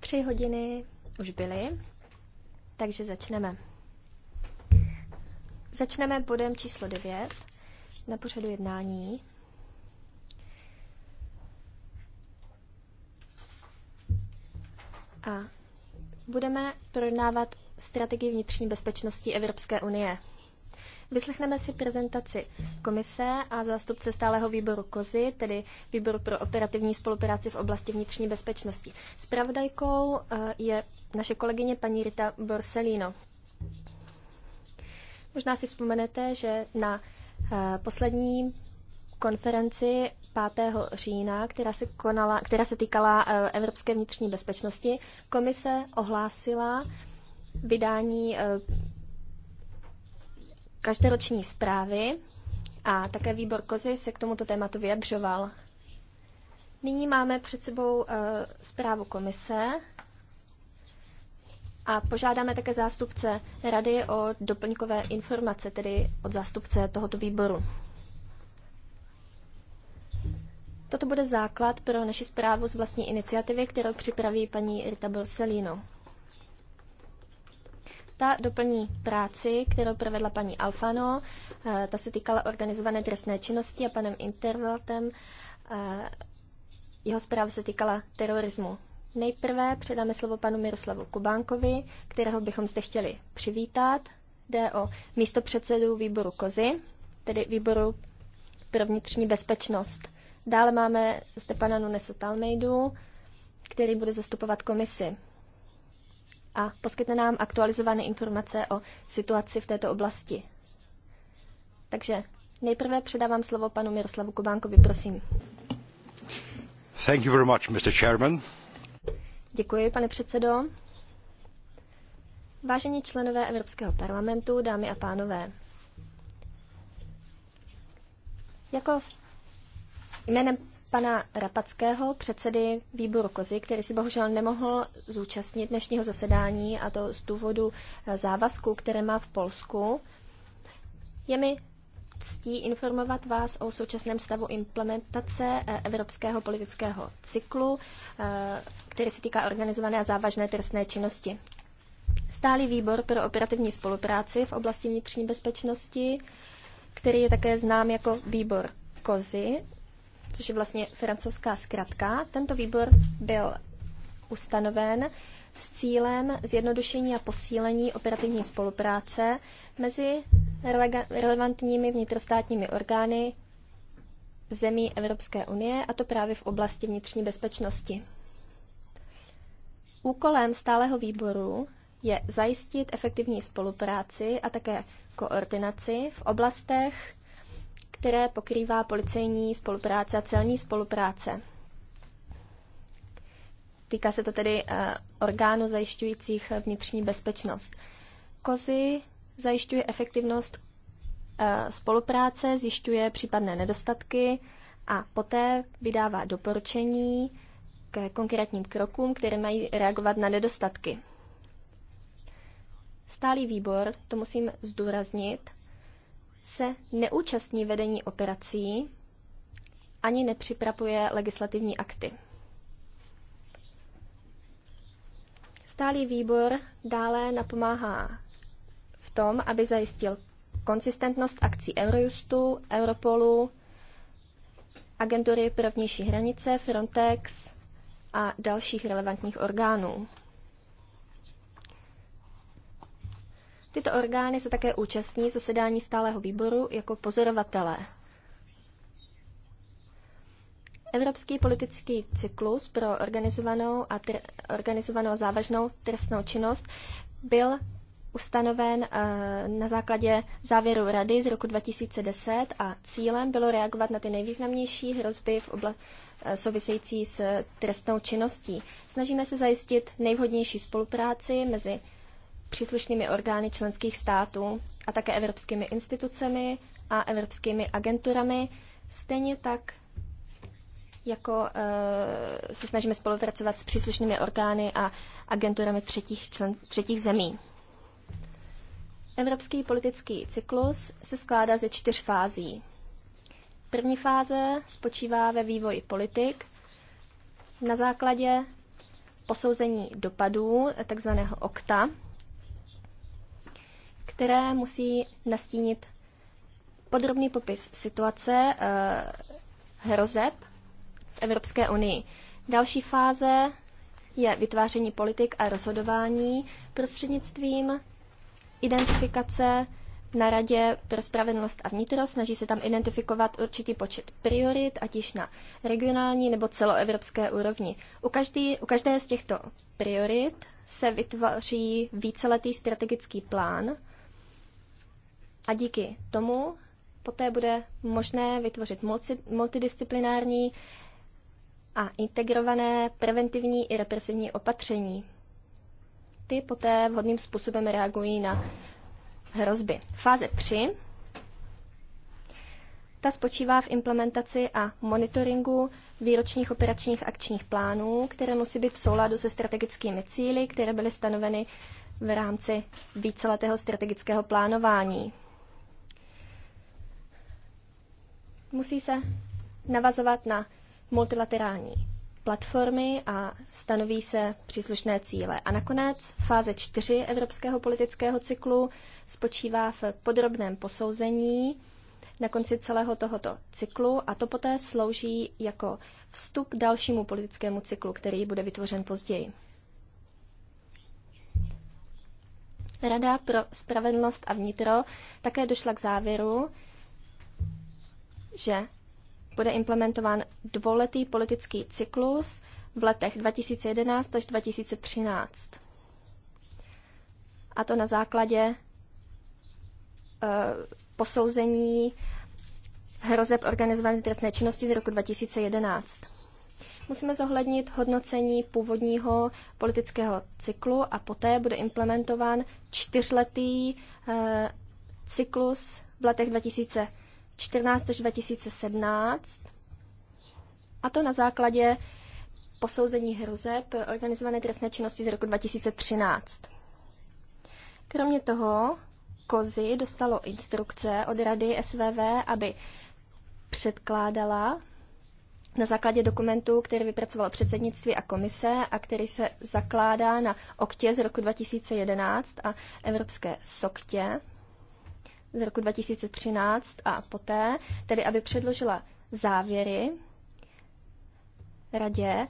Tři hodiny už byly, takže začneme. Začneme bodem číslo 9 na pořadu jednání. A budeme projednávat strategii vnitřní bezpečnosti Evropské unie. Vyslechneme si prezentaci komise a zástupce stáleho výboru KOZY, tedy výboru pro operativní spolupráci v oblasti vnitřní bezpečnosti. Spravodajkou eh, je naše kolegyně paní Rita Borsellino. Možná si vzpomenete, že na eh, poslední konferenci 5. října, která se, konala, která se týkala eh, evropské vnitřní bezpečnosti, komise ohlásila vydání každoroční zprávy a také výbor Kozy se k tomuto tématu vyjadřoval. Nyní máme před sebou e, zprávu komise a požádáme také zástupce rady o doplňkové informace, tedy od zástupce tohoto výboru. Toto bude základ pro naši zprávu z vlastní iniciativy, kterou připraví paní Rita Borsellino. Ta doplní práci, kterou provedla paní Alfano, eh, ta se týkala organizované trestné činnosti a panem Intervaltem. Eh, jeho zpráva se týkala terorismu. Nejprve předáme slovo panu Miroslavu Kubánkovi, kterého bychom zde chtěli přivítat. Jde o místo předsedu výboru Kozy, tedy výboru pro vnitřní bezpečnost. Dále máme zde pana Nunesa Talmejdu, který bude zastupovat komisi a poskytne nám aktualizované informace o situaci v této oblasti. Takže nejprve předávám slovo panu Miroslavu Kubánkovi, prosím. Thank you very much, Mr. Chairman. Děkuji, pane předsedo. Vážení členové Evropského parlamentu, dámy a pánové, jako jménem pana Rapackého, předsedy výboru Kozy, který si bohužel nemohl zúčastnit dnešního zasedání a to z důvodu eh, závazků, které má v Polsku. Je mi ctí informovat vás o současném stavu implementace eh, evropského politického cyklu, eh, který se týká organizované a závažné trestné činnosti. Stálý výbor pro operativní spolupráci v oblasti vnitřní bezpečnosti, který je také znám jako výbor kozy což je vlastně francouzská zkratka. Tento výbor byl ustanoven s cílem zjednodušení a posílení operativní spolupráce mezi relevantními vnitrostátními orgány zemí Evropské unie, a to právě v oblasti vnitřní bezpečnosti. Úkolem stáleho výboru je zajistit efektivní spolupráci a také koordinaci v oblastech které pokrývá policejní spolupráce a celní spolupráce. Týká se to tedy eh, orgánů zajišťujících vnitřní bezpečnost. Kozy zajišťuje efektivnost eh, spolupráce, zjišťuje případné nedostatky a poté vydává doporučení k konkrétním krokům, které mají reagovat na nedostatky. Stálý výbor, to musím zdůraznit, se neúčastní vedení operací ani nepřipravuje legislativní akty. Stálý výbor dále napomáhá v tom, aby zajistil konsistentnost akcí Eurojustu, Europolu, agentury pro vnější hranice, Frontex a dalších relevantních orgánů. Tyto orgány se také účastní zasedání stálého výboru jako pozorovatelé. Evropský politický cyklus pro organizovanou a tr- organizovanou závažnou trestnou činnost byl ustanoven eh, na základě závěru Rady z roku 2010 a cílem bylo reagovat na ty nejvýznamnější hrozby v obla- eh, související s trestnou činností. Snažíme se zajistit nejvhodnější spolupráci mezi příslušnými orgány členských států a také evropskými institucemi a evropskými agenturami, stejně tak jako e, se snažíme spolupracovat s příslušnými orgány a agenturami třetích, člen, třetích zemí. Evropský politický cyklus se skládá ze čtyř fází. První fáze spočívá ve vývoji politik na základě posouzení dopadů takzvaného OKTA, které musí nastínit podrobný popis situace uh, hrozeb v Evropské unii. Další fáze je vytváření politik a rozhodování prostřednictvím identifikace na Radě pro spravedlnost a vnitro. Snaží se tam identifikovat určitý počet priorit, ať již na regionální nebo celoevropské úrovni. U, každý, u každé z těchto priorit se vytvoří víceletý strategický plán, a díky tomu poté bude možné vytvořit multidisciplinární a integrované preventivní i represivní opatření. Ty poté vhodným způsobem reagují na hrozby. Fáze 3 ta spočívá v implementaci a monitoringu výročních operačních akčních plánů, které musí být v souladu se strategickými cíly, které byly stanoveny v rámci víceletého strategického plánování. musí se navazovat na multilaterální platformy a stanoví se příslušné cíle. A nakonec fáze čtyři evropského politického cyklu spočívá v podrobném posouzení na konci celého tohoto cyklu a to poté slouží jako vstup dalšímu politickému cyklu, který bude vytvořen později. Rada pro spravedlnost a vnitro také došla k závěru, že bude implementován dvoletý politický cyklus v letech 2011 až 2013. A to na základě e, posouzení hrozeb organizované trestné činnosti z roku 2011. Musíme zohlednit hodnocení původního politického cyklu a poté bude implementován čtyřletý e, cyklus v letech 2011 2014 až 2017, a to na základě posouzení hrozeb organizované trestné činnosti z roku 2013. Kromě toho Kozy dostalo instrukce od Rady SVV, aby předkládala na základě dokumentu, který vypracovalo předsednictví a komise a který se zakládá na oktě z roku 2011 a evropské soktě, z roku 2013 a poté, tedy aby předložila závěry radě,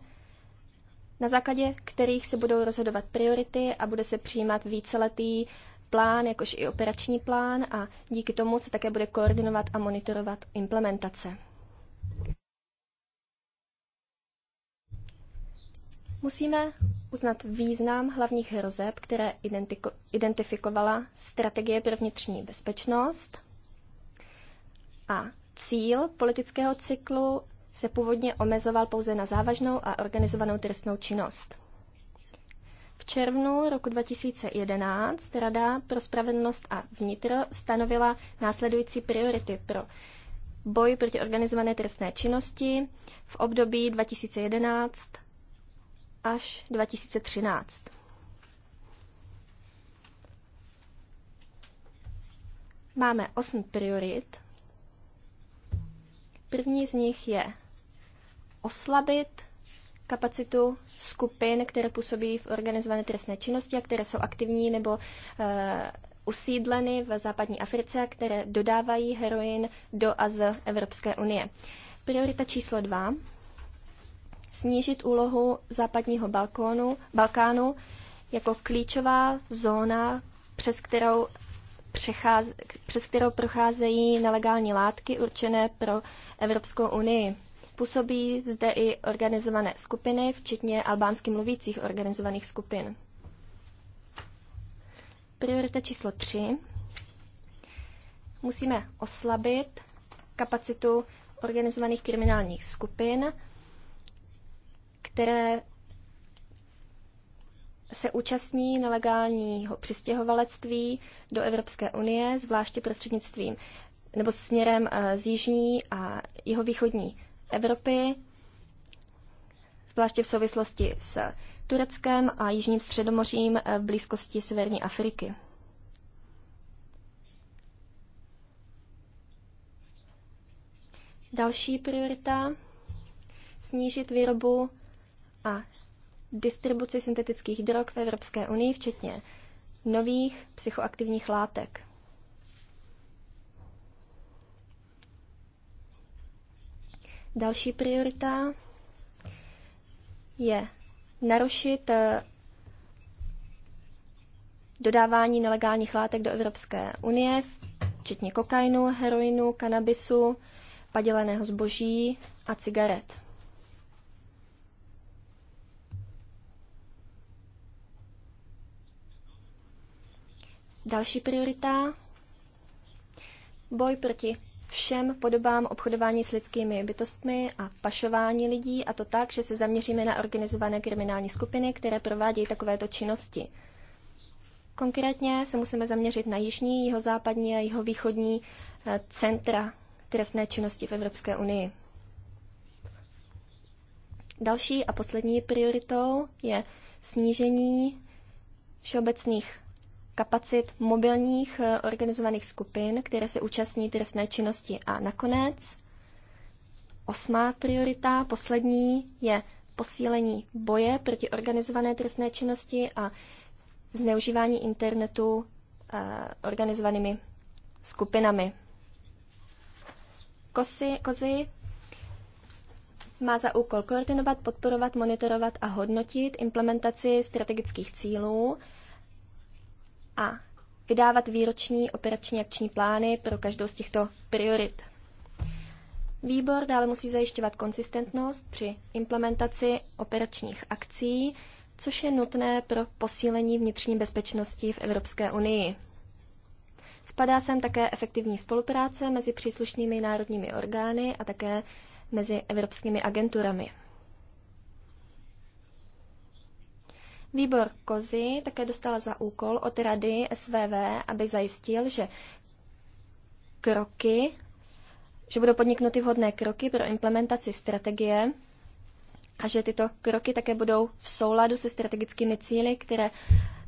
na základě kterých se budou rozhodovat priority a bude se přijímat víceletý plán, jakož i operační plán a díky tomu se také bude koordinovat a monitorovat implementace. Musíme uznat význam hlavních hrozeb, které identifikovala strategie pro vnitřní bezpečnost. A cíl politického cyklu se původně omezoval pouze na závažnou a organizovanou trestnou činnost. V červnu roku 2011 Rada pro spravedlnost a vnitro stanovila následující priority pro boj proti organizované trestné činnosti v období 2011 až 2013. Máme osm priorit. První z nich je oslabit kapacitu skupin, které působí v organizované trestné činnosti a které jsou aktivní nebo e, usídleny v západní Africe které dodávají heroin do a z Evropské unie. Priorita číslo dva snížit úlohu západního balkónu, Balkánu jako klíčová zóna, přes kterou, přecház, přes kterou procházejí nelegální látky určené pro Evropskou unii. Působí zde i organizované skupiny, včetně albánsky mluvících organizovaných skupin. Priorita číslo 3. Musíme oslabit kapacitu organizovaných kriminálních skupin které se účastní nelegálního přistěhovalectví do Evropské unie, zvláště prostřednictvím nebo směrem eh, z jižní a jihovýchodní Evropy, zvláště v souvislosti s Tureckem a jižním středomořím eh, v blízkosti severní Afriky. Další priorita snížit výrobu a distribuci syntetických drog v Evropské unii, včetně nových psychoaktivních látek. Další priorita je narušit eh, dodávání nelegálních látek do Evropské unie, včetně kokainu, heroinu, kanabisu, padělaného zboží a cigaret. Další priorita. Boj proti všem podobám obchodování s lidskými bytostmi a pašování lidí, a to tak, že se zaměříme na organizované kriminální skupiny, které provádějí takovéto činnosti. Konkrétně se musíme zaměřit na jižní, jihozápadní a jihovýchodní eh, centra trestné činnosti v Evropské unii. Další a poslední prioritou je snížení všeobecných kapacit mobilních eh, organizovaných skupin, které se účastní trestné činnosti. A nakonec osmá priorita, poslední, je posílení boje proti organizované trestné činnosti a zneužívání internetu eh, organizovanými skupinami. Kosy, kozy má za úkol koordinovat, podporovat, monitorovat a hodnotit implementaci strategických cílů a vydávat výroční operační akční plány pro každou z těchto priorit. Výbor dále musí zajišťovat konsistentnost při implementaci operačních akcí, což je nutné pro posílení vnitřní bezpečnosti v Evropské unii. Spadá sem také efektivní spolupráce mezi příslušnými národními orgány a také mezi evropskými agenturami. Výbor Kozy také dostal za úkol od Rady SVV, aby zajistil, že kroky, že budou podniknuty vhodné kroky pro implementaci strategie a že tyto kroky také budou v souladu se strategickými cíly, které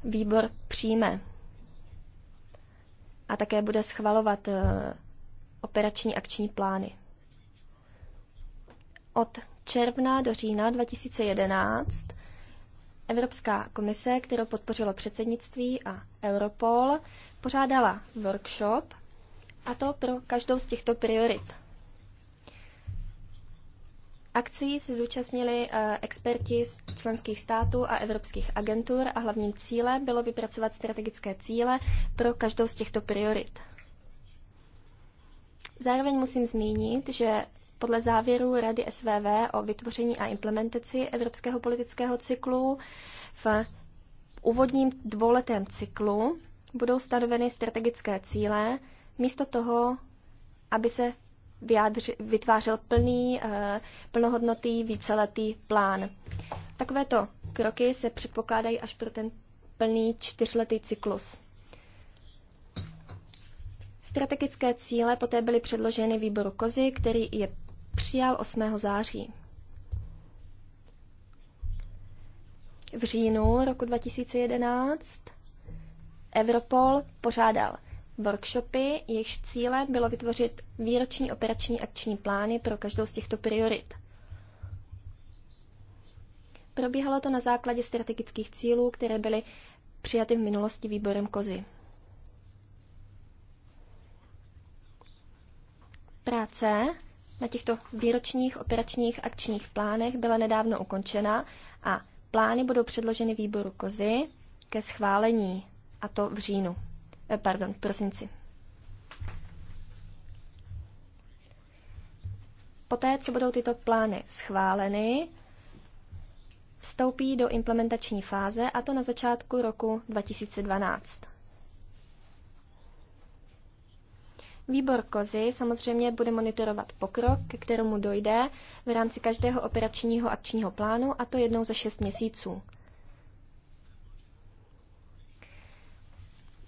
výbor přijme. A také bude schvalovat eh, operační akční plány. Od června do října 2011 Evropská komise, kterou podpořilo předsednictví a Europol, pořádala workshop, a to pro každou z těchto priorit. Akcí se zúčastnili eh, experti z členských států a evropských agentur a hlavním cílem bylo vypracovat strategické cíle pro každou z těchto priorit. Zároveň musím zmínit, že podle závěru Rady SVV o vytvoření a implementaci evropského politického cyklu v úvodním dvouletém cyklu budou stanoveny strategické cíle, místo toho, aby se vyjádři, vytvářel plný, eh, plnohodnotý víceletý plán. Takovéto kroky se předpokládají až pro ten plný čtyřletý cyklus. Strategické cíle poté byly předloženy výboru Kozy, který je přijal 8. září. V říjnu roku 2011 Europol pořádal workshopy, jejichž cílem bylo vytvořit výroční operační akční plány pro každou z těchto priorit. Probíhalo to na základě strategických cílů, které byly přijaty v minulosti výborem Kozy. Práce na těchto výročních operačních akčních plánech byla nedávno ukončena a plány budou předloženy výboru Kozy ke schválení, a to v říjnu, eh, pardon, v prosinci. Poté, co budou tyto plány schváleny, vstoupí do implementační fáze, a to na začátku roku 2012. Výbor Kozy samozřejmě bude monitorovat pokrok, ke kterému dojde v rámci každého operačního akčního plánu, a to jednou za šest měsíců.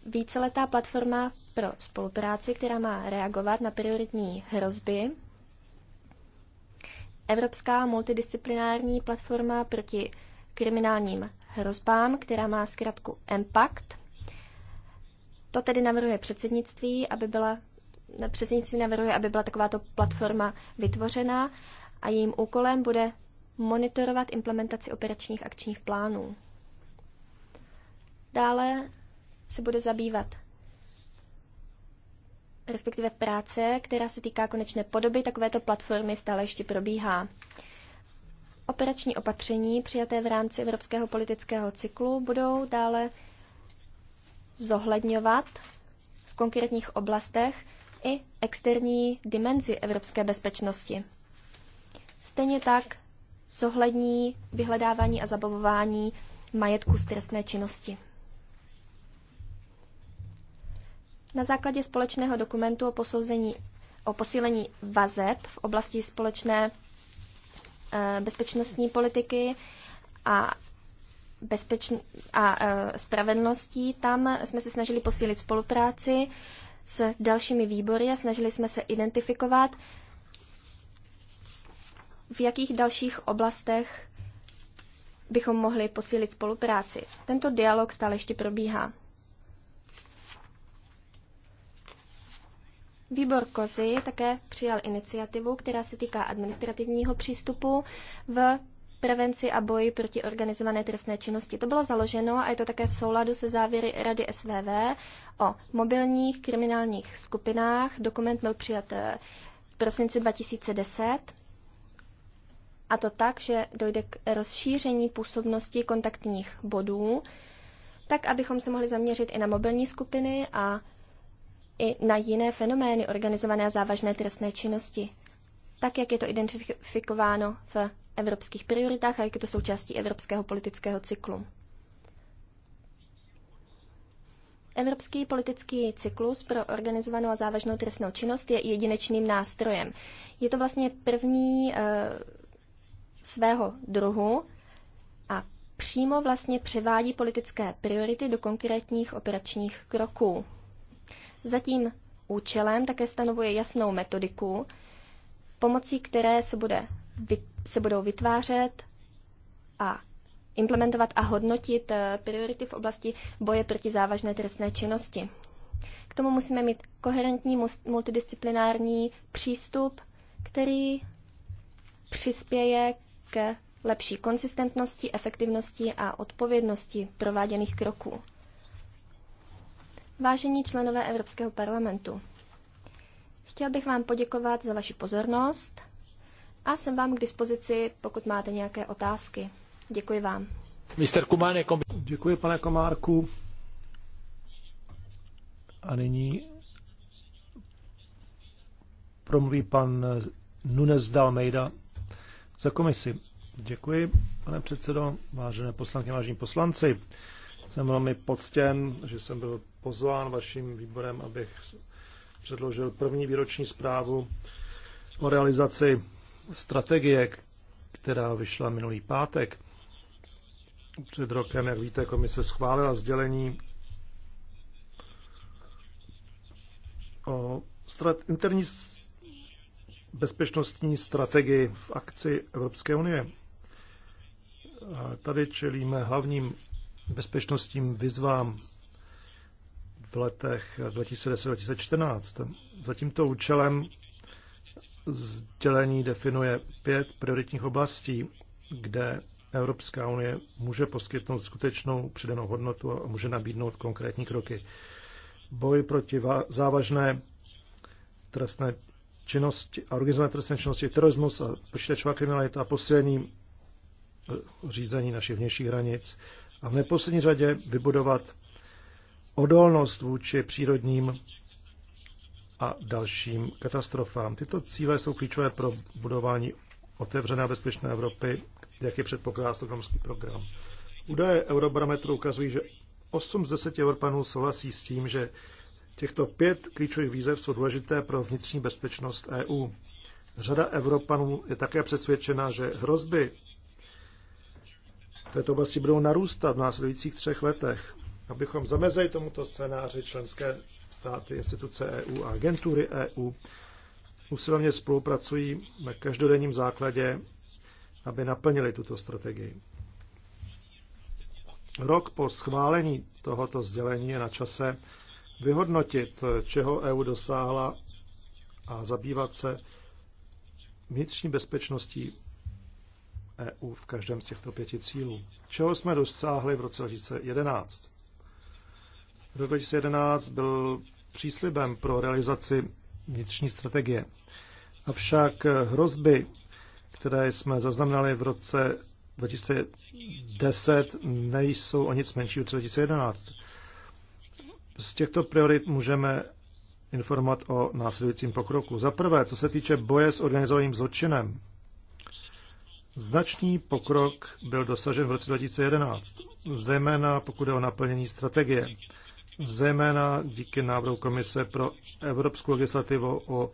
Víceletá platforma pro spolupráci, která má reagovat na prioritní hrozby, Evropská multidisciplinární platforma proti kriminálním hrozbám, která má zkrátku EMPACT. To tedy navrhuje předsednictví, aby byla předsednictví navrhuje, aby byla takováto platforma vytvořena a jejím úkolem bude monitorovat implementaci operačních akčních plánů. Dále se bude zabývat respektive práce, která se týká konečné podoby takovéto platformy, stále ještě probíhá. Operační opatření přijaté v rámci evropského politického cyklu budou dále zohledňovat v konkrétních oblastech i externí dimenzi evropské bezpečnosti. Stejně tak zohlední vyhledávání a zabavování majetku z trestné činnosti. Na základě společného dokumentu o posouzení o posílení vazeb v oblasti společné eh, bezpečnostní politiky a, bezpečn- a eh, spravedlností. Tam jsme se snažili posílit spolupráci s dalšími výbory a snažili jsme se identifikovat, v jakých dalších oblastech bychom mohli posílit spolupráci. Tento dialog stále ještě probíhá. Výbor Kozy také přijal iniciativu, která se týká administrativního přístupu v prevenci a boji proti organizované trestné činnosti. To bylo založeno a je to také v souladu se závěry Rady SVV o mobilních kriminálních skupinách. Dokument byl přijat eh, v prosinci 2010 a to tak, že dojde k rozšíření působnosti kontaktních bodů, tak abychom se mohli zaměřit i na mobilní skupiny a i na jiné fenomény organizované a závažné trestné činnosti, tak jak je to identifikováno v evropských prioritách a jak je to součástí evropského politického cyklu. Evropský politický cyklus pro organizovanou a závažnou trestnou činnost je jedinečným nástrojem. Je to vlastně první e, svého druhu a přímo vlastně převádí politické priority do konkrétních operačních kroků. Zatím účelem také stanovuje jasnou metodiku, pomocí které se bude se budou vytvářet a implementovat a hodnotit eh, priority v oblasti boje proti závažné trestné činnosti. K tomu musíme mít koherentní multidisciplinární přístup, který přispěje k lepší konsistentnosti, efektivnosti a odpovědnosti prováděných kroků. Vážení členové Evropského parlamentu, chtěl bych vám poděkovat za vaši pozornost a jsem vám k dispozici, pokud máte nějaké otázky. Děkuji vám. Mr. Kumáne, jako- Děkuji, pane Komárku. A nyní promluví pan Nunes Dalmeida za komisi. Děkuji, pane předsedo, vážené poslanky, vážení poslanci. Jsem velmi poctěn, že jsem byl pozván vaším výborem, abych předložil první výroční zprávu o realizaci strategie, která vyšla minulý pátek. Před rokem, jak víte, komise schválila sdělení o interní bezpečnostní strategii v akci Evropské unie. A tady čelíme hlavním bezpečnostním vyzvám v letech 2010-2014. Za tímto účelem Sdělení definuje pět prioritních oblastí, kde Evropská unie může poskytnout skutečnou přidanou hodnotu a může nabídnout konkrétní kroky. Boj proti závažné trestné činnosti a organizované trestné činnosti, terorismus a počítačová kriminalita a posílení eh, řízení našich vnějších hranic a v neposlední řadě vybudovat odolnost vůči přírodním a dalším katastrofám. Tyto cíle jsou klíčové pro budování otevřené a bezpečné Evropy, jak je předpokládá stokholmský program. Údaje Eurobarometru ukazují, že 8 z 10 Evropanů souhlasí s tím, že těchto pět klíčových výzev jsou důležité pro vnitřní bezpečnost EU. Řada Evropanů je také přesvědčena, že hrozby v této oblasti budou narůstat v následujících třech letech abychom zamezili tomuto scénáři členské státy, instituce EU a agentury EU usilovně spolupracují na každodenním základě, aby naplnili tuto strategii. Rok po schválení tohoto sdělení je na čase vyhodnotit, čeho EU dosáhla a zabývat se vnitřní bezpečností EU v každém z těchto pěti cílů. Čeho jsme dosáhli v roce 2011? Rok 2011 byl příslibem pro realizaci vnitřní strategie. Avšak hrozby, které jsme zaznamenali v roce 2010, nejsou o nic menší roce 2011. Z těchto priorit můžeme informovat o následujícím pokroku. Za prvé, co se týče boje s organizovaným zločinem. Značný pokrok byl dosažen v roce 2011, zejména pokud je o naplnění strategie zejména díky návrhu Komise pro evropskou legislativu o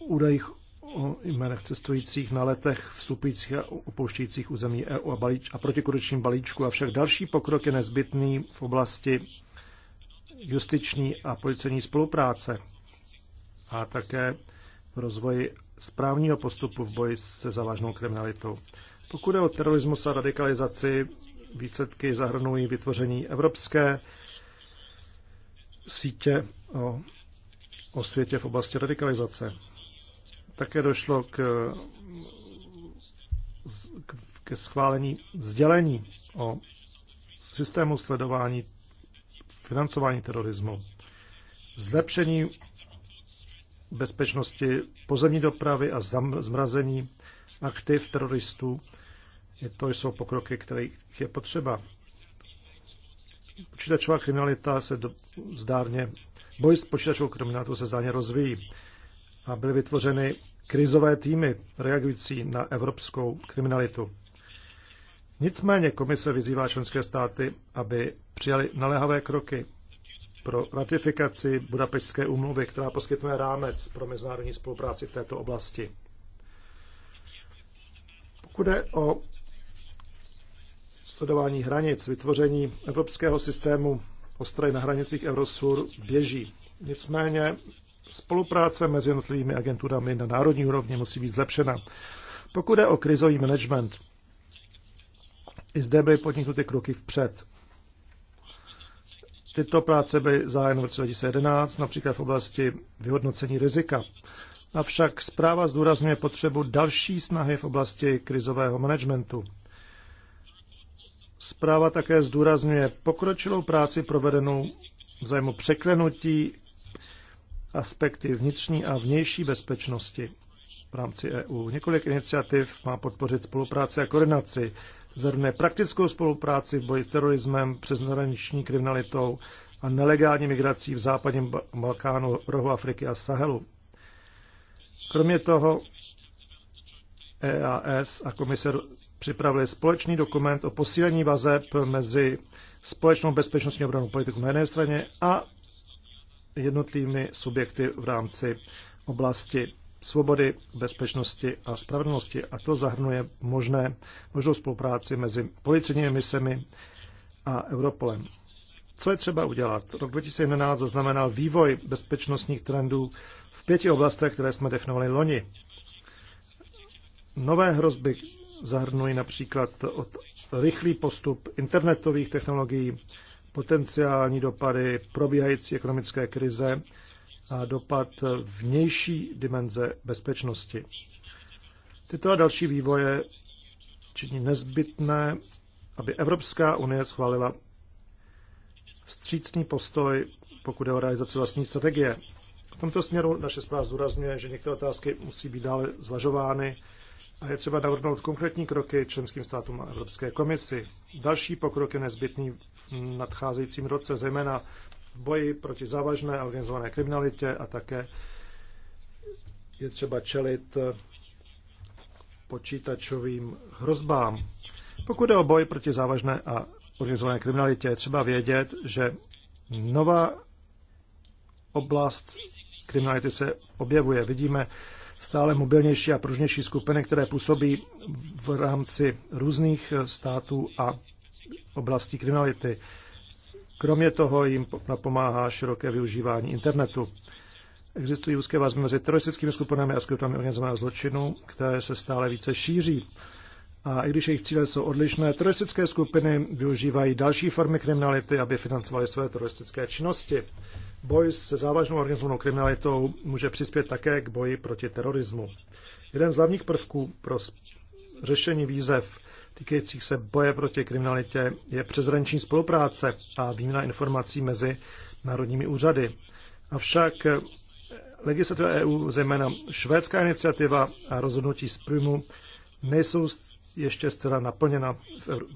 údajích o jménech cestujících na letech vstupujících a opouštějících území EU a, balíč, a protikorečním balíčku. Avšak další pokrok je nezbytný v oblasti justiční a policejní spolupráce a také v rozvoji správního postupu v boji se závažnou kriminalitou. Pokud je o terorismus a radikalizaci, Výsledky zahrnují vytvoření evropské sítě o, o světě v oblasti radikalizace. Také došlo k, k, ke schválení sdělení o systému sledování financování terorismu, zlepšení bezpečnosti pozemní dopravy a zamrazení aktiv teroristů to jsou pokroky, kterých je potřeba. Počítačová kriminalita se do, zdárně, boj s počítačovou kriminalitou se zdárně rozvíjí a byly vytvořeny krizové týmy reagující na evropskou kriminalitu. Nicméně komise vyzývá členské státy, aby přijali naléhavé kroky pro ratifikaci Budapešské úmluvy, která poskytuje rámec pro mezinárodní spolupráci v této oblasti. Pokud je o sledování hranic, vytvoření evropského systému ostrahy na hranicích Eurosur běží. Nicméně spolupráce mezi jednotlivými agenturami na národní úrovni musí být zlepšena. Pokud je o krizový management, i zde byly podniknuty kroky vpřed. Tyto práce byly zájem v roce 2011, například v oblasti vyhodnocení rizika. Avšak zpráva zdůrazňuje potřebu další snahy v oblasti krizového managementu. Zpráva také zdůrazňuje pokročilou práci provedenou vzájemu překlenutí aspekty vnitřní a vnější bezpečnosti v rámci EU. Několik iniciativ má podpořit spolupráci a koordinaci, zahrnuje praktickou spolupráci v boji s terorismem, přeshraniční kriminalitou a nelegální migrací v západním Balkánu, rohu Afriky a Sahelu. Kromě toho EAS a komise připravili společný dokument o posílení vazeb mezi společnou bezpečnostní obranou politiku na jedné straně a jednotlivými subjekty v rámci oblasti svobody, bezpečnosti a spravedlnosti. A to zahrnuje možné, možnou spolupráci mezi policejními misemi a Europolem. Co je třeba udělat? Rok 2011 zaznamenal vývoj bezpečnostních trendů v pěti oblastech, které jsme definovali loni. Nové hrozby, zahrnují například od rychlý postup internetových technologií, potenciální dopady probíhající ekonomické krize a dopad vnější dimenze bezpečnosti. Tyto a další vývoje činí nezbytné, aby Evropská unie schválila vstřícný postoj, pokud je o realizaci vlastní strategie. V tomto směru naše zpráva zúrazně, že některé otázky musí být dále zvažovány a je třeba navrhnout konkrétní kroky členským státům a Evropské komisi. Další pokrok je nezbytný v nadcházejícím roce, zejména v boji proti závažné a organizované kriminalitě a také je třeba čelit počítačovým hrozbám. Pokud je o boj proti závažné a organizované kriminalitě, je třeba vědět, že nová oblast kriminality se objevuje. Vidíme stále mobilnější a pružnější skupiny, které působí v rámci různých eh, států a oblastí kriminality. Kromě toho jim napomáhá široké využívání internetu. Existují úzké vazby mezi teroristickými skupinami a skupinami organizovaného zločinu, které se stále více šíří. A i když jejich cíle jsou odlišné, teroristické skupiny využívají další formy kriminality, aby financovaly své teroristické činnosti. Boj se závažnou organizovanou kriminalitou může přispět také k boji proti terorismu. Jeden z hlavních prvků pro řešení výzev týkajících se boje proti kriminalitě je přezranční spolupráce a výměna informací mezi národními úřady. Avšak legislativa EU, zejména švédská iniciativa a rozhodnutí z Prymu, nejsou ještě zcela naplněna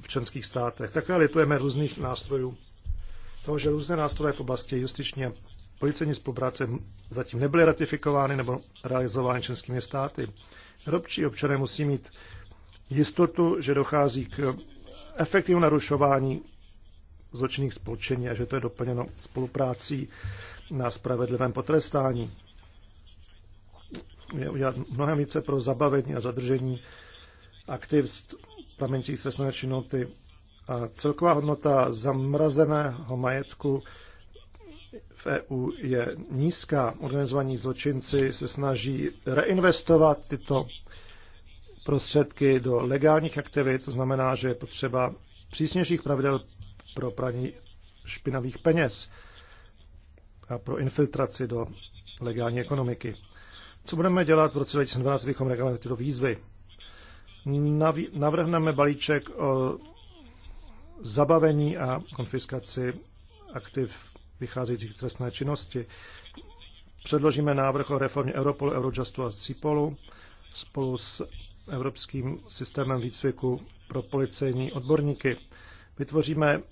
v členských státech. Také litujeme různých nástrojů toho, že různé nástroje v oblasti justiční a policejní spolupráce zatím nebyly ratifikovány nebo realizovány členskými státy. Evropští občané musí mít jistotu, že dochází k efektivnímu narušování zločinných spolčení a že to je doplněno spoluprácí na spravedlivém potrestání. Je udělat mnohem více pro zabavení a zadržení aktiv pramenících trestné činnoty, a celková hodnota zamrazeného majetku v EU je nízká. Organizovaní zločinci se snaží reinvestovat tyto prostředky do legálních aktivit, to znamená, že je potřeba přísnějších pravidel pro praní špinavých peněz a pro infiltraci do legální ekonomiky. Co budeme dělat v roce 2012, abychom reagovali na tyto výzvy? Navrhneme balíček o zabavení a konfiskaci aktiv vycházejících z trestné činnosti. Předložíme návrh o reformě Europolu, Eurojustu a CIPOLu spolu s Evropským systémem výcviku pro policejní odborníky. Vytvoříme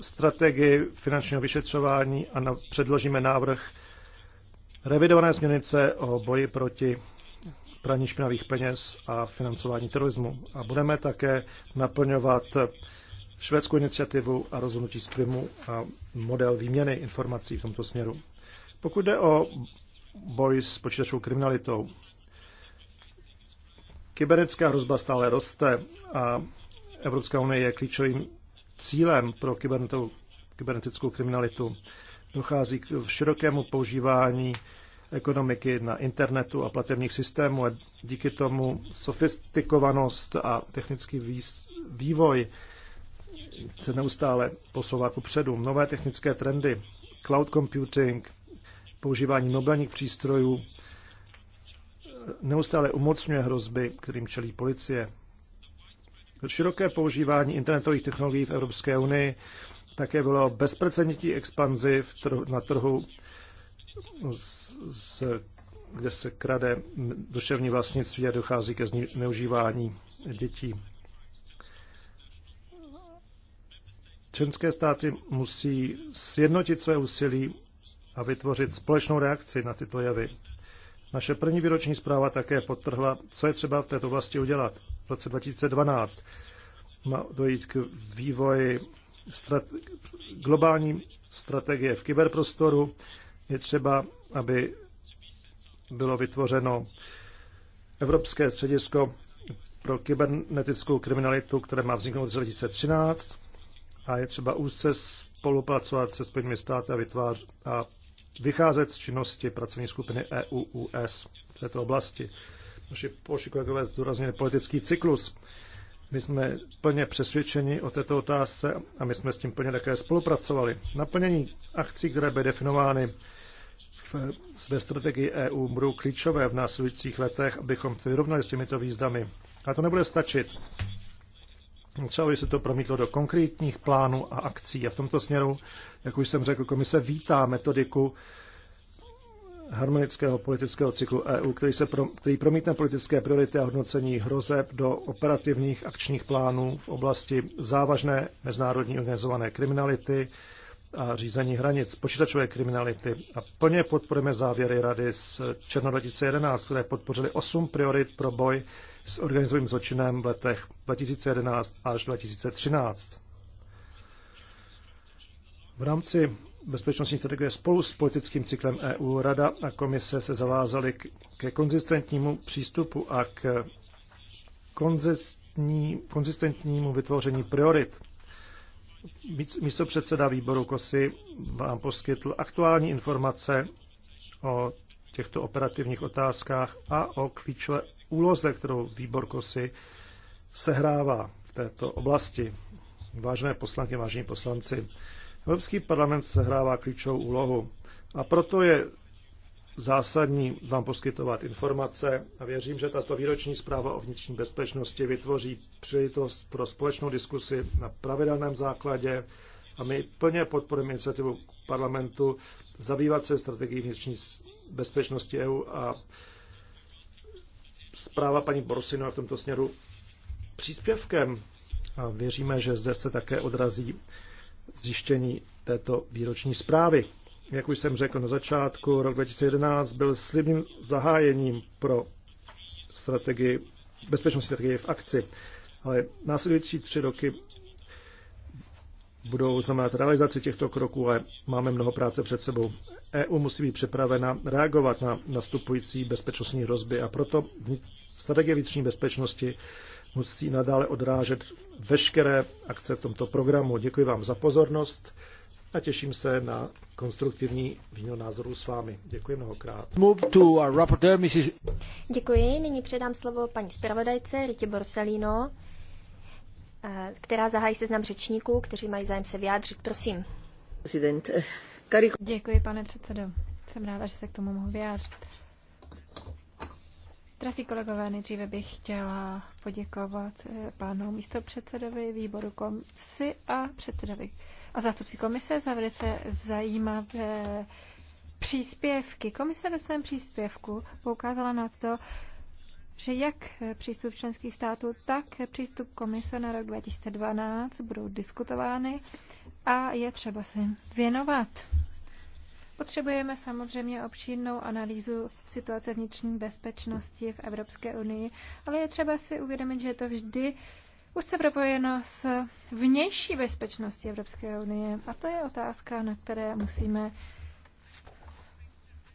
strategii finančního vyšetřování a na, předložíme návrh revidované směrnice o boji proti praní špinavých peněz a financování terorismu. A budeme také naplňovat švédskou iniciativu a rozhodnutí z Primu a model výměny informací v tomto směru. Pokud jde o boj s počítačovou kriminalitou, kybernetická hrozba stále roste a Evropská unie je klíčovým cílem pro kybernetickou kriminalitu. Dochází k širokému používání ekonomiky na internetu a platebních systémů a díky tomu sofistikovanost a technický vývoj se neustále posouvá ku předu. Nové technické trendy, cloud computing, používání mobilních přístrojů, neustále umocňuje hrozby, kterým čelí policie. Široké používání internetových technologií v Evropské unii také bylo bezprecedentní expanzi v trhu, na trhu, z, z, kde se krade duševní vlastnictví a dochází ke zneužívání dětí. Členské státy musí sjednotit své úsilí a vytvořit společnou reakci na tyto jevy. Naše první výroční zpráva také podtrhla, co je třeba v této oblasti udělat. V roce 2012 má dojít k vývoji strate- globální strategie v kyberprostoru. Je třeba, aby bylo vytvořeno Evropské středisko pro kybernetickou kriminalitu, které má vzniknout v 2013 a je třeba úzce spolupracovat se Spojenými státy a, vytvář, a vycházet z činnosti pracovní skupiny EU-US v této oblasti. Naši polští kolegové zdůraznili politický cyklus. My jsme plně přesvědčeni o této otázce a my jsme s tím plně také spolupracovali. Naplnění akcí, které byly definovány v, ve strategii EU, budou klíčové v následujících letech, abychom se vyrovnali s těmito výzdami. A to nebude stačit třeba aby se to promítlo do konkrétních plánů a akcí. A v tomto směru, jak už jsem řekl, komise vítá metodiku harmonického politického cyklu EU, který, se pro, který promítne politické priority a hodnocení hrozeb do operativních akčních plánů v oblasti závažné mezinárodní organizované kriminality a řízení hranic, počítačové kriminality. A plně podporujeme závěry Rady z června 2011, které podpořily osm priorit pro boj s organizovaným zločinem v letech 2011 až 2013. V rámci bezpečnostní strategie spolu s politickým cyklem EU Rada a komise se zavázaly ke konzistentnímu přístupu a k konzistní, konzistentnímu vytvoření priorit. Místo předseda výboru KOSY vám poskytl aktuální informace o těchto operativních otázkách a o klíčové úloze, kterou výbor KOSY sehrává v této oblasti. Vážené poslanky, vážení poslanci, Evropský parlament sehrává klíčovou úlohu a proto je zásadní vám poskytovat informace a věřím, že tato výroční zpráva o vnitřní bezpečnosti vytvoří příležitost pro společnou diskusi na pravidelném základě a my plně podporujeme iniciativu parlamentu zabývat se strategií vnitřní bezpečnosti EU a zpráva paní Borsina v tomto směru příspěvkem a věříme, že zde se také odrazí zjištění této výroční zprávy. Jak už jsem řekl na začátku, rok 2011 byl slibným zahájením pro strategii, bezpečnostní strategii v akci, ale následující tři roky budou znamenat realizaci těchto kroků, ale máme mnoho práce před sebou. EU musí být připravena reagovat na nastupující bezpečnostní hrozby a proto strategie vnitřní bezpečnosti musí nadále odrážet veškeré akce v tomto programu. Děkuji vám za pozornost a těším se na konstruktivní výměnu názorů s vámi. Děkuji mnohokrát. Move to our rapporteur, Mrs. Děkuji, nyní předám slovo paní zpravodajce Ritě Borsalino. Eh, která zahájí seznam řečníků, kteří mají zájem se vyjádřit. Prosím. Eh, Děkuji, pane předsedo. Jsem ráda, že se k tomu mohu vyjádřit. Drazí kolegové, nejdříve bych chtěla poděkovat eh, panu místopředsedovi výboru komisi a předsedovi a zástupci komise za velice zajímavé příspěvky. Komise ve svém příspěvku poukázala na to, že jak přístup členských států, tak přístup komise na rok 2012 budou diskutovány a je třeba se věnovat. Potřebujeme samozřejmě obšírnou analýzu situace vnitřní bezpečnosti v Evropské unii, ale je třeba si uvědomit, že je to vždy už se propojeno s vnější bezpečností Evropské unie. A to je otázka, na které musíme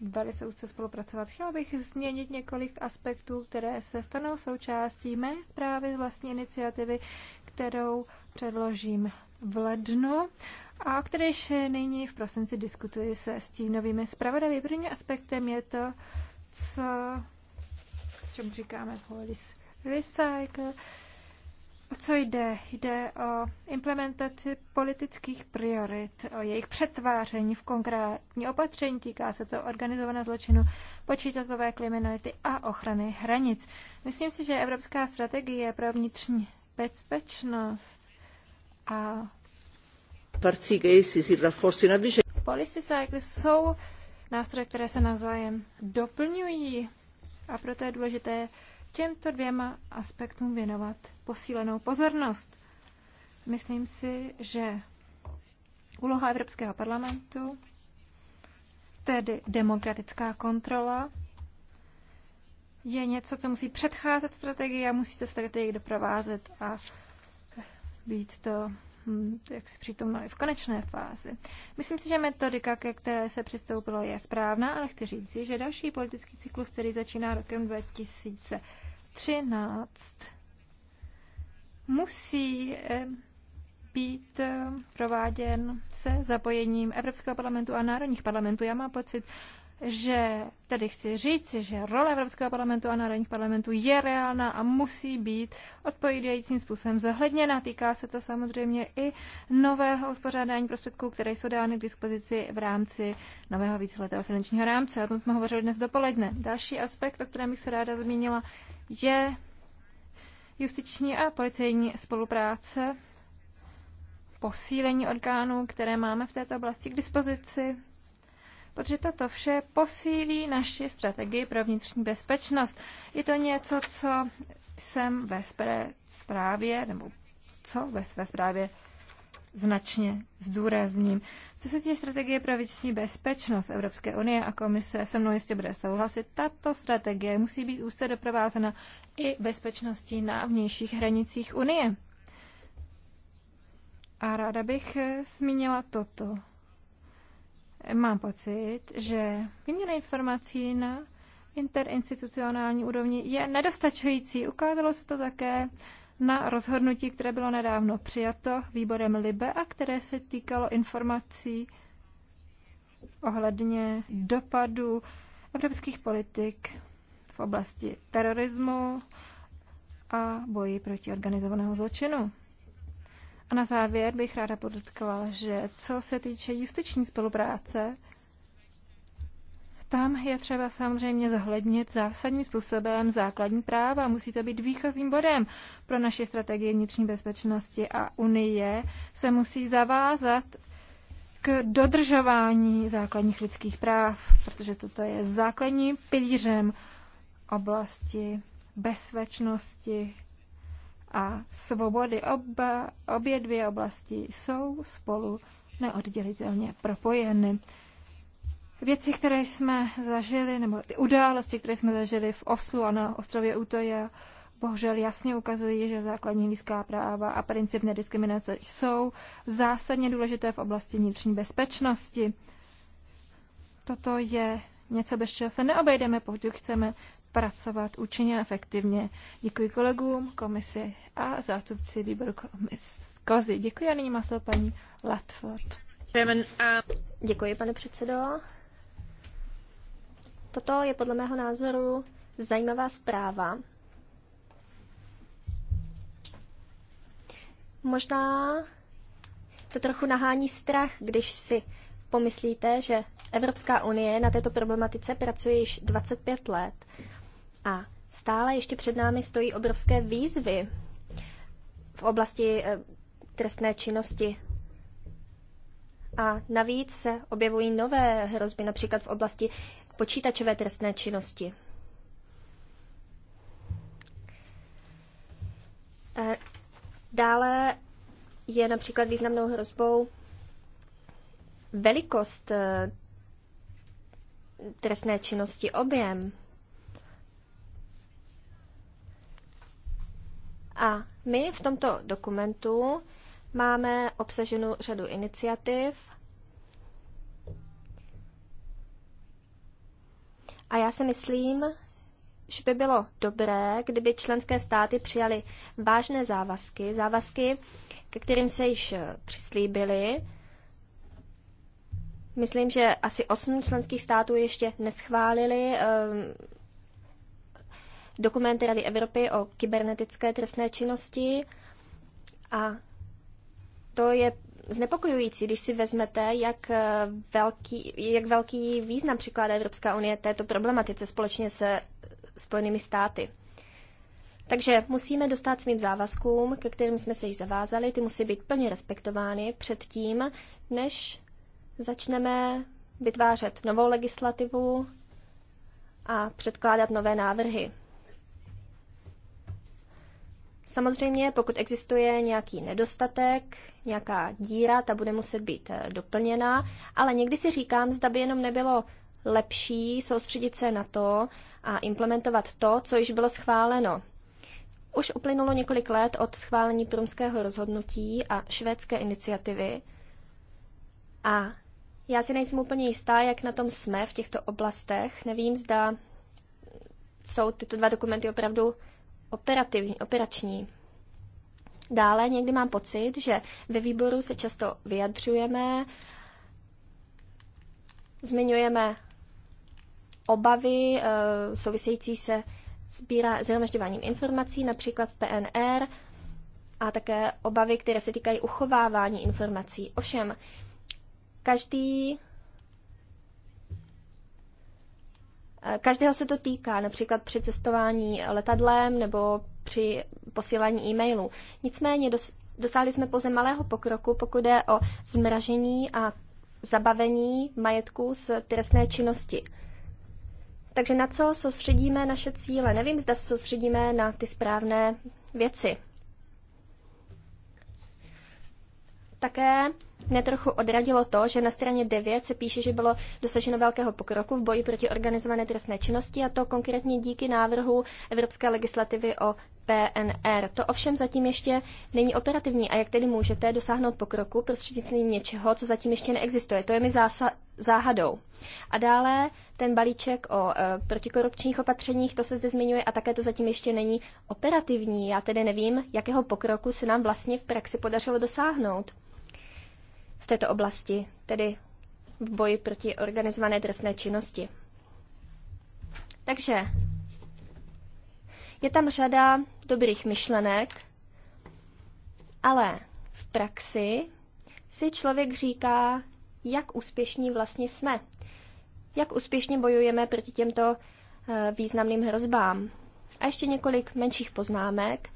velice úzce spolupracovat. Chtěla bych změnit několik aspektů, které se stanou součástí mé zprávy vlastní iniciativy, kterou předložím v lednu a kteréž nyní v prosinci diskutuji se stínovými zpravodaji. Prvním aspektem je to, co čemu říkáme police recycle, O co jde? Jde o implementaci politických priorit, o jejich přetváření v konkrétní opatření. Týká se to organizovaného zločinu, počítatové kriminality a ochrany hranic. Myslím si, že Evropská strategie pro vnitřní bezpečnost a policy cycle jsou nástroje, které se navzájem doplňují a proto je důležité těmto dvěma aspektům věnovat posílenou pozornost. Myslím si, že úloha Evropského parlamentu, tedy demokratická kontrola, je něco, co musí předcházet strategii a musí to strategii doprovázet a být to hm, jak si přítomno i v konečné fázi. Myslím si, že metodika, ke které se přistoupilo, je správná, ale chci říct si, že další politický cyklus, který začíná rokem 2000, 13 musí eh, být eh, prováděn se zapojením Evropského parlamentu a národních parlamentů. Já mám pocit, že tady chci říct, že role Evropského parlamentu a národních parlamentů je reálná a musí být odpovídajícím způsobem zohledněna. Týká se to samozřejmě i nového uspořádání prostředků, které jsou dány k dispozici v rámci nového víceletého finančního rámce. O tom jsme hovořili dnes dopoledne. Další aspekt, o kterém bych se ráda zmínila, je justiční a policejní spolupráce, posílení orgánů, které máme v této oblasti k dispozici, protože toto vše posílí naši strategii pro vnitřní bezpečnost. Je to něco, co jsem ve zprávě, nebo co ve své zprávě značně zdůrazním. Co se týče strategie pro vnitřní bezpečnost Evropské unie a komise, se mnou jistě bude souhlasit, tato strategie musí být úzce doprovázena i bezpečností na vnějších hranicích unie. A ráda bych eh, zmínila toto. Mám pocit, že výměna informací na interinstitucionální úrovni je nedostačující. Ukázalo se to také na rozhodnutí, které bylo nedávno přijato výborem LIBE a které se týkalo informací ohledně dopadu evropských politik v oblasti terorismu a boji proti organizovaného zločinu. A na závěr bych ráda podotkla, že co se týče justiční spolupráce, tam je třeba samozřejmě zohlednit zásadním způsobem základní práva. Musí to být výchozím bodem pro naši strategii vnitřní bezpečnosti a Unie se musí zavázat k dodržování základních lidských práv, protože toto je základním pilířem oblasti bezpečnosti a svobody. Oba, obě dvě oblasti jsou spolu neoddělitelně propojeny věci, které jsme zažili, nebo ty události, které jsme zažili v Oslu a na ostrově Utoja, bohužel jasně ukazují, že základní lidská práva a princip nediskriminace jsou zásadně důležité v oblasti vnitřní bezpečnosti. Toto je něco, bez čeho se neobejdeme, pokud chceme pracovat účinně a efektivně. Děkuji kolegům, komisi a zástupci výboru komis. Kozy. Děkuji a nyní má paní Latford. Děkuji, pane předsedo. Toto je podle mého názoru zajímavá zpráva. Možná to trochu nahání strach, když si pomyslíte, že Evropská unie na této problematice pracuje již 25 let a stále ještě před námi stojí obrovské výzvy v oblasti eh, trestné činnosti. A navíc se objevují nové hrozby, například v oblasti počítačové trestné činnosti. E, dále je například významnou hrozbou velikost e, trestné činnosti, objem. A my v tomto dokumentu máme obsaženou řadu iniciativ A já si myslím, že by bylo dobré, kdyby členské státy přijaly vážné závazky, závazky, ke kterým se již eh, přislíbili. Myslím, že asi osm členských států ještě neschválili eh, dokumenty Rady Evropy o kybernetické trestné činnosti a to je znepokojující, když si vezmete, jak eh, velký, jak velký význam přikládá Evropská unie této problematice společně se Spojenými státy. Takže musíme dostat svým závazkům, ke kterým jsme se již zavázali, ty musí být plně respektovány předtím, než začneme vytvářet novou legislativu a předkládat nové návrhy. Samozřejmě, pokud existuje nějaký nedostatek, nějaká díra, ta bude muset být eh, doplněna, ale někdy si říkám, zda by jenom nebylo lepší soustředit se na to a implementovat to, co již bylo schváleno. Už uplynulo několik let od schválení prumského rozhodnutí a švédské iniciativy a já si nejsem úplně jistá, jak na tom jsme v těchto oblastech. Nevím, zda jsou tyto dva dokumenty opravdu operativní, operační. Dále někdy mám pocit, že ve výboru se často vyjadřujeme, zmiňujeme obavy e, související se zhromažďováním informací, například PNR, a také obavy, které se týkají uchovávání informací. Ovšem, každý Každého se to týká, například při cestování letadlem nebo při posílání e-mailů. Nicméně dos- dosáhli jsme pouze malého pokroku, pokud jde o zmražení a zabavení majetku z trestné činnosti. Takže na co soustředíme naše cíle? Nevím, zda se soustředíme na ty správné věci. Také mě trochu odradilo to, že na straně 9 se píše, že bylo dosaženo velkého pokroku v boji proti organizované trestné činnosti a to konkrétně díky návrhu Evropské legislativy o PNR. To ovšem zatím ještě není operativní a jak tedy můžete dosáhnout pokroku prostřednictvím něčeho, co zatím ještě neexistuje. To je mi zása- záhadou. A dále ten balíček o e, protikorupčních opatřeních, to se zde zmiňuje a také to zatím ještě není operativní. Já tedy nevím, jakého pokroku se nám vlastně v praxi podařilo dosáhnout v této oblasti, tedy v boji proti organizované trestné činnosti. Takže je tam řada dobrých myšlenek, ale v praxi si člověk říká, jak úspěšní vlastně jsme, jak úspěšně bojujeme proti těmto eh, významným hrozbám. A ještě několik menších poznámek.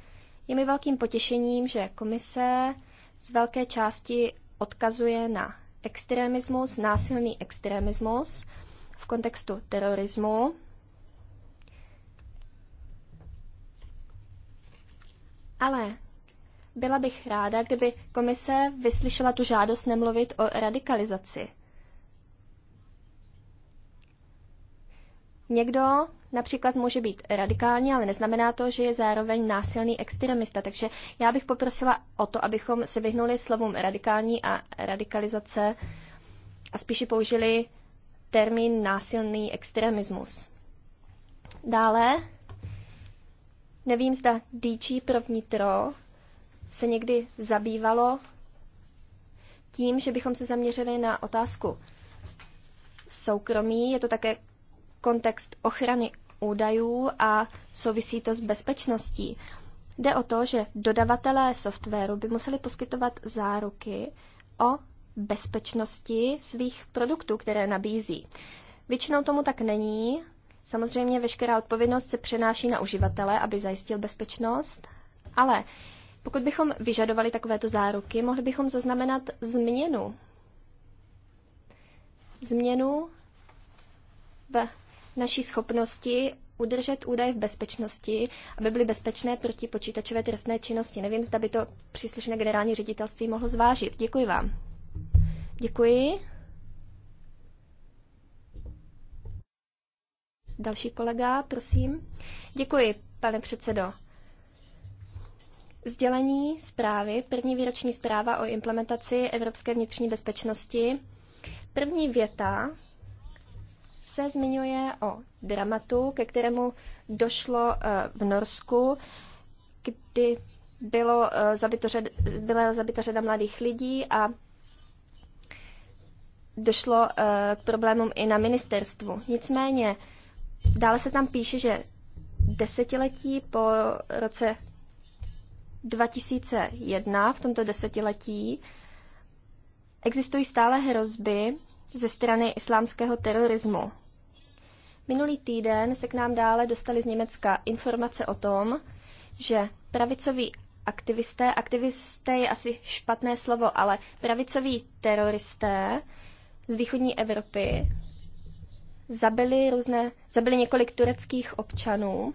Je mi velkým potěšením, že komise z velké části odkazuje na extremismus, násilný extremismus v kontextu terorismu. Ale byla bych ráda, kdyby komise vyslyšela tu žádost nemluvit o radikalizaci. Někdo například může být radikální, ale neznamená to, že je zároveň násilný extremista. Takže já bych poprosila o to, abychom se vyhnuli slovům radikální a radikalizace a spíše použili termín násilný extremismus. Dále, nevím, zda DG pro vnitro se někdy zabývalo tím, že bychom se zaměřili na otázku soukromí. Je to také kontext ochrany údajů a souvisí to s bezpečností. Jde o to, že dodavatelé softwaru by museli poskytovat záruky o bezpečnosti svých produktů, které nabízí. Většinou tomu tak není. Samozřejmě veškerá odpovědnost se přenáší na uživatele, aby zajistil bezpečnost, ale pokud bychom vyžadovali takovéto záruky, mohli bychom zaznamenat změnu. Změnu v naší schopnosti udržet údaje v bezpečnosti, aby byly bezpečné proti počítačové trestné činnosti. Nevím, zda by to příslušné generální ředitelství mohlo zvážit. Děkuji vám. Děkuji. Další kolega, prosím. Děkuji, pane předsedo. Sdělení zprávy, první výroční zpráva o implementaci evropské vnitřní bezpečnosti. První věta se zmiňuje o dramatu, ke kterému došlo eh, v Norsku, kdy bylo eh, zabito řada, byla zabita řada mladých lidí a došlo eh, k problémům i na ministerstvu. Nicméně, dále se tam píše, že desetiletí po roce 2001, v tomto desetiletí, existují stále hrozby ze strany islámského terorismu. Minulý týden se k nám dále dostali z Německa informace o tom, že pravicoví aktivisté, aktivisté je asi špatné slovo, ale pravicoví teroristé z východní Evropy zabili, různé, zabili několik tureckých občanů.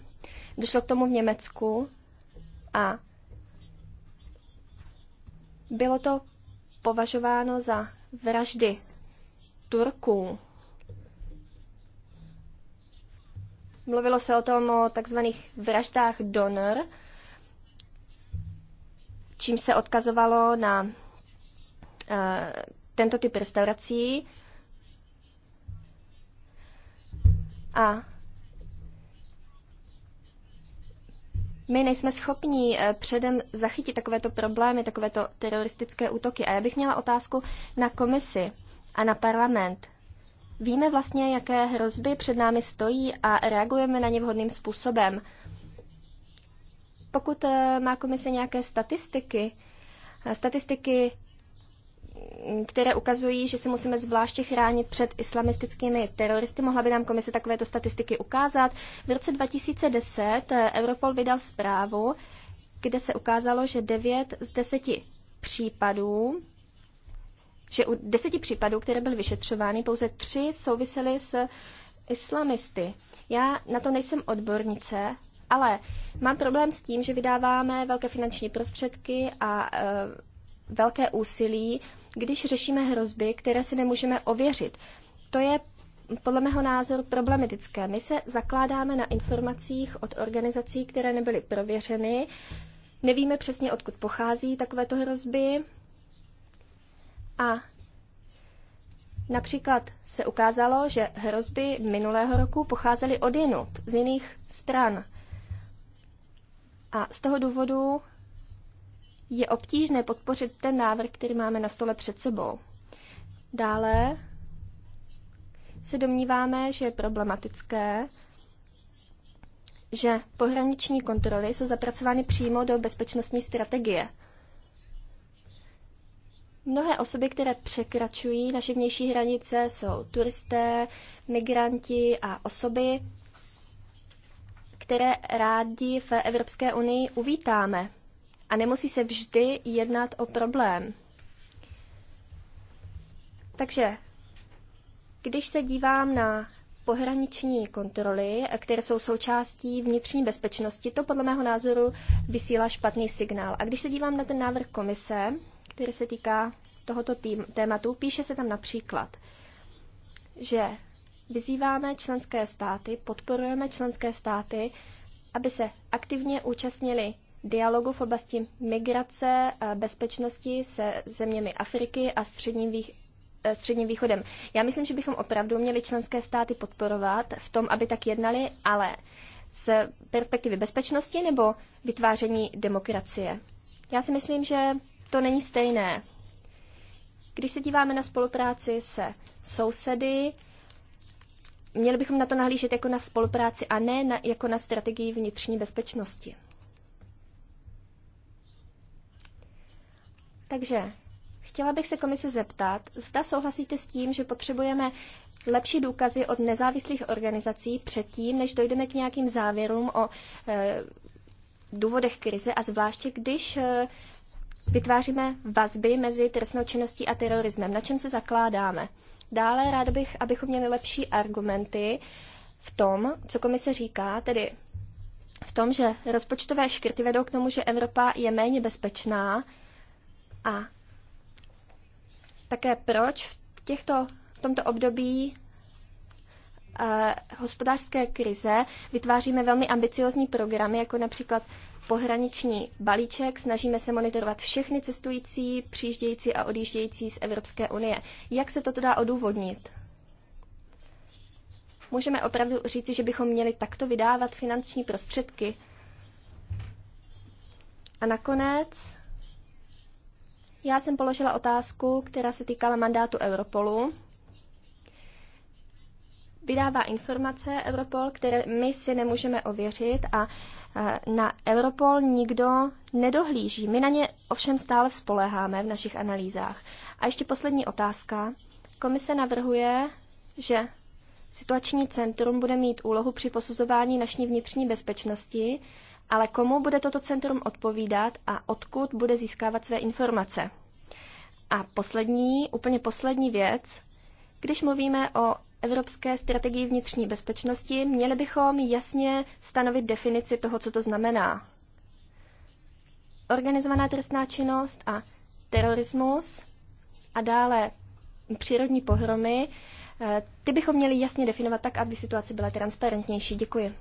Došlo k tomu v Německu a bylo to považováno za vraždy Turků. Mluvilo se o tom o takzvaných vraždách Donner, čím se odkazovalo na uh, tento typ restaurací. A my nejsme schopni eh, předem zachytit takovéto problémy, takovéto teroristické útoky. A já bych měla otázku na komisi a na parlament. Víme vlastně, jaké hrozby před námi stojí a reagujeme na ně vhodným způsobem. Pokud eh, má komise nějaké statistiky, eh, statistiky, mm, které ukazují, že se musíme zvláště chránit před islamistickými teroristy, mohla by nám komise takovéto statistiky ukázat. V roce 2010 eh, Europol vydal zprávu, kde se ukázalo, že 9 z 10 případů že u deseti případů, které byly vyšetřovány, pouze tři souvisely s islamisty. Já na to nejsem odbornice, ale mám problém s tím, že vydáváme velké finanční prostředky a e, velké úsilí, když řešíme hrozby, které si nemůžeme ověřit. To je podle mého názoru problematické. My se zakládáme na informacích od organizací, které nebyly prověřeny. Nevíme přesně, odkud pochází takovéto hrozby. A například se ukázalo, že hrozby minulého roku pocházely od jinut, z jiných stran. A z toho důvodu je obtížné podpořit ten návrh, který máme na stole před sebou. Dále se domníváme, že je problematické, že pohraniční kontroly jsou zapracovány přímo do bezpečnostní strategie – Mnohé osoby, které překračují naše vnější hranice, jsou turisté, migranti a osoby, které rádi v Evropské unii uvítáme. A nemusí se vždy jednat o problém. Takže, když se dívám na pohraniční kontroly, které jsou součástí vnitřní bezpečnosti, to podle mého názoru vysílá špatný signál. A když se dívám na ten návrh komise, který se týká tohoto tým, tématu, píše se tam například, že vyzýváme členské státy, podporujeme členské státy, aby se aktivně účastnili dialogu v oblasti migrace, bezpečnosti se zeměmi Afriky a středním, vý, e, středním východem. Já myslím, že bychom opravdu měli členské státy podporovat v tom, aby tak jednali, ale z perspektivy bezpečnosti nebo vytváření demokracie. Já si myslím, že to není stejné. Když se díváme na spolupráci se sousedy, měli bychom na to nahlížet jako na spolupráci a ne na, jako na strategii vnitřní bezpečnosti. Takže chtěla bych se komise zeptat, zda souhlasíte s tím, že potřebujeme lepší důkazy od nezávislých organizací předtím, než dojdeme k nějakým závěrům o e, důvodech krize a zvláště když e, Vytváříme vazby mezi trestnou činností a terorismem. Na čem se zakládáme? Dále rád bych, abychom měli lepší argumenty v tom, co komise říká, tedy v tom, že rozpočtové škrty vedou k tomu, že Evropa je méně bezpečná a také proč v, těchto, v tomto období eh, hospodářské krize vytváříme velmi ambiciozní programy, jako například pohraniční balíček, snažíme se monitorovat všechny cestující, přijíždějící a odjíždějící z Evropské unie. Jak se toto dá odůvodnit? Můžeme opravdu říci, že bychom měli takto vydávat finanční prostředky. A nakonec já jsem položila otázku, která se týkala mandátu Europolu. Vydává informace Europol, které my si nemůžeme ověřit a Eh, na Europol nikdo nedohlíží. My na ně ovšem stále spoléháme v našich analýzách. A ještě poslední otázka. Komise navrhuje, že situační centrum bude mít úlohu při posuzování naší vnitřní bezpečnosti, ale komu bude toto centrum odpovídat a odkud bude získávat své informace. A poslední, úplně poslední věc, když mluvíme o evropské strategii vnitřní bezpečnosti, měli bychom jasně stanovit definici toho, co to znamená. Organizovaná trestná činnost a terorismus a dále přírodní pohromy, eh, ty bychom měli jasně definovat tak, aby situace byla transparentnější. Děkuji.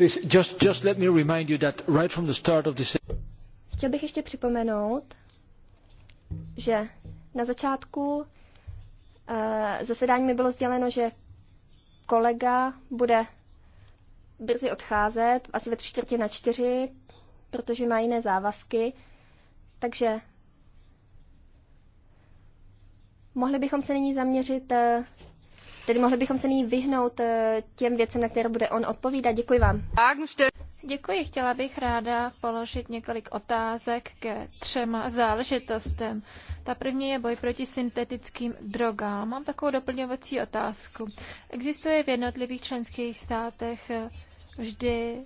Just, just let me remind you that right from the start of this... Chtěl bych ještě připomenout, že na začátku Eh, zasedání mi bylo sděleno, že kolega bude brzy odcházet, asi ve tři čtvrtě na čtyři, protože má jiné závazky. Takže mohli bychom se nyní zaměřit, eh, tedy mohli bychom se nyní vyhnout eh, těm věcem, na které bude on odpovídat. Děkuji vám. Děkuji. Chtěla bych ráda položit několik otázek ke třema záležitostem. Ta první je boj proti syntetickým drogám. Mám takovou doplňovací otázku. Existuje v jednotlivých členských státech eh, vždy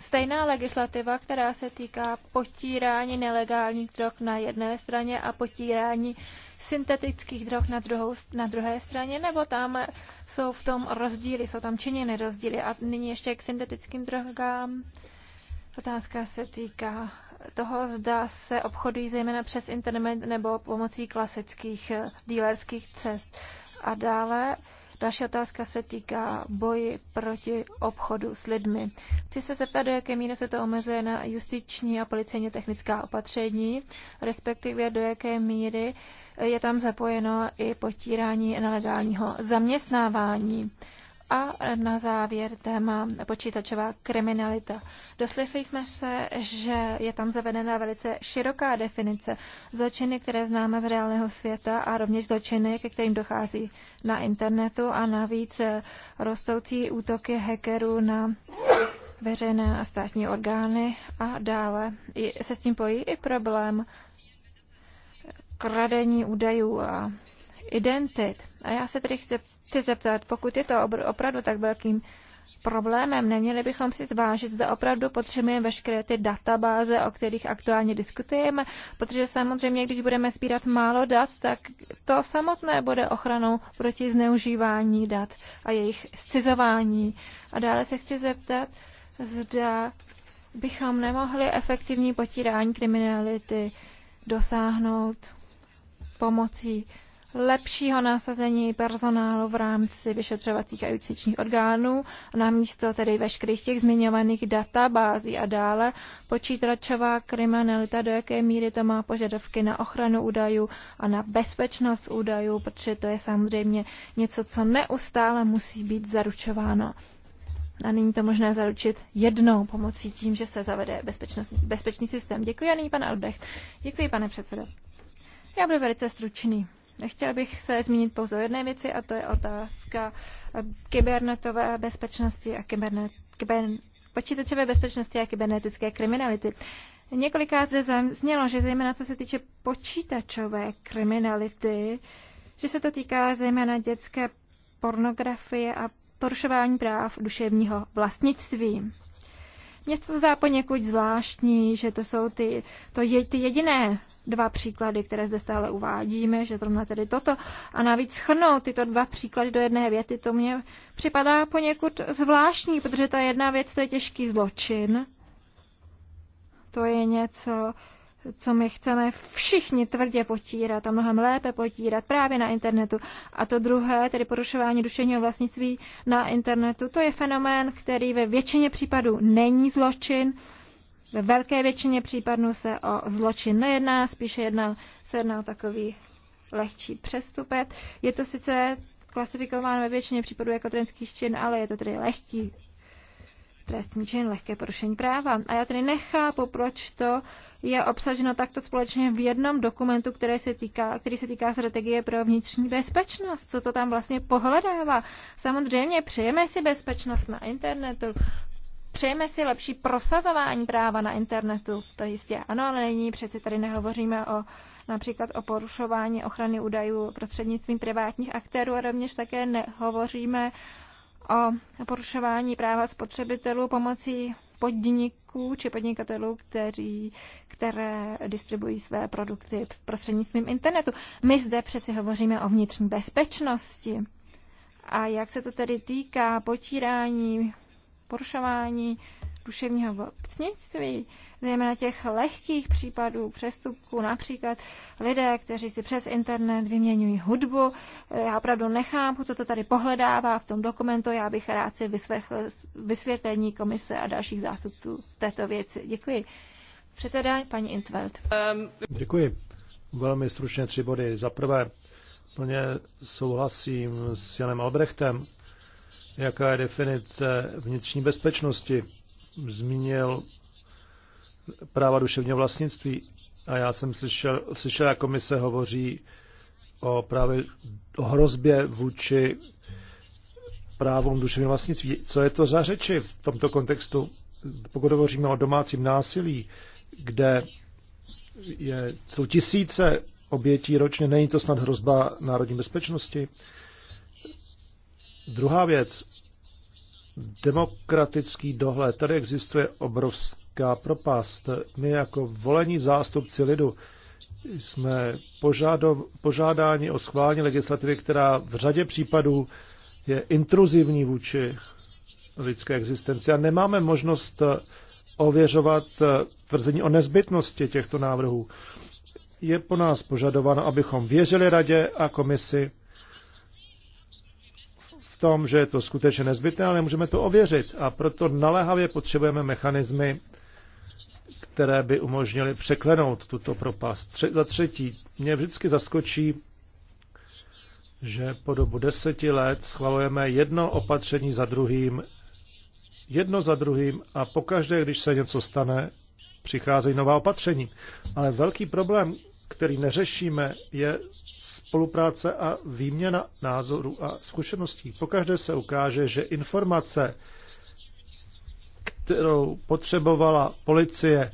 stejná legislativa, která se týká potírání nelegálních drog na jedné straně a potírání syntetických drog na, druhou, na druhé straně, nebo tam jsou v tom rozdíly, jsou tam činěné rozdíly. A nyní ještě k syntetickým drogám. Otázka se týká toho, zda se obchodují zejména přes internet nebo pomocí klasických eh, dílerských cest. A dále Další otázka se týká boji proti obchodu s lidmi. Chci se zeptat, do jaké míry se to omezuje na justiční a policejně technická opatření, respektive do jaké míry je tam zapojeno i potírání nelegálního zaměstnávání. A na závěr téma počítačová kriminalita. Doslechli jsme se, že je tam zavedena velice široká definice zločiny, které známe z reálného světa a rovněž zločiny, ke kterým dochází na internetu a navíc rostoucí útoky hackerů na veřejné a státní orgány a dále. Se s tím pojí i problém kradení údajů a identit. A já se tedy chci, chci zeptat, pokud je to opravdu tak velkým problémem, neměli bychom si zvážit, zda opravdu potřebujeme veškeré ty databáze, o kterých aktuálně diskutujeme, protože samozřejmě, když budeme sbírat málo dat, tak to samotné bude ochranou proti zneužívání dat a jejich scizování. A dále se chci zeptat, zda bychom nemohli efektivní potírání kriminality dosáhnout pomocí lepšího nasazení personálu v rámci vyšetřovacích a justičních orgánů na namísto tedy veškerých těch zmiňovaných databází a dále počítačová kriminalita, do jaké míry to má požadavky na ochranu údajů a na bezpečnost údajů, protože to je samozřejmě něco, co neustále musí být zaručováno. A není to možné zaručit jednou pomocí tím, že se zavede bezpečnostní, bezpečný systém. Děkuji a nyní pan Albrecht. Děkuji, pane předsedo. Já budu velice stručný. Chtěl bych se zmínit pouze o jedné věci a to je otázka kybernetové bezpečnosti a kybernet, kybern, počítačové bezpečnosti a kybernetické kriminality. Několikrát zde znělo, že zejména co se týče počítačové kriminality, že se to týká zejména dětské pornografie a porušování práv duševního vlastnictví. Mně se to zdá poněkud zvláštní, že to jsou ty, to je, ty jediné dva příklady, které zde stále uvádíme, že zrovna tedy toto. A navíc schrnout tyto dva příklady do jedné věty, to mně připadá poněkud zvláštní, protože ta jedna věc to je těžký zločin. To je něco, co my chceme všichni tvrdě potírat a mnohem lépe potírat právě na internetu. A to druhé, tedy porušování duševního vlastnictví na internetu, to je fenomén, který ve většině případů není zločin, ve velké většině případů se o zločin nejedná, spíše jedná, se jedná o takový lehčí přestupek. Je to sice klasifikováno ve většině případů jako trestný čin, ale je to tedy lehký trestní čin, lehké porušení práva. A já tedy nechápu, proč to je obsaženo takto společně v jednom dokumentu, který se týká, který se týká strategie pro vnitřní bezpečnost. Co to tam vlastně pohledává? Samozřejmě přejeme si bezpečnost na internetu, Přejeme si lepší prosazování práva na internetu, to jistě ano, ale není přeci tady nehovoříme o například o porušování ochrany údajů prostřednictvím privátních aktérů a rovněž také nehovoříme o porušování práva spotřebitelů pomocí podniků či podnikatelů, kteří, které distribuují své produkty prostřednictvím internetu. My zde přeci hovoříme o vnitřní bezpečnosti. A jak se to tedy týká potírání porušování duševního vlastnictví, zejména těch lehkých případů přestupků, například lidé, kteří si přes internet vyměňují hudbu. Já opravdu nechápu, co to tady pohledává v tom dokumentu. Já bych rád si vyslechl vysvětlení komise a dalších zástupců této věci. Děkuji. Předseda paní Intveld. Um, děkuji. Velmi stručně tři body. Za prvé, plně souhlasím s Janem Albrechtem jaká je definice vnitřní bezpečnosti. Zmínil práva duševního vlastnictví a já jsem slyšel, slyšel jak komise hovoří o právě o hrozbě vůči právům duševního vlastnictví. Co je to za řeči v tomto kontextu? Pokud hovoříme o domácím násilí, kde je, jsou tisíce obětí ročně, není to snad hrozba národní bezpečnosti? Druhá věc, demokratický dohled. Tady existuje obrovská propast. My jako volení zástupci lidu jsme požádáni o schválení legislativy, která v řadě případů je intruzivní vůči lidské existenci a nemáme možnost ověřovat tvrzení o nezbytnosti těchto návrhů. Je po nás požadováno, abychom věřili radě a komisi tom, že je to skutečně nezbytné, ale můžeme to ověřit. A proto naléhavě potřebujeme mechanismy, které by umožnily překlenout tuto propast. Tře- za třetí, mě vždycky zaskočí, že po dobu deseti let schvalujeme jedno opatření za druhým, jedno za druhým a pokaždé, když se něco stane, přicházejí nová opatření. Ale velký problém, který neřešíme, je spolupráce a výměna názorů a zkušeností. Pokaždé se ukáže, že informace, kterou potřebovala policie,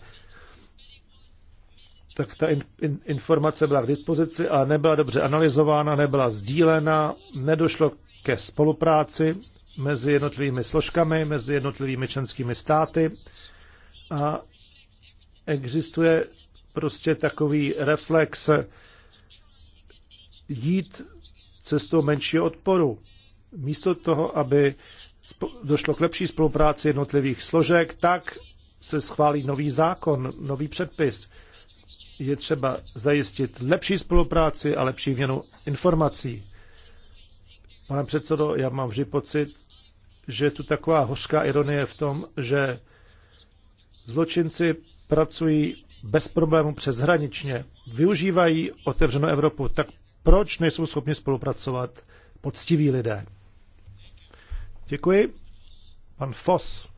tak ta in, in, informace byla k dispozici, ale nebyla dobře analyzována, nebyla sdílena, nedošlo ke spolupráci mezi jednotlivými složkami, mezi jednotlivými členskými státy a existuje prostě takový reflex jít cestou menšího odporu. Místo toho, aby došlo k lepší spolupráci jednotlivých složek, tak se schválí nový zákon, nový předpis. Je třeba zajistit lepší spolupráci a lepší měnu informací. Pane předsedo, já mám vždy pocit, že je tu taková hořká ironie v tom, že zločinci pracují bez problémů přeshraničně využívají otevřenou Evropu, tak proč nejsou schopni spolupracovat poctiví lidé? Děkuji. Pan Foss.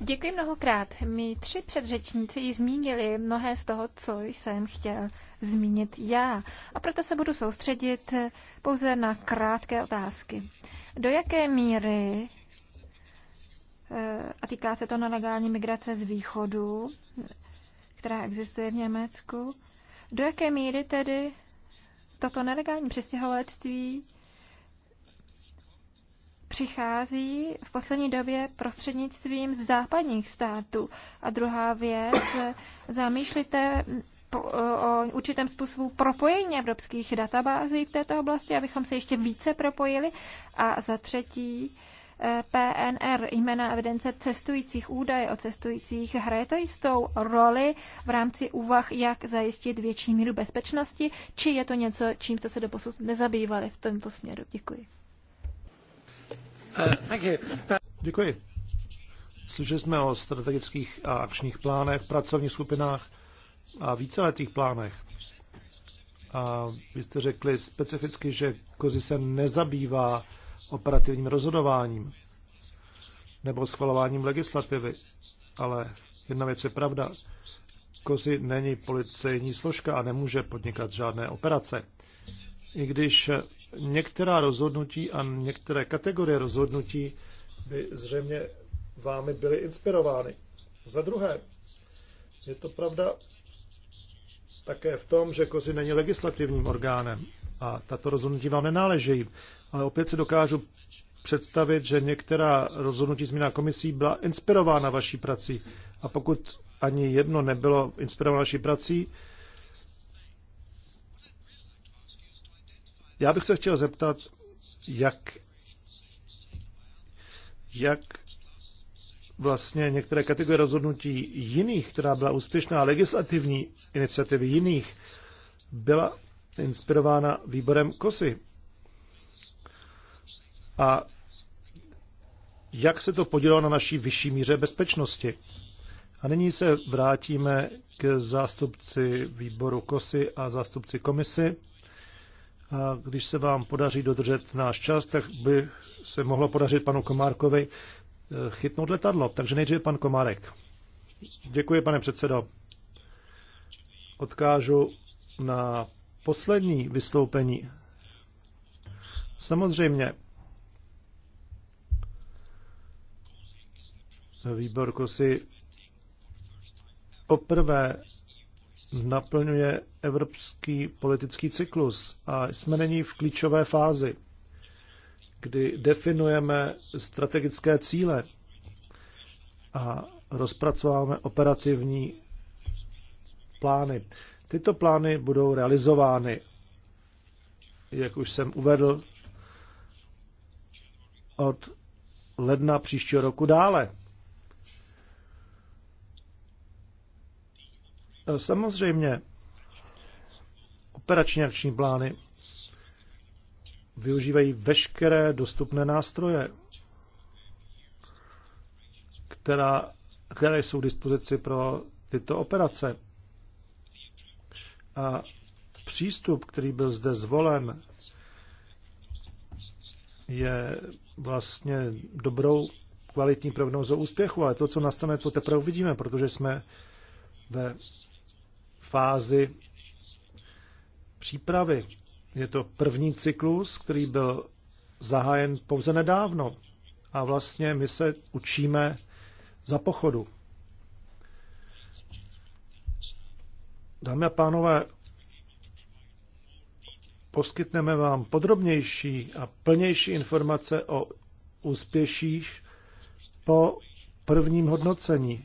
Děkuji mnohokrát. My tři předřečníci ji zmínili mnohé z toho, co jsem chtěl zmínit já. A proto se budu soustředit pouze na krátké otázky. Do jaké míry Eh, a týká se to nelegální migrace z východu, která existuje v Německu. Do jaké míry tedy toto nelegální přistěhovalectví přichází v poslední době prostřednictvím z západních států? A druhá věc, zamýšlíte o určitém způsobu propojení evropských databází v této oblasti, abychom se ještě více propojili? A za třetí, PNR, jména evidence cestujících, údaje o cestujících. Hraje to jistou roli v rámci úvah, jak zajistit větší míru bezpečnosti, či je to něco, čím jste se doposud nezabývali v tomto směru? Děkuji. Uh, uh, Děkuji. Slyšeli jsme o strategických a akčních plánech, pracovních skupinách a víceletých plánech. A vy jste řekli specificky, že Kozy se nezabývá operativním rozhodováním nebo schvalováním legislativy. Ale jedna věc je pravda. Kozy není policejní složka a nemůže podnikat žádné operace. I když některá rozhodnutí a některé kategorie rozhodnutí by zřejmě vámi byly inspirovány. Za druhé, je to pravda také v tom, že Kozy není legislativním orgánem a tato rozhodnutí vám nenáležejí ale opět si dokážu představit, že některá rozhodnutí změna komisí byla inspirována vaší prací. A pokud ani jedno nebylo inspirováno vaší prací, já bych se chtěl zeptat, jak, jak vlastně některé kategorie rozhodnutí jiných, která byla úspěšná, legislativní iniciativy jiných, byla inspirována výborem KOSY a jak se to podílelo na naší vyšší míře bezpečnosti. A nyní se vrátíme k zástupci výboru KOSY a zástupci komisy. A když se vám podaří dodržet náš čas, tak by se mohlo podařit panu Komárkovi eh, chytnout letadlo. Takže nejdříve pan Komárek. Děkuji, pane předsedo. Odkážu na poslední vystoupení. Samozřejmě, Výbor si poprvé naplňuje evropský politický cyklus a jsme není v klíčové fázi, kdy definujeme strategické cíle a rozpracováváme operativní plány. Tyto plány budou realizovány, jak už jsem uvedl, od ledna příštího roku dále. Samozřejmě operační akční plány využívají veškeré dostupné nástroje, která, které jsou k dispozici pro tyto operace. A přístup, který byl zde zvolen, je vlastně dobrou kvalitní prognózou úspěchu, ale to, co nastane, to teprve uvidíme, protože jsme ve fázi přípravy. Je to první cyklus, který byl zahájen pouze nedávno. A vlastně my se učíme za pochodu. Dámy a pánové, poskytneme vám podrobnější a plnější informace o úspěších po prvním hodnocení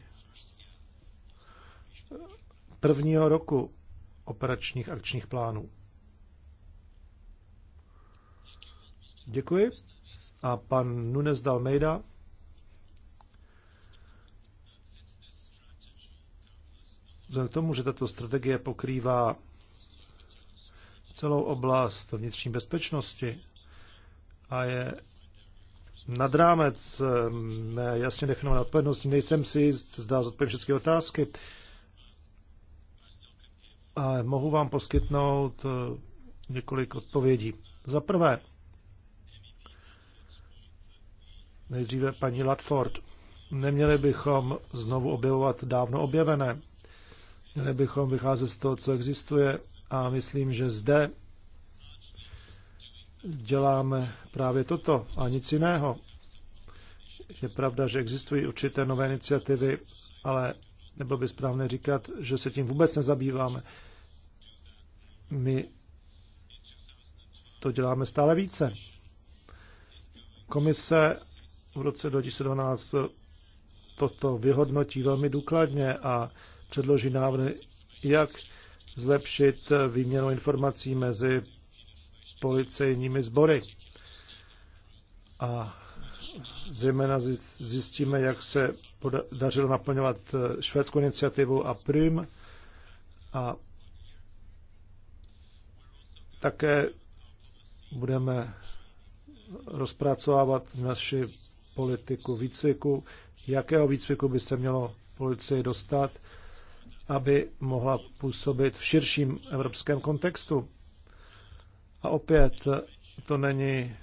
prvního roku operačních akčních plánů. Děkuji. A pan Nunes Dalmeida. Vzhledem k tomu, že tato strategie pokrývá celou oblast vnitřní bezpečnosti a je nad rámec eh, mé jasně definované odpovědnosti, nejsem si zdá zodpovědět všechny otázky, ale mohu vám poskytnout eh, několik odpovědí. Za prvé, nejdříve paní Latford. Neměli bychom znovu objevovat dávno objevené. Měli bychom vycházet z toho, co existuje a myslím, že zde děláme právě toto a nic jiného. Je pravda, že existují určité nové iniciativy, ale nebylo by správné říkat, že se tím vůbec nezabýváme my to děláme stále více. Komise v roce 2012 toto vyhodnotí velmi důkladně a předloží návrhy, jak zlepšit výměnu informací mezi policejními sbory. A zejména zjistíme, jak se podařilo naplňovat švédskou iniciativu a prim a také budeme rozpracovávat naši politiku výcviku, jakého výcviku by se mělo policii dostat, aby mohla působit v širším evropském kontextu. A opět to není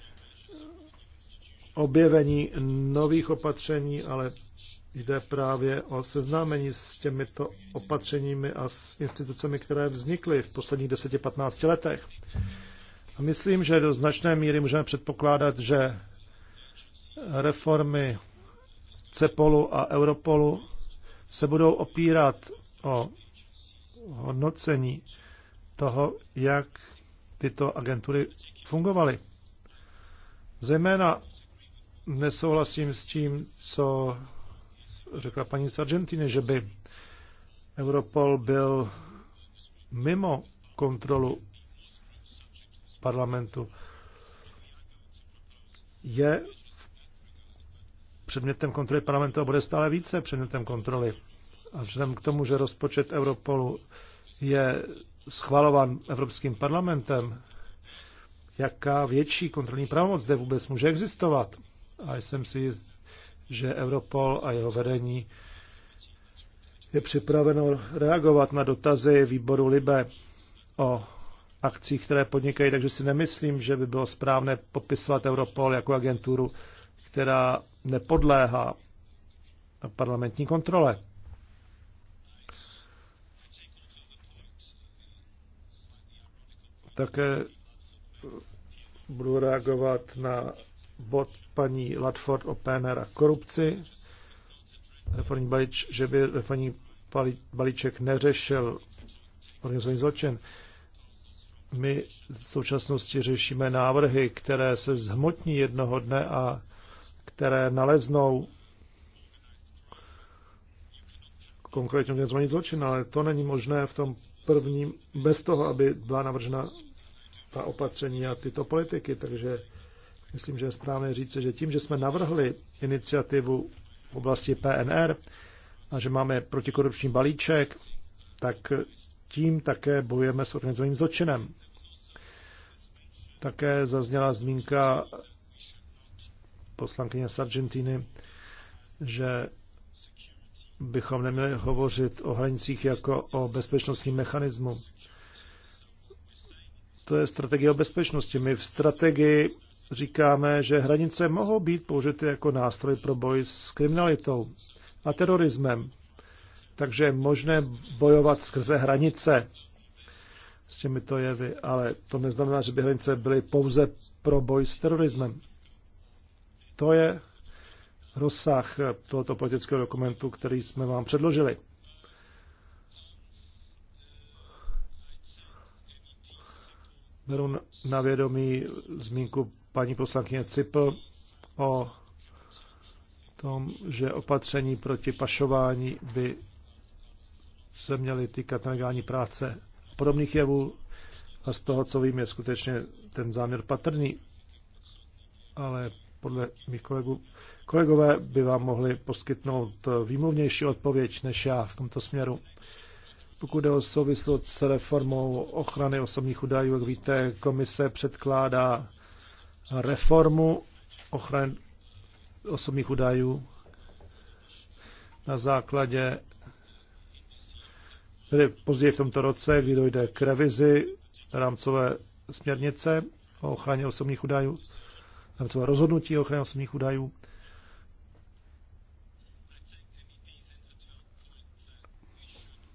objevení nových opatření, ale jde právě o seznámení s těmito opatřeními a s institucemi, které vznikly v posledních 10-15 letech. A myslím, že do značné míry můžeme předpokládat, že reformy CEPOLu a Europolu se budou opírat o hodnocení toho, jak tyto agentury fungovaly. Zejména nesouhlasím s tím, co řekla paní Sargentini, že by Europol byl mimo kontrolu parlamentu je předmětem kontroly parlamentu a bude stále více předmětem kontroly. A vzhledem k tomu, že rozpočet Europolu je schvalován Evropským parlamentem, jaká větší kontrolní pravomoc zde vůbec může existovat. A jsem si jist, že Europol a jeho vedení je připraveno reagovat na dotazy výboru Libe o akcích, které podnikají, takže si nemyslím, že by bylo správné popisovat Europol jako agenturu, která nepodléhá parlamentní kontrole. Také budu reagovat na bod paní Latford o PNR a korupci. Reformní balíč, že by reformní balíček neřešil organizovaný zločin. My v současnosti řešíme návrhy, které se zhmotní jednoho dne a které naleznou konkrétně zvonit zločin, ale to není možné v tom prvním, bez toho, aby byla navržena ta opatření a tyto politiky. Takže myslím, že je správné říci, že tím, že jsme navrhli iniciativu v oblasti PNR a že máme protikorupční balíček, tak tím také bojujeme s organizovaným zločinem. Také zazněla zmínka poslankyně z Argentiny, že bychom neměli hovořit o hranicích jako o bezpečnostním mechanismu. To je strategie o bezpečnosti. My v strategii říkáme, že hranice mohou být použity jako nástroj pro boj s kriminalitou a terorismem takže je možné bojovat skrze hranice s těmito jevy, ale to neznamená, že by hranice byly pouze pro boj s terorismem. To je rozsah tohoto politického dokumentu, který jsme vám předložili. Beru na vědomí zmínku paní poslankyně Cipl o tom, že opatření proti pašování by se měly týkat nelegální práce a podobných jevů. A z toho, co vím, je skutečně ten záměr patrný. Ale podle mých kolegů, kolegové by vám mohli poskytnout výmluvnější odpověď než já v tomto směru. Pokud jde o souvislost s reformou ochrany osobních údajů, jak víte, komise předkládá reformu ochrany osobních údajů na základě tedy později v tomto roce, kdy dojde k revizi rámcové směrnice o ochraně osobních údajů, rámcové rozhodnutí o ochraně osobních údajů.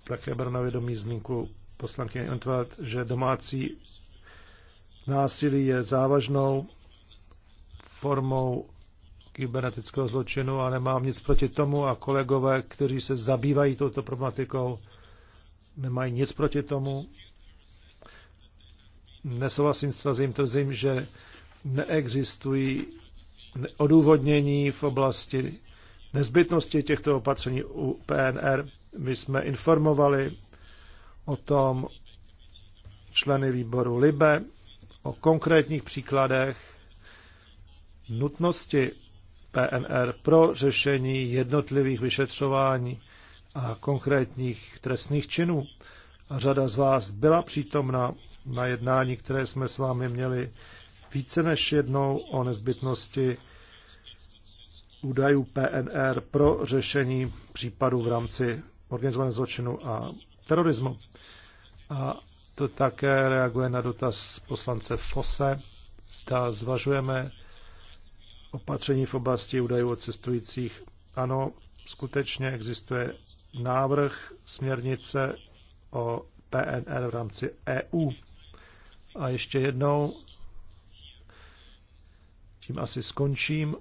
Také beru na vědomí zmínku poslankyně Antvát, že domácí násilí je závažnou formou kybernetického zločinu a nemám nic proti tomu a kolegové, kteří se zabývají touto problematikou, nemají nic proti tomu. Nesouhlasím s celým trzím, že neexistují odůvodnění v oblasti nezbytnosti těchto opatření u PNR. My jsme informovali o tom členy výboru LIBE, o konkrétních příkladech nutnosti PNR pro řešení jednotlivých vyšetřování a konkrétních trestných činů. A řada z vás byla přítomna na jednání, které jsme s vámi měli více než jednou o nezbytnosti údajů PNR pro řešení případů v rámci organizovaného zločinu a terorismu. A to také reaguje na dotaz poslance Fose. Zda zvažujeme opatření v oblasti údajů o cestujících. Ano, skutečně existuje návrh směrnice o PNR v rámci EU. A ještě jednou, tím asi skončím.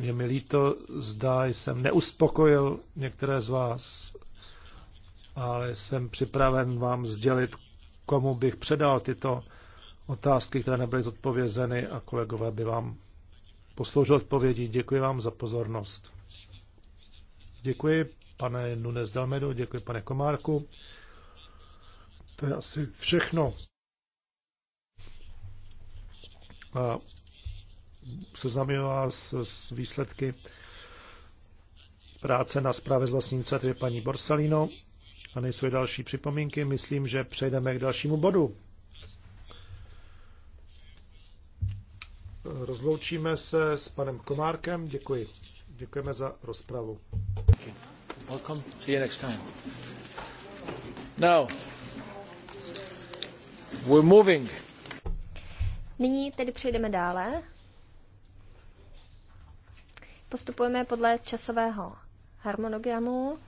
Je mi líto, zdá jsem neuspokojil některé z vás, ale jsem připraven vám sdělit, komu bych předal tyto otázky, které nebyly zodpovězeny a kolegové by vám posloužili odpovědi. Děkuji vám za pozornost. Děkuji pane Nunes Zalmedo, děkuji pane Komárku. To je asi všechno. A seznámím vás s výsledky práce na zprávě z vlastní iniciativy paní Borsalino. A nejsou další připomínky. Myslím, že přejdeme k dalšímu bodu. Rozloučíme se s panem Komárkem. Děkuji. Děkujeme za rozpravu. Welcome. See you next time. Now, we're moving. Nyní tedy přejdeme dále. Postupujeme podle časového harmonogramu.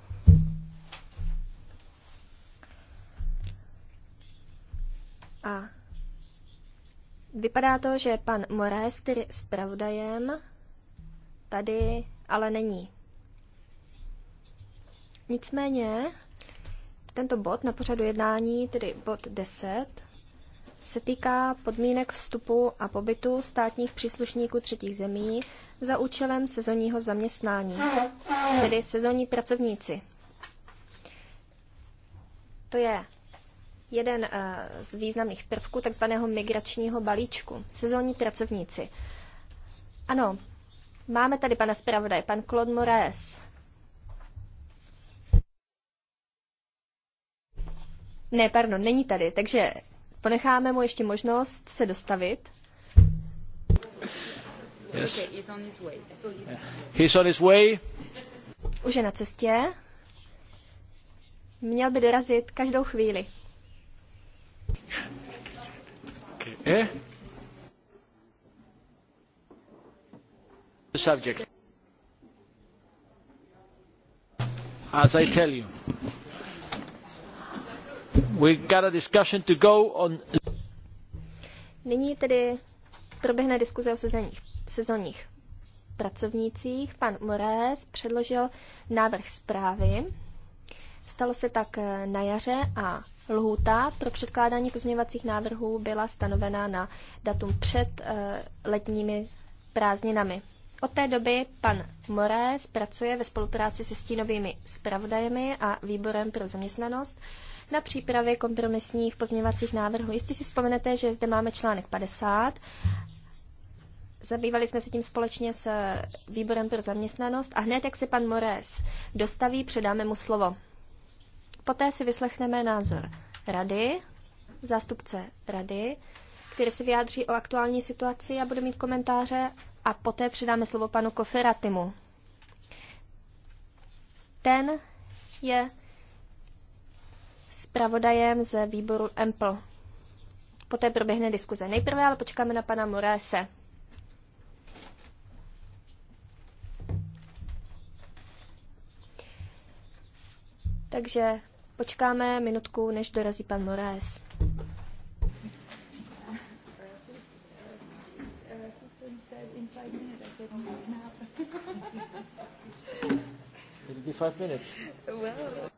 A vypadá to, že pan Moraes, který je zpravodajem, tady ale není. Nicméně tento bod na pořadu jednání, tedy bod 10, se týká podmínek vstupu a pobytu státních příslušníků třetích zemí za účelem sezonního zaměstnání, tedy sezonní pracovníci. To je jeden eh, z významných prvků tzv. migračního balíčku. Sezónní pracovníci. Ano, máme tady pana zpravodaj, pan Claude Moraes. Ne, pardon, není tady, takže ponecháme mu ještě možnost se dostavit. Yes. Okay, he's on his way. He's on his way. Už je na cestě. Měl by dorazit každou chvíli. Okay. The subject. As I tell you. Nyní tedy proběhne diskuze o sezónních, sezónních pracovnících. Pan Moraes předložil návrh zprávy. Stalo se tak eh, na jaře a lhůta pro předkládání pozměňovacích návrhů byla stanovena na datum před eh, letními prázdninami. Od té doby pan Moraes pracuje ve spolupráci se stínovými zpravodajemi a výborem pro zaměstnanost na přípravě kompromisních pozměňovacích návrhů. Jistě si vzpomenete, že zde máme článek 50. Zabývali jsme se tím společně s výborem pro zaměstnanost a hned, jak se pan Mores dostaví, předáme mu slovo. Poté si vyslechneme názor rady, zástupce rady, který se vyjádří o aktuální situaci a bude mít komentáře a poté předáme slovo panu Koferatimu. Ten je zpravodajem z výboru EMPL. Poté proběhne diskuze. Nejprve ale počkáme na pana Morése. Takže počkáme minutku, než dorazí pan Morés. five minutes. Well.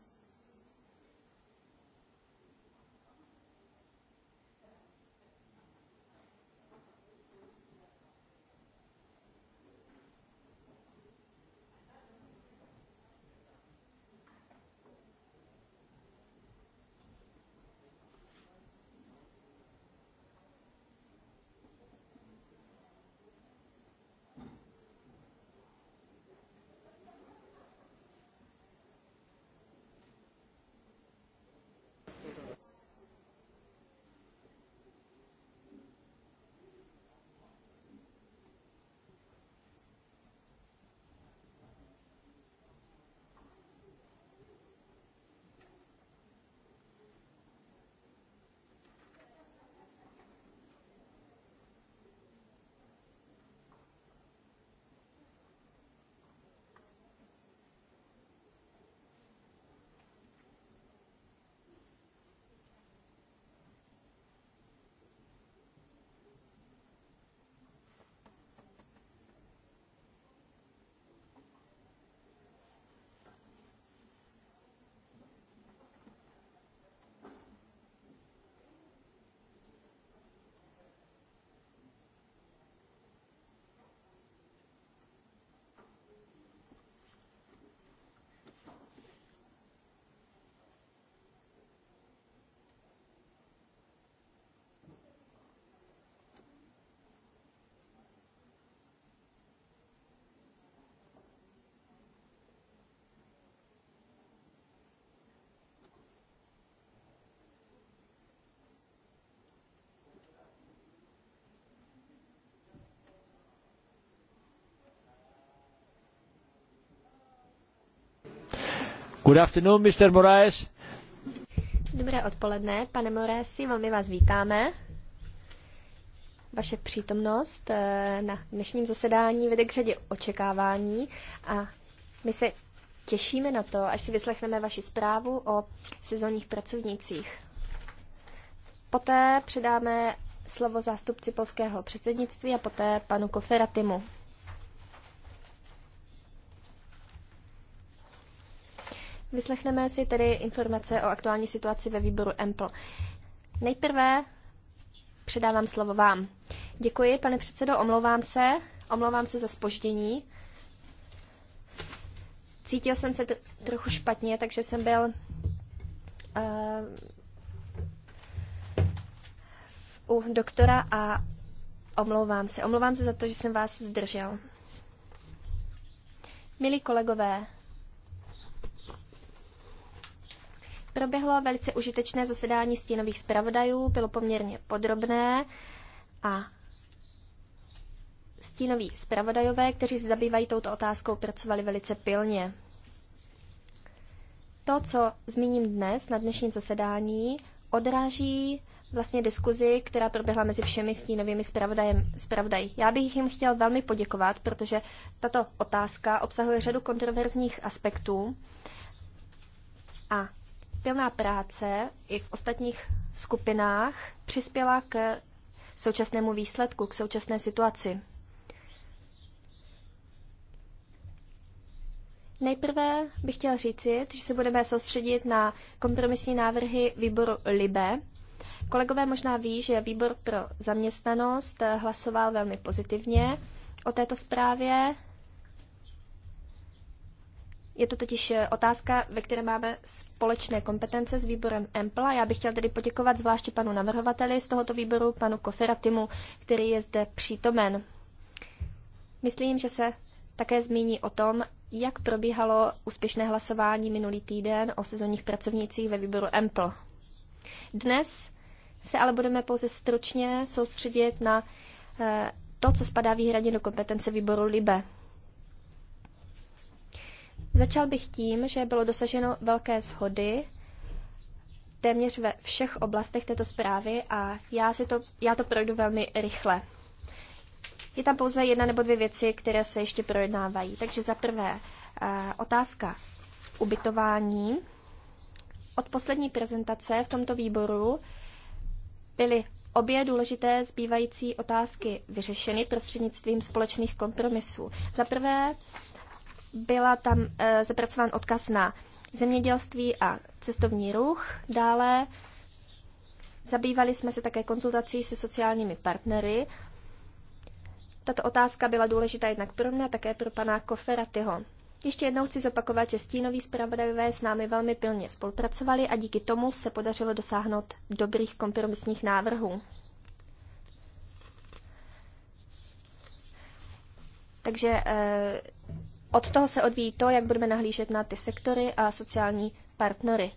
Good afternoon, Mr. Moraes. Dobré odpoledne, pane Moraesi, velmi vás vítáme. Vaše přítomnost eh, na dnešním zasedání vede k řadě očekávání a my se těšíme na to, až si vyslechneme vaši zprávu o sezónních pracovnících. Poté předáme slovo zástupci polského předsednictví a poté panu Koferatimu. Vyslechneme si tedy informace o aktuální situaci ve výboru EMPL. Nejprve předávám slovo vám. Děkuji, pane předsedo, omlouvám se. Omlouvám se za spoždění. Cítil jsem se trochu špatně, takže jsem byl uh, u doktora a omlouvám se. Omlouvám se za to, že jsem vás zdržel. Milí kolegové, Proběhlo velice užitečné zasedání stínových zpravodajů, bylo poměrně podrobné a stínoví zpravodajové, kteří se zabývají touto otázkou, pracovali velice pilně. To, co zmíním dnes na dnešním zasedání, odráží vlastně diskuzi, která proběhla mezi všemi stínovými zpravodaji. Já bych jim chtěl velmi poděkovat, protože tato otázka obsahuje řadu kontroverzních aspektů a pilná práce i v ostatních skupinách přispěla k současnému výsledku, k současné situaci. Nejprve bych chtěl říci, že se budeme soustředit na kompromisní návrhy výboru LIBE. Kolegové možná ví, že výbor pro zaměstnanost hlasoval velmi pozitivně o této zprávě. Je to totiž eh, otázka, ve které máme společné kompetence s výborem EMPLA. Já bych chtěl tedy poděkovat zvláště panu navrhovateli z tohoto výboru, panu Koferatimu, který je zde přítomen. Myslím, že se také zmíní o tom, jak probíhalo úspěšné hlasování minulý týden o sezónních pracovnících ve výboru EMPL. Dnes se ale budeme pouze stručně soustředit na eh, to, co spadá výhradně do kompetence výboru LIBE. Začal bych tím, že bylo dosaženo velké shody téměř ve všech oblastech této zprávy a já, si to, já to projdu velmi rychle. Je tam pouze jedna nebo dvě věci, které se ještě projednávají. Takže za prvé eh, otázka ubytování. Od poslední prezentace v tomto výboru byly obě důležité zbývající otázky vyřešeny prostřednictvím společných kompromisů. Za prvé byla tam e, zapracován odkaz na zemědělství a cestovní ruch. Dále zabývali jsme se také konzultací se sociálními partnery. Tato otázka byla důležitá jednak pro mě, také pro pana Koferatyho. Ještě jednou chci zopakovat, že stínoví zpravodajové s námi velmi pilně spolupracovali a díky tomu se podařilo dosáhnout dobrých kompromisních návrhů. Takže eh, od toho se odvíjí to, jak budeme nahlížet na ty sektory a sociální partnery.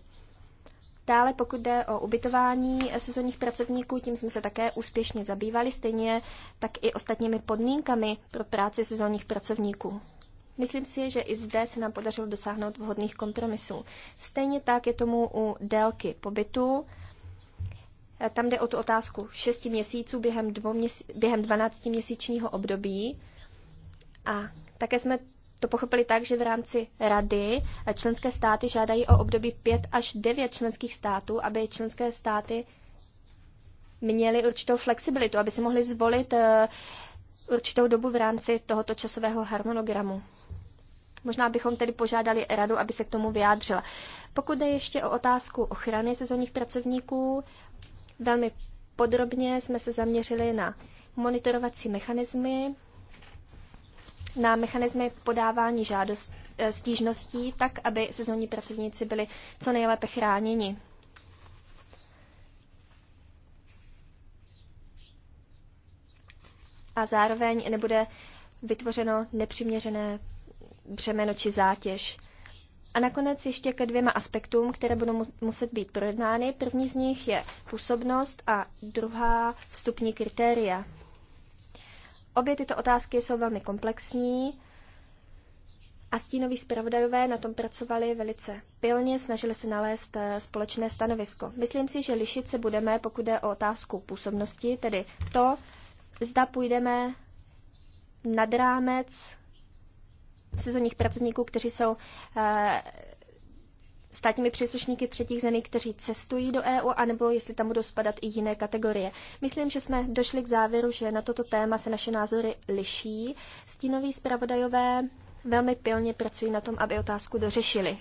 Dále, pokud jde o ubytování sezónních pracovníků, tím jsme se také úspěšně zabývali, stejně tak i ostatními podmínkami pro práci sezónních pracovníků. Myslím si, že i zde se nám podařilo dosáhnout vhodných kompromisů. Stejně tak je tomu u délky pobytu. Tam jde o tu otázku 6 měsíců během, dvou měsíc, během 12-měsíčního období. A také jsme to pochopili tak, že v rámci rady členské státy žádají o období 5 až 9 členských států, aby členské státy měly určitou flexibilitu, aby si mohli zvolit eh, určitou dobu v rámci tohoto časového harmonogramu. Možná bychom tedy požádali radu, aby se k tomu vyjádřila. Pokud jde ještě o otázku ochrany sezónních pracovníků, velmi podrobně jsme se zaměřili na monitorovací mechanismy, na mechanismy podávání žádost, eh, stížností, tak aby sezónní pracovníci byli co nejlépe chráněni. A zároveň nebude vytvořeno nepřiměřené břemeno či zátěž. A nakonec ještě ke dvěma aspektům, které budou muset být projednány. První z nich je působnost a druhá vstupní kritéria. Obě tyto otázky jsou velmi komplexní a stínoví zpravodajové na tom pracovali velice pilně, snažili se nalézt eh, společné stanovisko. Myslím si, že lišit se budeme, pokud jde o otázku působnosti, tedy to, zda půjdeme nad rámec sezónních pracovníků, kteří jsou eh, státními příslušníky třetích zemí, kteří cestují do EU, anebo jestli tam budou spadat i jiné kategorie. Myslím, že jsme došli k závěru, že na toto téma se naše názory liší. Stínoví zpravodajové velmi pilně pracují na tom, aby otázku dořešili.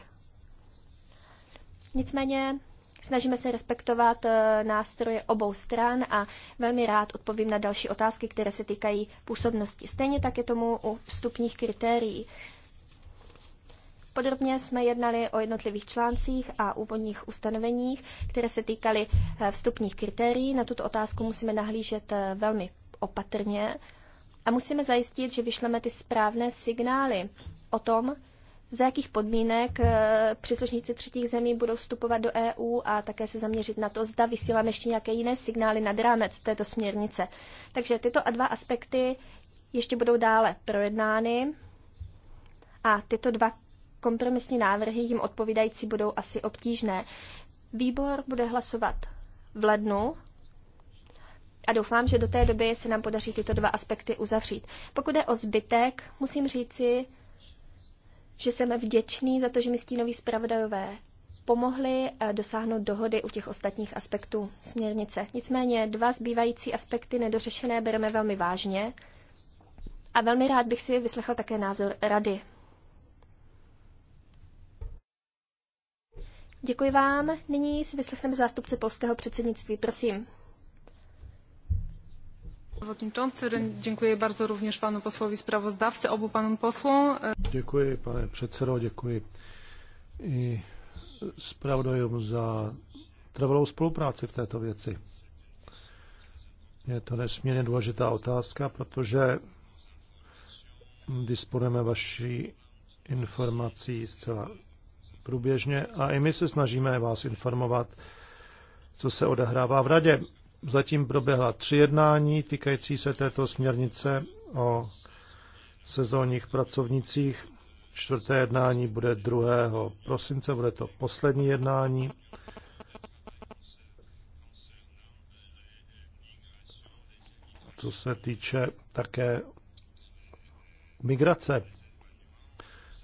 Nicméně snažíme se respektovat eh, nástroje obou stran a velmi rád odpovím na další otázky, které se týkají působnosti. Stejně tak je tomu u vstupních kritérií. Podrobně jsme jednali o jednotlivých článcích a úvodních ustanoveních, které se týkaly eh, vstupních kritérií. Na tuto otázku musíme nahlížet eh, velmi opatrně a musíme zajistit, že vyšleme ty správné signály o tom, za jakých podmínek eh, příslušníci třetích zemí budou vstupovat do EU a také se zaměřit na to, zda vysíláme ještě nějaké jiné signály nad rámec této směrnice. Takže tyto dva aspekty ještě budou dále projednány a tyto dva kompromisní návrhy jim odpovídající budou asi obtížné. Výbor bude hlasovat v lednu a doufám, že do té doby se nám podaří tyto dva aspekty uzavřít. Pokud je o zbytek, musím říci, že jsem vděčný za to, že mi stínoví zpravodajové pomohli eh, dosáhnout dohody u těch ostatních aspektů směrnice. Nicméně dva zbývající aspekty nedořešené bereme velmi vážně a velmi rád bych si vyslechl také názor rady Děkuji vám. Nyní si vyslechneme zástupce polského předsednictví. Prosím. Przewodniczący, dziękuję bardzo również panu posłowi sprawozdawcy, obu panom posłom. Děkuji, pane předsedo, děkuji i zpravodajům za trvalou spolupráci v této věci. Je to nesmírně důležitá otázka, protože disponujeme vaší informací zcela průběžně a i my se snažíme vás informovat, co se odehrává v radě. Zatím proběhla tři jednání týkající se této směrnice o sezónních pracovnicích. Čtvrté jednání bude 2. prosince, bude to poslední jednání. Co se týče také migrace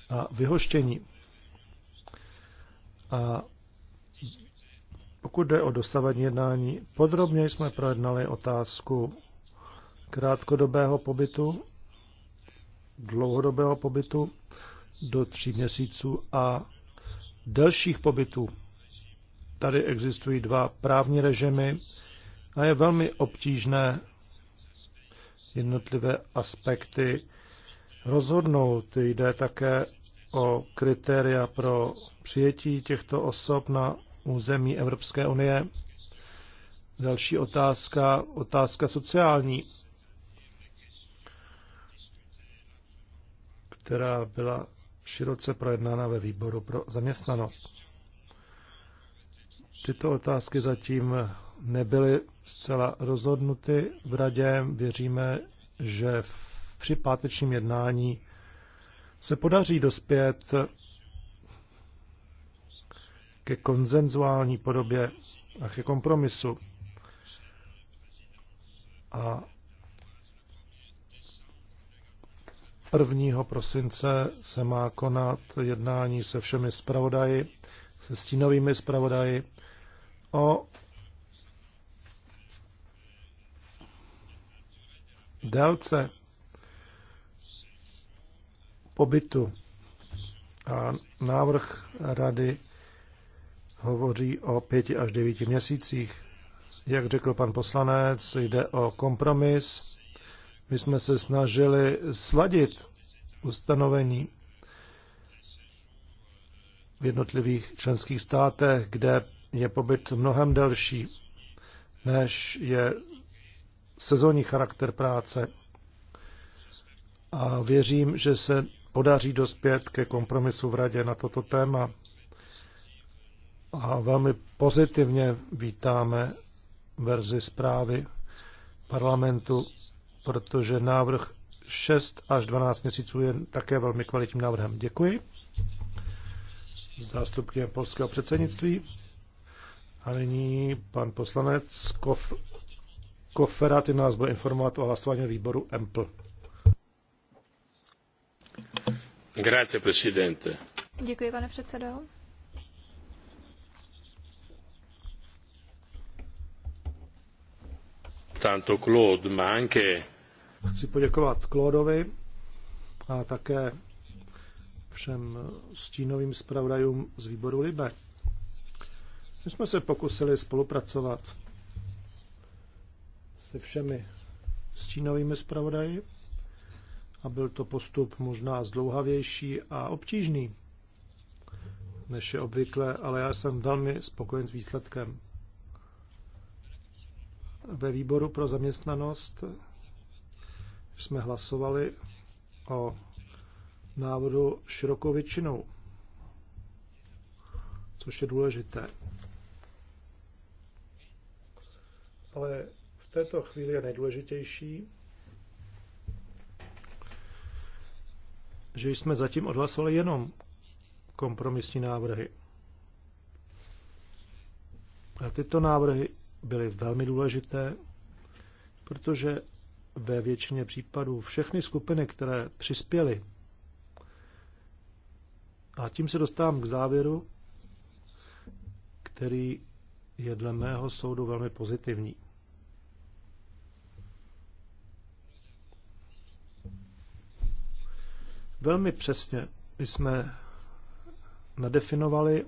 a vyhoštění. A pokud jde o dosavadní jednání, podrobně jsme projednali otázku krátkodobého pobytu, dlouhodobého pobytu do tří měsíců a delších pobytů. Tady existují dva právní režimy a je velmi obtížné jednotlivé aspekty rozhodnout. Jde také o kritéria pro přijetí těchto osob na území Evropské unie. Další otázka, otázka sociální, která byla široce projednána ve výboru pro zaměstnanost. Tyto otázky zatím nebyly zcela rozhodnuty v radě. Věříme, že při pátečním jednání se podaří dospět ke konzenzuální podobě a ke kompromisu. A 1. prosince se má konat jednání se všemi zpravodaji, se stínovými zpravodaji o délce pobytu. A návrh rady hovoří o pěti až devíti měsících. Jak řekl pan poslanec, jde o kompromis. My jsme se snažili sladit ustanovení v jednotlivých členských státech, kde je pobyt mnohem delší, než je sezónní charakter práce. A věřím, že se podaří dospět ke kompromisu v radě na toto téma. A velmi pozitivně vítáme verzi zprávy parlamentu, protože návrh 6 až 12 měsíců je také velmi kvalitním návrhem. Děkuji. Zástupkyně polského předsednictví. A nyní pan poslanec Kof, Koferaty nás bude informovat o hlasování výboru EMPL. Děkuji, pane předsedo. Tanto Claude, ma anche... Chci poděkovat Claudovi a také všem stínovým zpravodajům z výboru Libe. My jsme se pokusili spolupracovat se všemi stínovými zpravodaji a byl to postup možná zdlouhavější a obtížný, než je obvykle, ale já jsem velmi spokojen s výsledkem. Ve výboru pro zaměstnanost jsme hlasovali o návodu širokou většinou, což je důležité. Ale v této chvíli je nejdůležitější, že jsme zatím odhlasovali jenom kompromisní návrhy. A tyto návrhy byly velmi důležité, protože ve většině případů všechny skupiny, které přispěly, a tím se dostávám k závěru, který je dle mého soudu velmi pozitivní. Velmi přesně jsme nadefinovali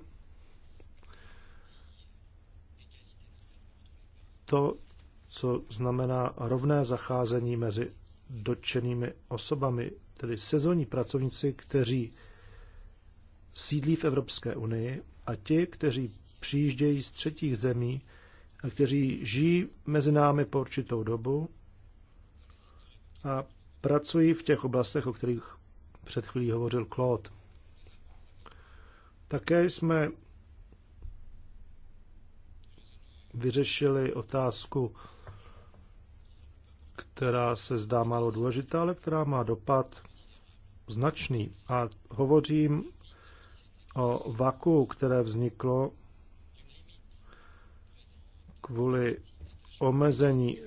to, co znamená rovné zacházení mezi dotčenými osobami, tedy sezónní pracovníci, kteří sídlí v Evropské unii a ti, kteří přijíždějí z třetích zemí a kteří žijí mezi námi po určitou dobu a pracují v těch oblastech, o kterých před chvílí hovořil Claude. Také jsme vyřešili otázku, která se zdá málo důležitá, ale která má dopad značný. A hovořím o vaku, které vzniklo kvůli omezení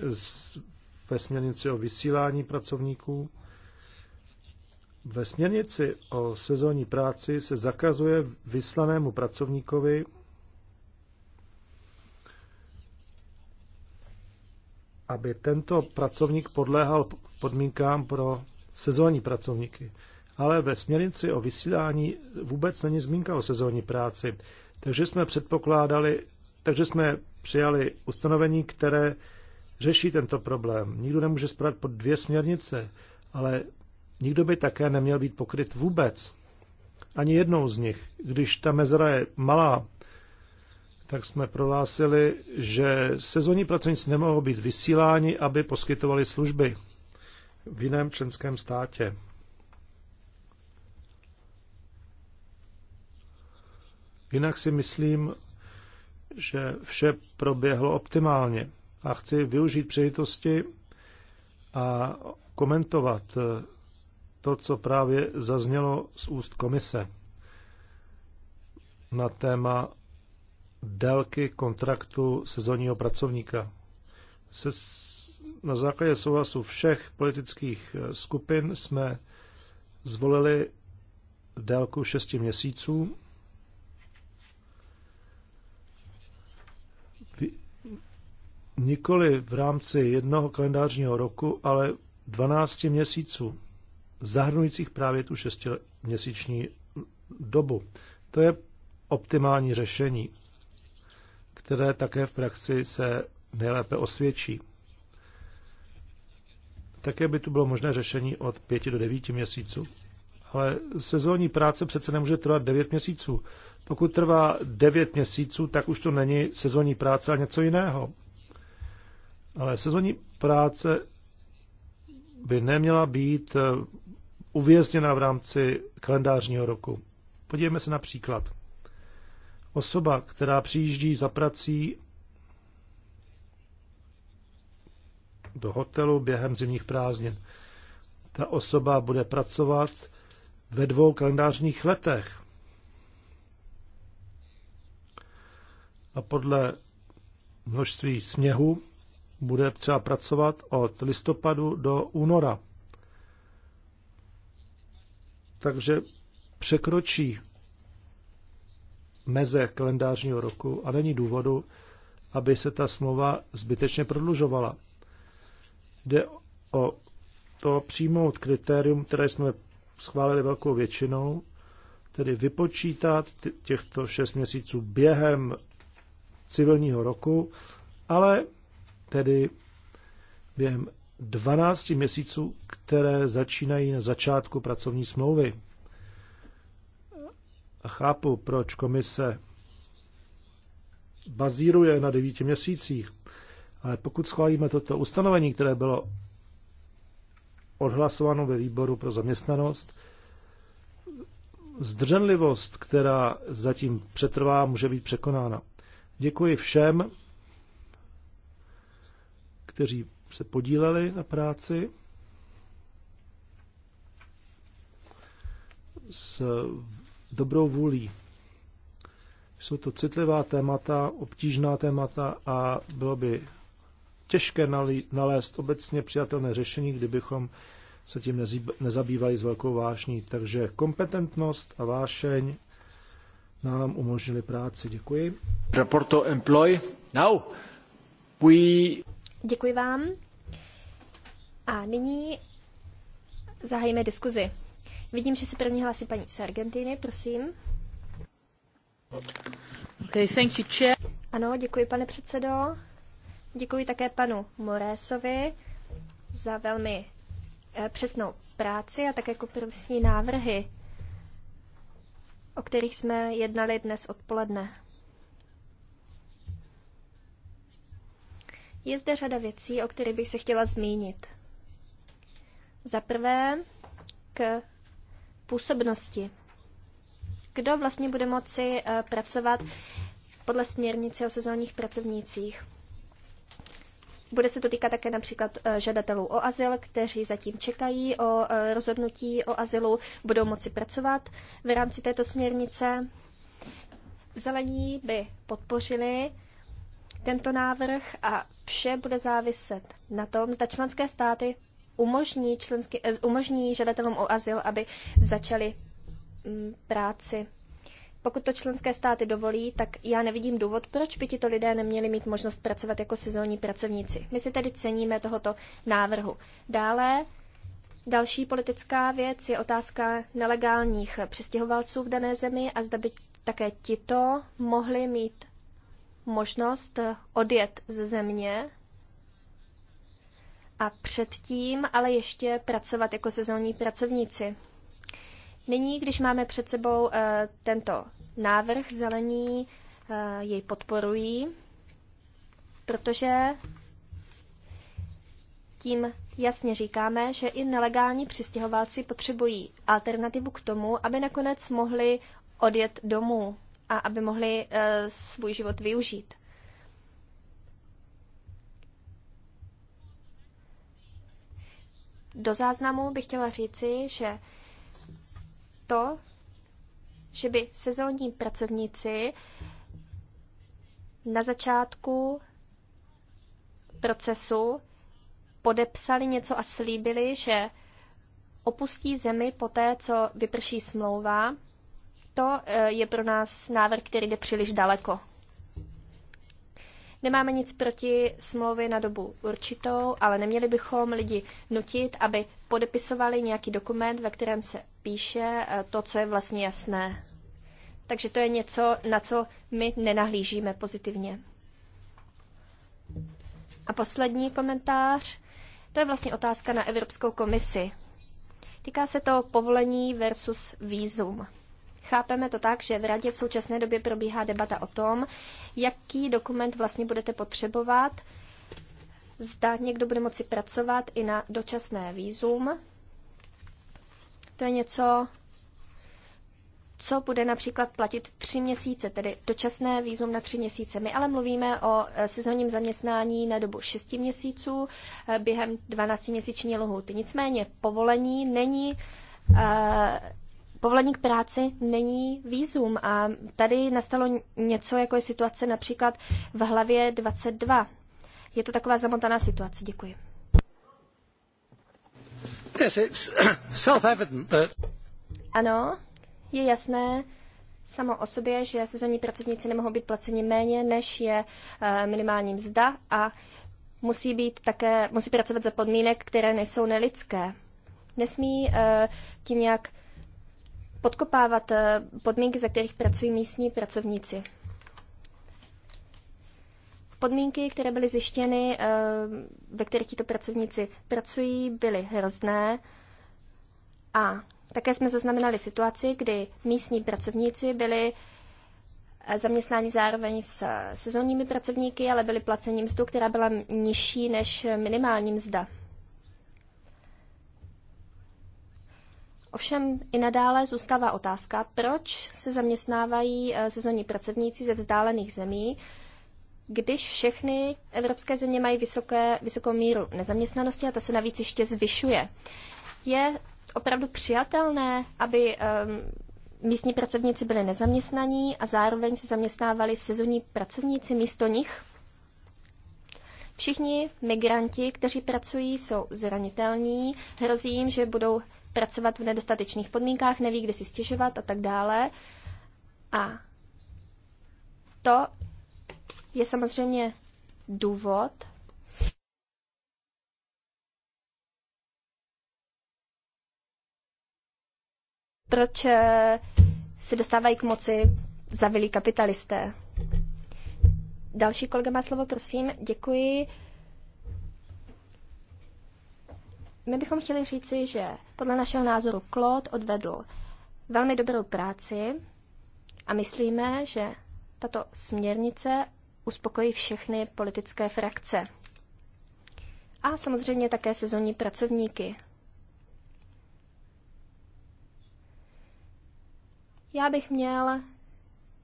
ve směrnici o vysílání pracovníků ve směrnici o sezónní práci se zakazuje vyslanému pracovníkovi aby tento pracovník podléhal podmínkám pro sezónní pracovníky. Ale ve směrnici o vysílání vůbec není zmínka o sezónní práci. Takže jsme předpokládali, takže jsme přijali ustanovení, které řeší tento problém. Nikdo nemůže spadat pod dvě směrnice, ale nikdo by také neměl být pokryt vůbec. Ani jednou z nich. Když ta mezera je malá, tak jsme prohlásili, že sezónní pracovníci nemohou být vysíláni, aby poskytovali služby v jiném členském státě. Jinak si myslím, že vše proběhlo optimálně a chci využít přejitosti a komentovat to, co právě zaznělo z úst komise na téma délky kontraktu sezónního pracovníka. Se, na základě souhlasu všech politických eh, skupin jsme zvolili délku 6 měsíců. Nikoli v rámci jednoho kalendářního roku, ale 12 měsíců zahrnujících právě tu šestiměsíční dobu. To je optimální řešení, které také v praxi se nejlépe osvědčí. Také by tu bylo možné řešení od 5 do 9 měsíců. Ale sezónní práce přece nemůže trvat 9 měsíců. Pokud trvá 9 měsíců, tak už to není sezónní práce a něco jiného. Ale sezónní práce by neměla být eh, uvězněna v rámci kalendářního roku. Podívejme se na příklad. Osoba, která přijíždí za prací do hotelu během zimních prázdnin. Ta osoba bude pracovat ve dvou kalendářních letech. A podle množství sněhu bude třeba pracovat od listopadu do února takže překročí meze kalendářního roku a není důvodu, aby se ta smlouva zbytečně prodlužovala. Jde o to přijmout kritérium, které jsme schválili velkou většinou, tedy vypočítat těchto šest měsíců během civilního roku, ale tedy během 12 měsíců, které začínají na začátku pracovní smlouvy. A chápu, proč komise bazíruje na 9 měsících, ale pokud schválíme toto ustanovení, které bylo odhlasováno ve výboru pro zaměstnanost, zdrženlivost, která zatím přetrvá, může být překonána. Děkuji všem, kteří se podíleli na práci s dobrou vůlí. Jsou to citlivá témata, obtížná témata a bylo by těžké nalézt obecně přijatelné řešení, kdybychom se tím nezabývali s velkou vášní. Takže kompetentnost a vášeň nám umožnili práci. Děkuji. Reporto Employ. Now we... Děkuji vám. A nyní zahajíme diskuzi. Vidím, že se první hlásí paní z Argentiny, prosím. Okay, thank you, chair. Ano, děkuji, pane předsedo. Děkuji také panu Morésovi za velmi eh, přesnou práci a také kompromisní návrhy, o kterých jsme jednali dnes odpoledne. Je zde řada věcí, o kterých bych se chtěla zmínit. Za prvé k působnosti. Kdo vlastně bude moci eh, pracovat podle směrnice o sezónních pracovnících? Bude se to týkat také například eh, žadatelů o azyl, kteří zatím čekají o eh, rozhodnutí o azylu, budou moci pracovat v rámci této směrnice. Zelení by podpořili tento návrh a vše bude záviset na tom, zda členské státy umožní, členský, eh, umožní žadatelům o azyl, aby začali mm, práci. Pokud to členské státy dovolí, tak já nevidím důvod, proč by tito lidé neměli mít možnost pracovat jako sezónní pracovníci. My si tedy ceníme tohoto návrhu. Dále další politická věc je otázka nelegálních přistěhovalců v dané zemi a zda by také tito mohli mít možnost eh, odjet ze země a předtím ale ještě pracovat jako sezónní pracovníci. Nyní, když máme před sebou eh, tento návrh zelení, eh, jej podporují, protože tím jasně říkáme, že i nelegální přistěhovalci potřebují alternativu k tomu, aby nakonec mohli odjet domů a aby mohli eh, svůj život využít. Do záznamu bych chtěla říci, že to, že by sezónní pracovníci na začátku procesu podepsali něco a slíbili, že opustí zemi poté, co vyprší smlouva to eh, je pro nás návrh, který jde příliš daleko. Nemáme nic proti smlouvy na dobu určitou, ale neměli bychom lidi nutit, aby podepisovali nějaký dokument, ve kterém se píše eh, to, co je vlastně jasné. Takže to je něco, na co my nenahlížíme pozitivně. A poslední komentář, to je vlastně otázka na Evropskou komisi. Týká se to povolení versus výzum. Chápeme to tak, že v Radě v současné době probíhá debata o tom, jaký dokument vlastně budete potřebovat, zda někdo bude moci pracovat i na dočasné výzum. To je něco, co bude například platit tři měsíce, tedy dočasné výzum na tři měsíce. My ale mluvíme o eh, sezónním zaměstnání na dobu 6 měsíců eh, během 12-měsíční lhuty. Nicméně povolení není eh, Povolení k práci není výzum a tady nastalo něco, jako je situace například v hlavě 22. Je to taková zamotaná situace. Děkuji. Yes, it's self-evident that... Ano, je jasné samo o sobě, že sezónní pracovníci nemohou být placeni méně, než je eh, minimální mzda a musí, být také, musí pracovat za podmínek, které nejsou nelidské. Nesmí eh, tím nějak podkopávat eh, podmínky, za kterých pracují místní pracovníci. Podmínky, které byly zjištěny, eh, ve kterých tito pracovníci pracují, byly hrozné a také jsme zaznamenali situaci, kdy místní pracovníci byli eh, zaměstnáni zároveň s sezónními pracovníky, ale byli placeni mzdu, která byla nižší než minimální mzda. Ovšem i nadále zůstává otázka, proč se zaměstnávají eh, sezónní pracovníci ze vzdálených zemí, když všechny evropské země mají vysoké, vysokou míru nezaměstnanosti a ta se navíc ještě zvyšuje. Je opravdu přijatelné, aby um, místní pracovníci byli nezaměstnaní a zároveň se zaměstnávali sezónní pracovníci místo nich? Všichni migranti, kteří pracují, jsou zranitelní, hrozí jim, že budou pracovat v nedostatečných podmínkách, neví, kde si stěžovat a tak dále. A to je samozřejmě důvod, proč eh, se dostávají k moci zavilí kapitalisté. Další kolega má slovo, prosím. Děkuji. my bychom chtěli říci, že podle našeho názoru Claude odvedl velmi dobrou práci a myslíme, že tato směrnice uspokojí všechny politické frakce. A samozřejmě také sezónní pracovníky. Já bych měl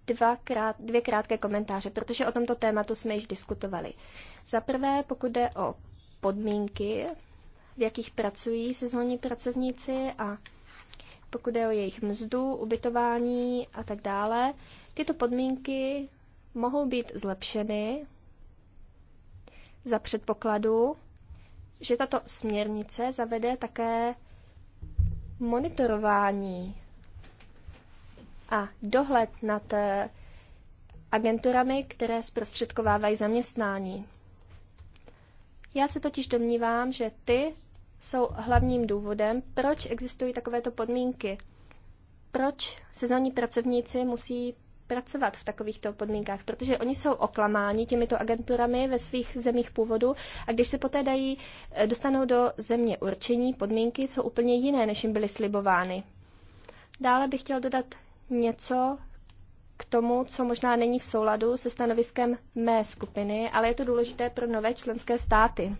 dva krát, dvě krátké komentáře, protože o tomto tématu jsme již diskutovali. Za prvé, pokud jde o podmínky v jakých pracují sezónní pracovníci a pokud je o jejich mzdu, ubytování a tak dále. Tyto podmínky mohou být zlepšeny za předpokladu, že tato směrnice zavede také monitorování a dohled nad eh, agenturami, které zprostředkovávají zaměstnání. Já se totiž domnívám, že ty jsou hlavním důvodem, proč existují takovéto podmínky. Proč sezónní pracovníci musí pracovat v takovýchto podmínkách, protože oni jsou oklamáni těmito agenturami ve svých zemích původu a když se poté dají, eh, dostanou do země určení, podmínky jsou úplně jiné, než jim byly slibovány. Dále bych chtěl dodat něco k tomu, co možná není v souladu se stanoviskem mé skupiny, ale je to důležité pro nové členské státy.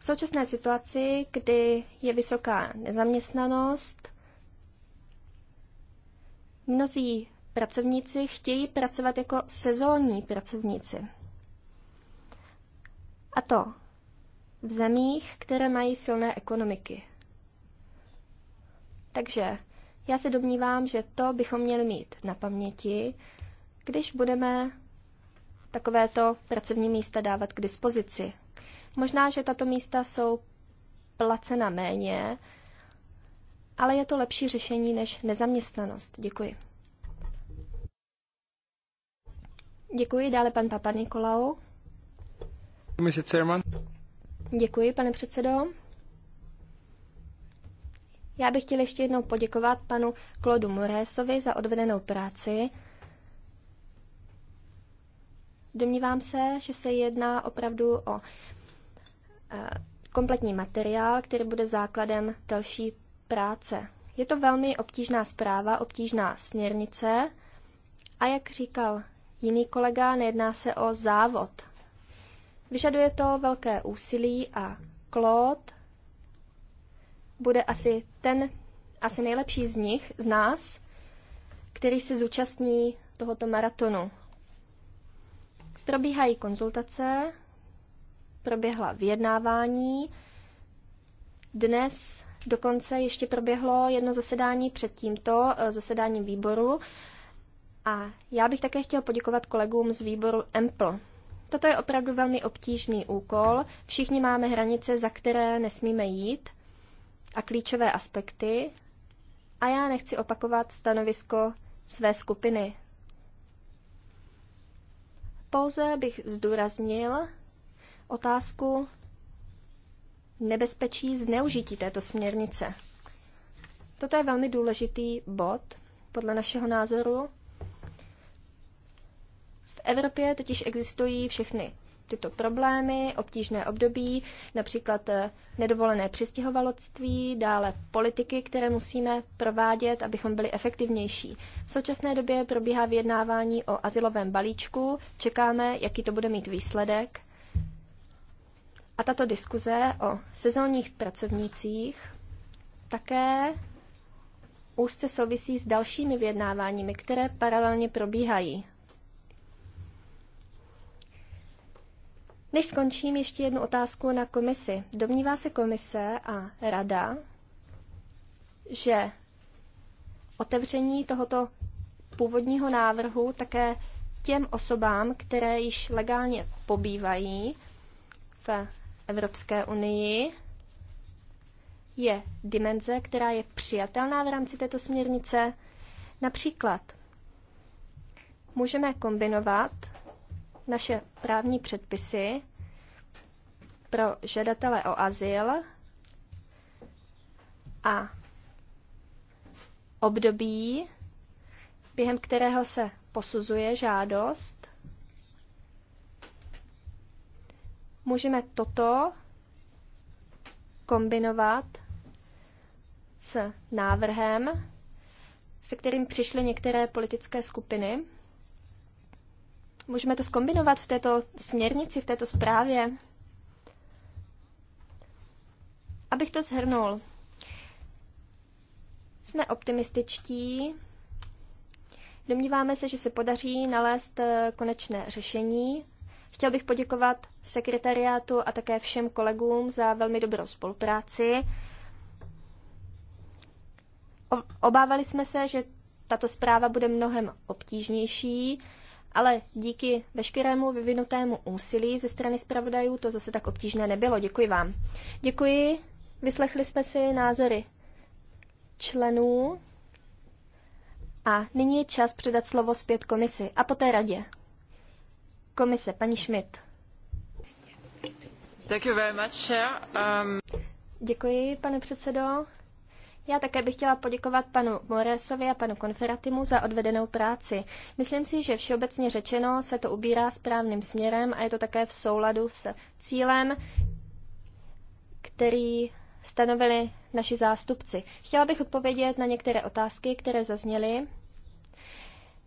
V současné situaci, kdy je vysoká nezaměstnanost, mnozí pracovníci chtějí pracovat jako sezónní pracovníci. A to v zemích, které mají silné ekonomiky. Takže já se domnívám, že to bychom měli mít na paměti, když budeme takovéto pracovní místa dávat k dispozici Možná, že tato místa jsou placena méně, ale je to lepší řešení než nezaměstnanost. Děkuji. Děkuji. Dále pan Papa Nikolau. Děkuji, pane předsedo. Já bych chtěl ještě jednou poděkovat panu Klodu Moresovi za odvedenou práci. Domnívám se, že se jedná opravdu o kompletní materiál, který bude základem další práce. Je to velmi obtížná zpráva, obtížná směrnice a jak říkal jiný kolega, nejedná se o závod. Vyžaduje to velké úsilí a Klot bude asi ten, asi nejlepší z nich, z nás, který se zúčastní tohoto maratonu. Probíhají konzultace proběhla vyjednávání. Dnes dokonce ještě proběhlo jedno zasedání před tímto eh, zasedáním výboru. A já bych také chtěl poděkovat kolegům z výboru EMPL. Toto je opravdu velmi obtížný úkol. Všichni máme hranice, za které nesmíme jít a klíčové aspekty. A já nechci opakovat stanovisko své skupiny. Pouze bych zdůraznil, otázku nebezpečí zneužití této směrnice. Toto je velmi důležitý bod, podle našeho názoru. V Evropě totiž existují všechny tyto problémy, obtížné období, například eh, nedovolené přistěhovalectví, dále politiky, které musíme provádět, abychom byli efektivnější. V současné době probíhá vyjednávání o asilovém balíčku, čekáme, jaký to bude mít výsledek. A tato diskuze o sezónních pracovnících také úzce souvisí s dalšími vyjednáváními, které paralelně probíhají. Než skončím, ještě jednu otázku na komisi. Domnívá se komise a rada, že otevření tohoto původního návrhu také těm osobám, které již legálně pobývají v Evropské unii je dimenze, která je přijatelná v rámci této směrnice. Například můžeme kombinovat naše právní předpisy pro žadatele o azyl a období, během kterého se posuzuje žádost můžeme toto kombinovat s návrhem, se kterým přišly některé politické skupiny. Můžeme to skombinovat v této směrnici, v této zprávě. Abych to shrnul. Jsme optimističtí. Domníváme se, že se podaří nalézt konečné řešení Chtěl bych poděkovat sekretariátu a také všem kolegům za velmi dobrou spolupráci. Obávali jsme se, že tato zpráva bude mnohem obtížnější, ale díky veškerému vyvinutému úsilí ze strany zpravodajů to zase tak obtížné nebylo. Děkuji vám. Děkuji. Vyslechli jsme si názory členů a nyní je čas předat slovo zpět komisi a poté radě. Komise, paní Schmidt. Thank you very much, Um... Děkuji, pane předsedo. Já také bych chtěla poděkovat panu Moresovi a panu Konferatimu za odvedenou práci. Myslím si, že všeobecně řečeno se to ubírá správným směrem a je to také v souladu s cílem, který stanovili naši zástupci. Chtěla bych odpovědět na některé otázky, které zazněly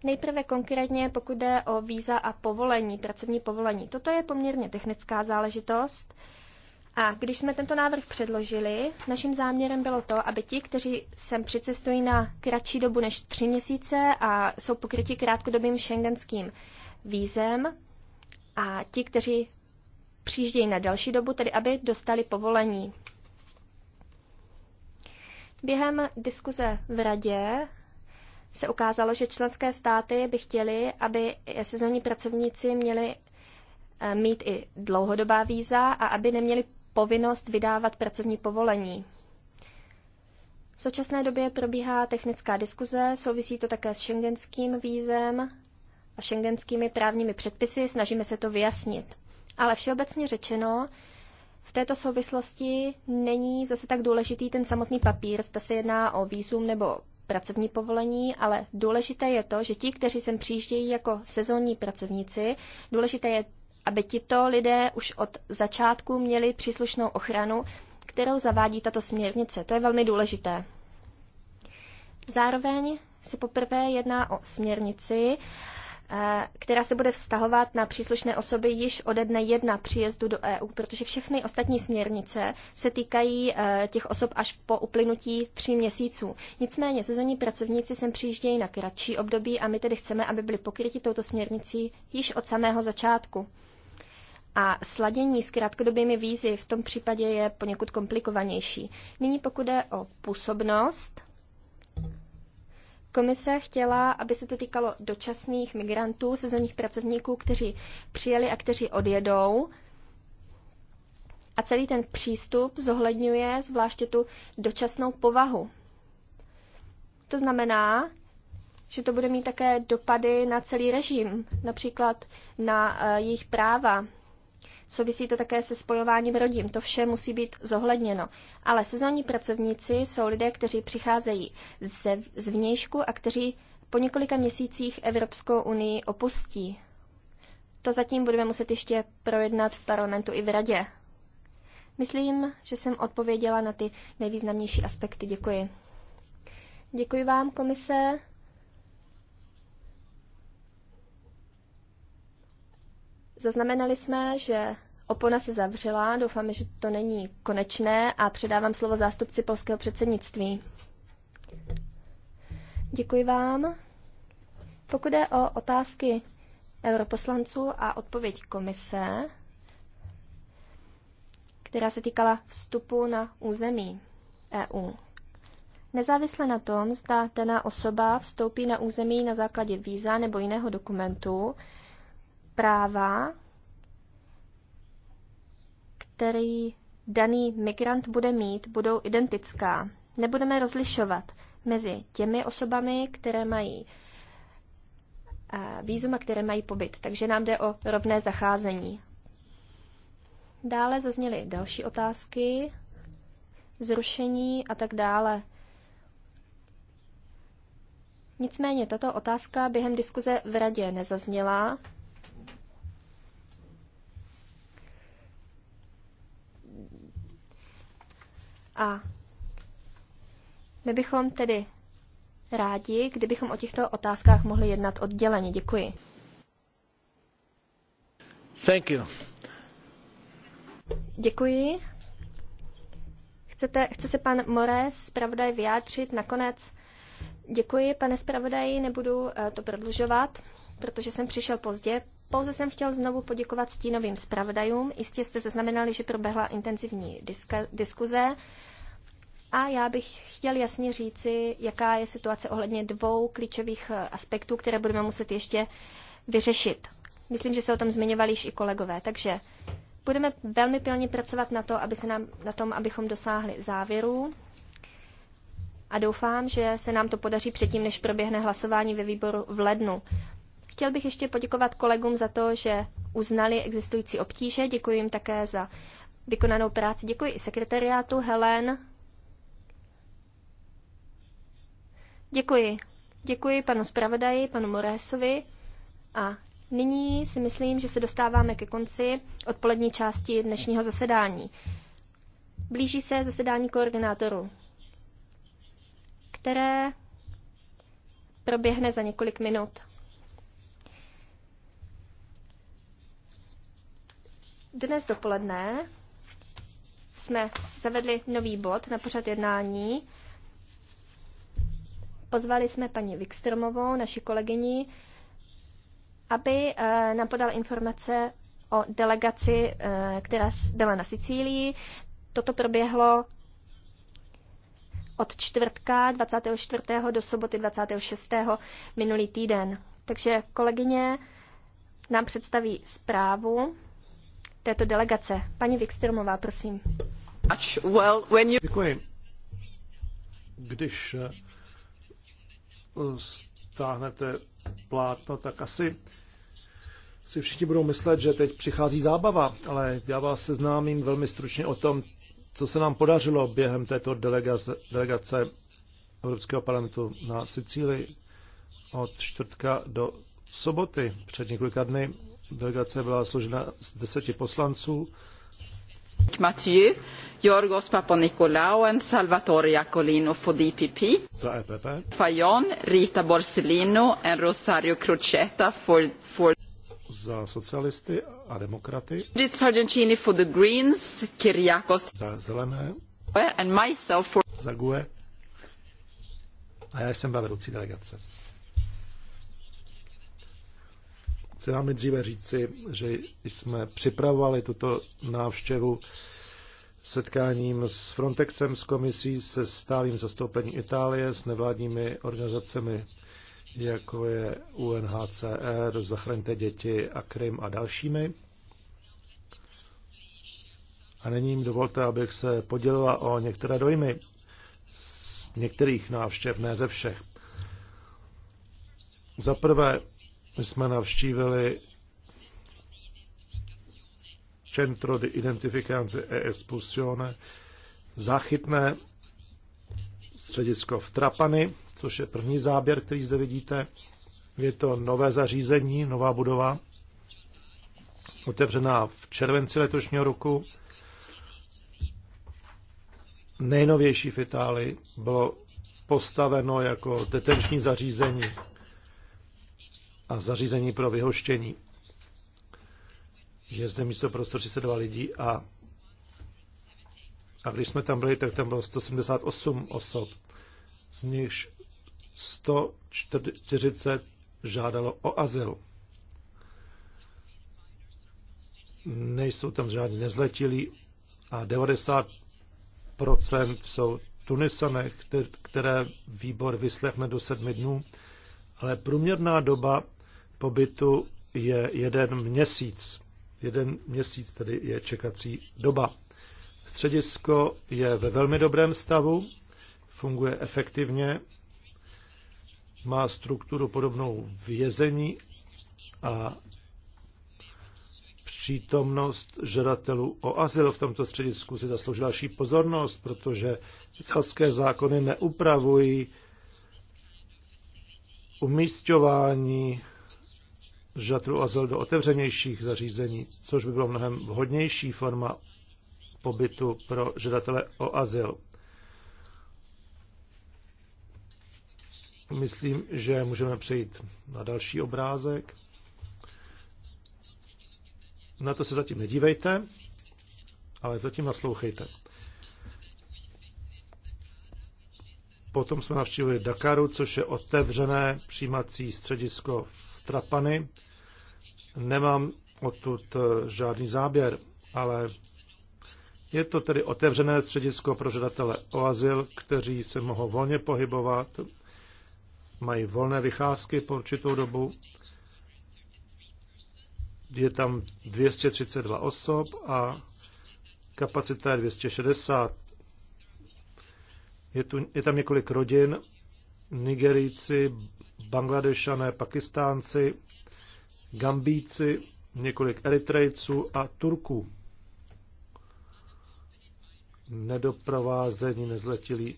Nejprve konkrétně, pokud jde o víza a povolení, pracovní povolení. Toto je poměrně technická záležitost. A když jsme tento návrh předložili, naším záměrem bylo to, aby ti, kteří sem přicestují na kratší dobu než tři měsíce a jsou pokryti krátkodobým šengenským vízem, a ti, kteří přijíždějí na další dobu, tedy aby dostali povolení. Během diskuze v radě se ukázalo, že členské státy by chtěly, aby sezónní pracovníci měli eh, mít i dlouhodobá víza a aby neměli povinnost vydávat pracovní povolení. V současné době probíhá technická diskuze, souvisí to také s šengenským vízem a šengenskými právními předpisy, snažíme se to vyjasnit. Ale všeobecně řečeno, v této souvislosti není zase tak důležitý ten samotný papír, zda se jedná o výzum nebo pracovní povolení, ale důležité je to, že ti, kteří sem přijíždějí jako sezónní pracovníci, důležité je, aby tito lidé už od začátku měli příslušnou ochranu, kterou zavádí tato směrnice. To je velmi důležité. Zároveň se poprvé jedná o směrnici Eh, která se bude vztahovat na příslušné osoby již ode dne jedna příjezdu do EU, protože všechny ostatní směrnice se týkají eh, těch osob až po uplynutí tří měsíců. Nicméně sezónní pracovníci sem přijíždějí na kratší období a my tedy chceme, aby byli pokryti touto směrnicí již od samého začátku. A sladění s krátkodobými vízy v tom případě je poněkud komplikovanější. Nyní pokud je o působnost, Komise chtěla, aby se to týkalo dočasných migrantů, sezónních pracovníků, kteří přijeli a kteří odjedou. A celý ten přístup zohledňuje zvláště tu dočasnou povahu. To znamená, že to bude mít také dopady na celý režim, například na eh, jejich práva, Souvisí to také se spojováním rodin. To vše musí být zohledněno. Ale sezónní pracovníci jsou lidé, kteří přicházejí ze, z vnějšku a kteří po několika měsících Evropskou unii opustí. To zatím budeme muset ještě projednat v parlamentu i v radě. Myslím, že jsem odpověděla na ty nejvýznamnější aspekty. Děkuji. Děkuji vám, komise. Zaznamenali jsme, že opona se zavřela, doufáme, že to není konečné a předávám slovo zástupci polského předsednictví. Děkuji vám. Pokud je o otázky europoslanců a odpověď komise, která se týkala vstupu na území EU. Nezávisle na tom, zda daná osoba vstoupí na území na základě víza nebo jiného dokumentu, práva, který daný migrant bude mít, budou identická. Nebudeme rozlišovat mezi těmi osobami, které mají eh, výzum a které mají pobyt. Takže nám jde o rovné zacházení. Dále zazněly další otázky, zrušení a tak dále. Nicméně tato otázka během diskuze v radě nezazněla, A my bychom tedy rádi, kdybychom o těchto otázkách mohli jednat odděleně. Děkuji. Thank you. Děkuji. Chcete, chce se pan Mores, zpravodaj, vyjádřit nakonec? Děkuji, pane zpravodaji, nebudu eh, to prodlužovat, protože jsem přišel pozdě. Pouze jsem chtěl znovu poděkovat stínovým zpravodajům. Jistě jste zaznamenali, že proběhla intenzivní diska, diskuze. A já bych chtěl jasně říci, jaká je situace ohledně dvou klíčových eh, aspektů, které budeme muset ještě vyřešit. Myslím, že se o tom zmiňovali již i kolegové. Takže budeme velmi pilně pracovat na, to, aby se nám, na tom, abychom dosáhli závěrů. A doufám, že se nám to podaří předtím, než proběhne hlasování ve výboru v lednu. Chtěl bych ještě poděkovat kolegům za to, že uznali existující obtíže. Děkuji jim také za vykonanou práci. Děkuji i sekretariátu Helen. Děkuji. Děkuji panu zpravodaji, panu Moresovi a nyní si myslím, že se dostáváme ke konci odpolední části dnešního zasedání. Blíží se zasedání koordinátorů, které proběhne za několik minut. Dnes dopoledne jsme zavedli nový bod na pořad jednání. Pozvali jsme paní Vikstromovou, naši kolegyni, aby eh, nám podala informace o delegaci, eh, která byla na Sicílii. Toto proběhlo od čtvrtka 24. do soboty 26. minulý týden. Takže kolegyně nám představí zprávu této delegace. Paní Vikstromová, prosím. Děkuji. Když eh, stáhnete plátno, tak asi si všichni budou myslet, že teď přichází zábava, ale já vás seznámím velmi stručně o tom, co se nám podařilo během této delegace, delegace Evropského parlamentu na Sicílii od čtvrtka do soboty před několika dny delegace byla složena z deseti poslanců. Mathieu, Jorgos Papanikolaou and Salvatore Iacolino for DPP. Za EPP. Fajon, Rita Borsellino and Rosario Crocetta for, for za socialisty a demokraty. Judith Sargentini for the Greens, Kyriakos za zelené. And myself for... Za GUE. A já jsem byl vedoucí delegace. Chci vám dříve říci, že jsme připravovali tuto návštěvu setkáním s Frontexem, s komisí, se stálým zastoupením Itálie, s nevládními organizacemi, jako je UNHCR, Zachraňte děti a Krym a dalšími. A nyní mi dovolte, abych se podělila o některé dojmy z některých návštěv, ne ze všech. Za prvé, my jsme navštívili Centro di Identificanze e Expulsione, záchytné středisko v Trapany, což je první záběr, který zde vidíte. Je to nové zařízení, nová budova, otevřená v červenci letošního roku. Nejnovější v Itálii bylo postaveno jako detenční zařízení a zařízení pro vyhoštění. Je zde místo pro 132 lidí a, a když jsme tam byli, tak tam bylo 178 osob. Z nichž 140 žádalo o azyl. Nejsou tam žádní nezletilí a 90% jsou tunisané, které výbor vyslechne do sedmi dnů, ale průměrná doba pobytu je jeden měsíc. Jeden měsíc tedy je čekací doba. Středisko je ve velmi dobrém stavu, funguje efektivně, má strukturu podobnou vězení a přítomnost žadatelů o azyl v tomto středisku si zaslouží další pozornost, protože italské zákony neupravují umístování žatru azyl do otevřenějších zařízení, což by bylo mnohem vhodnější forma pobytu pro žadatele o azyl. Myslím, že můžeme přejít na další obrázek. Na to se zatím nedívejte, ale zatím naslouchejte. Potom jsme navštívili Dakaru, což je otevřené přijímací středisko v Trapany, Nemám odtud eh, žádný záběr, ale je to tedy otevřené středisko pro žadatele o azyl, kteří se mohou volně pohybovat, mají volné vycházky po určitou dobu. Je tam 232 osob a kapacita je 260. Je, tu, je tam několik rodin, Nigerijci, Bangladešané, Pakistánci Gambíci, několik Eritrejců a Turků. Nedoprovázení nezletilí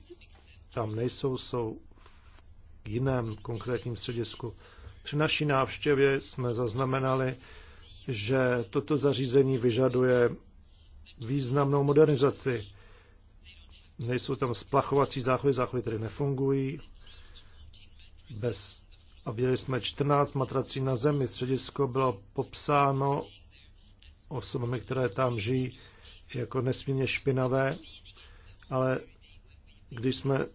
tam nejsou, jsou v jiném konkrétním středisku. Při naší návštěvě jsme zaznamenali, že toto zařízení vyžaduje významnou modernizaci. Nejsou tam splachovací záchody, záchody tedy nefungují. Bez a viděli jsme 14 matrací na zemi. Středisko bylo popsáno osobami, které tam žijí, jako nesmírně špinavé, ale když jsme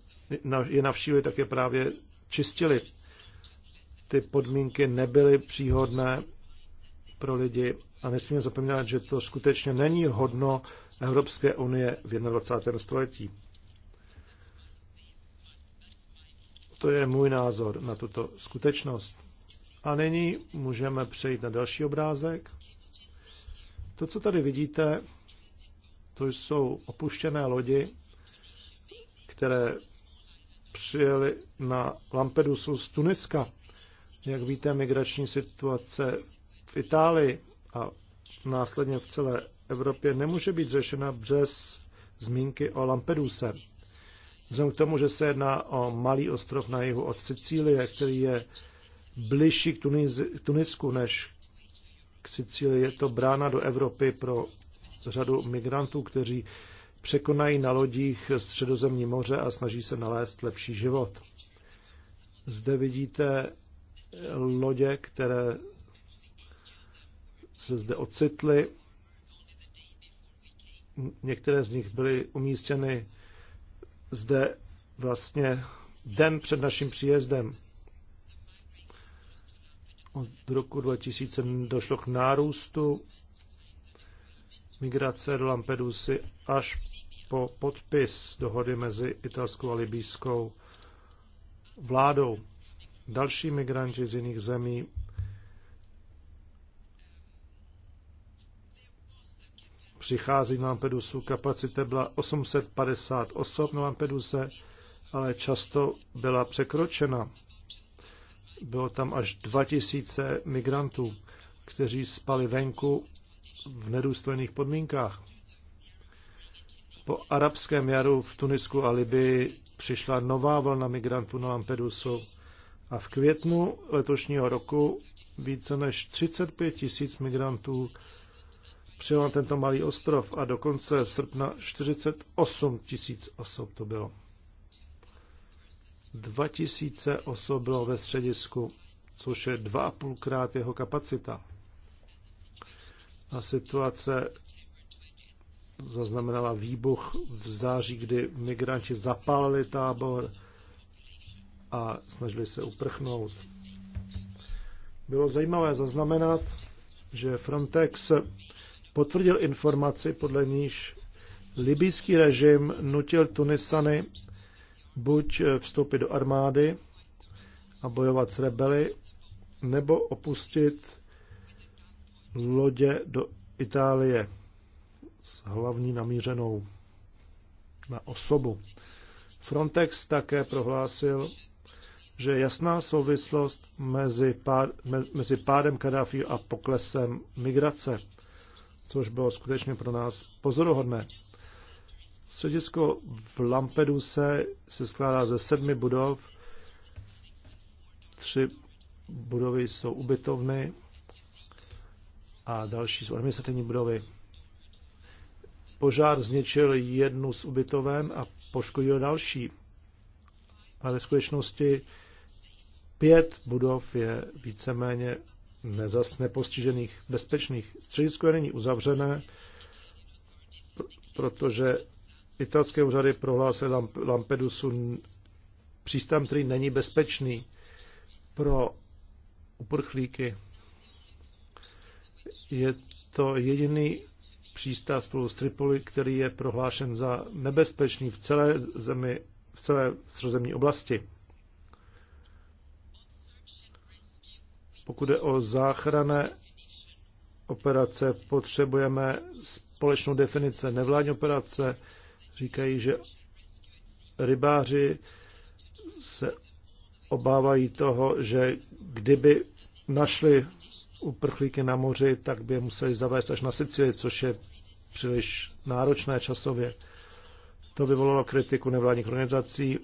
je navštívili, tak je právě čistili. Ty podmínky nebyly příhodné pro lidi a nesmíme zapomínat, že to skutečně není hodno Evropské unie v 21. století. To je můj názor na tuto skutečnost. A nyní můžeme přejít na další obrázek. To, co tady vidíte, to jsou opuštěné lodi, které přijeli na Lampedusu z Tuniska. Jak víte, migrační situace v Itálii a následně v celé Evropě nemůže být řešena bez zmínky o Lampeduse. Vzhledem k tomu, že se jedná o malý ostrov na jihu od Sicílie, který je bližší k, Tuniz, k Tunisku než k Sicílii, je to brána do Evropy pro řadu migrantů, kteří překonají na lodích středozemní moře a snaží se nalézt lepší život. Zde vidíte lodě, které se zde ocitly. Některé z nich byly umístěny zde vlastně den před naším příjezdem. Od roku 2000 došlo k nárůstu migrace do Lampedusy až po podpis dohody mezi italskou a libijskou vládou. Další migranti z jiných zemí přichází na Lampedusu. Kapacita byla 850 osob na Lampeduse, ale často byla překročena. Bylo tam až 2000 migrantů, kteří spali venku v nedůstojných podmínkách. Po arabském jaru v Tunisku a Libii přišla nová vlna migrantů na Lampedusu a v květnu letošního roku více než 35 tisíc migrantů přijel na tento malý ostrov a do konce srpna 48 tisíc osob to bylo. 2 tisíce osob bylo ve středisku, což je 2,5 krát jeho kapacita. A situace zaznamenala výbuch v září, kdy migranti zapálili tábor a snažili se uprchnout. Bylo zajímavé zaznamenat, že Frontex potvrdil informaci, podle níž libijský režim nutil Tunisany buď eh, vstoupit do armády a bojovat s rebely, nebo opustit lodě do Itálie s hlavní namířenou na osobu. Frontex také prohlásil, že jasná souvislost mezi, pád, mezi pádem Kadáfího a poklesem migrace což bylo skutečně pro nás pozoruhodné. Středisko v Lampeduse se skládá ze sedmi budov. Tři budovy jsou ubytovny a další jsou administrativní budovy. Požár zničil jednu z ubytoven a poškodil další. Ale ve skutečnosti pět budov je víceméně nezas nepostižených bezpečných. Středisko je nyní uzavřené, pr- protože italské úřady prohlásily Lamp- Lampedusu přístav, který není bezpečný pro uprchlíky. Je to jediný přístav spolu s Tripoli, který je prohlášen za nebezpečný v celé zemi, v celé srozemní oblasti. Pokud je o záchrané operace, potřebujeme společnou definice. Nevládní operace říkají, že rybáři se obávají toho, že kdyby našli uprchlíky na moři, tak by je museli zavést až na Sicily, což je příliš náročné časově. To vyvolalo kritiku nevládních organizací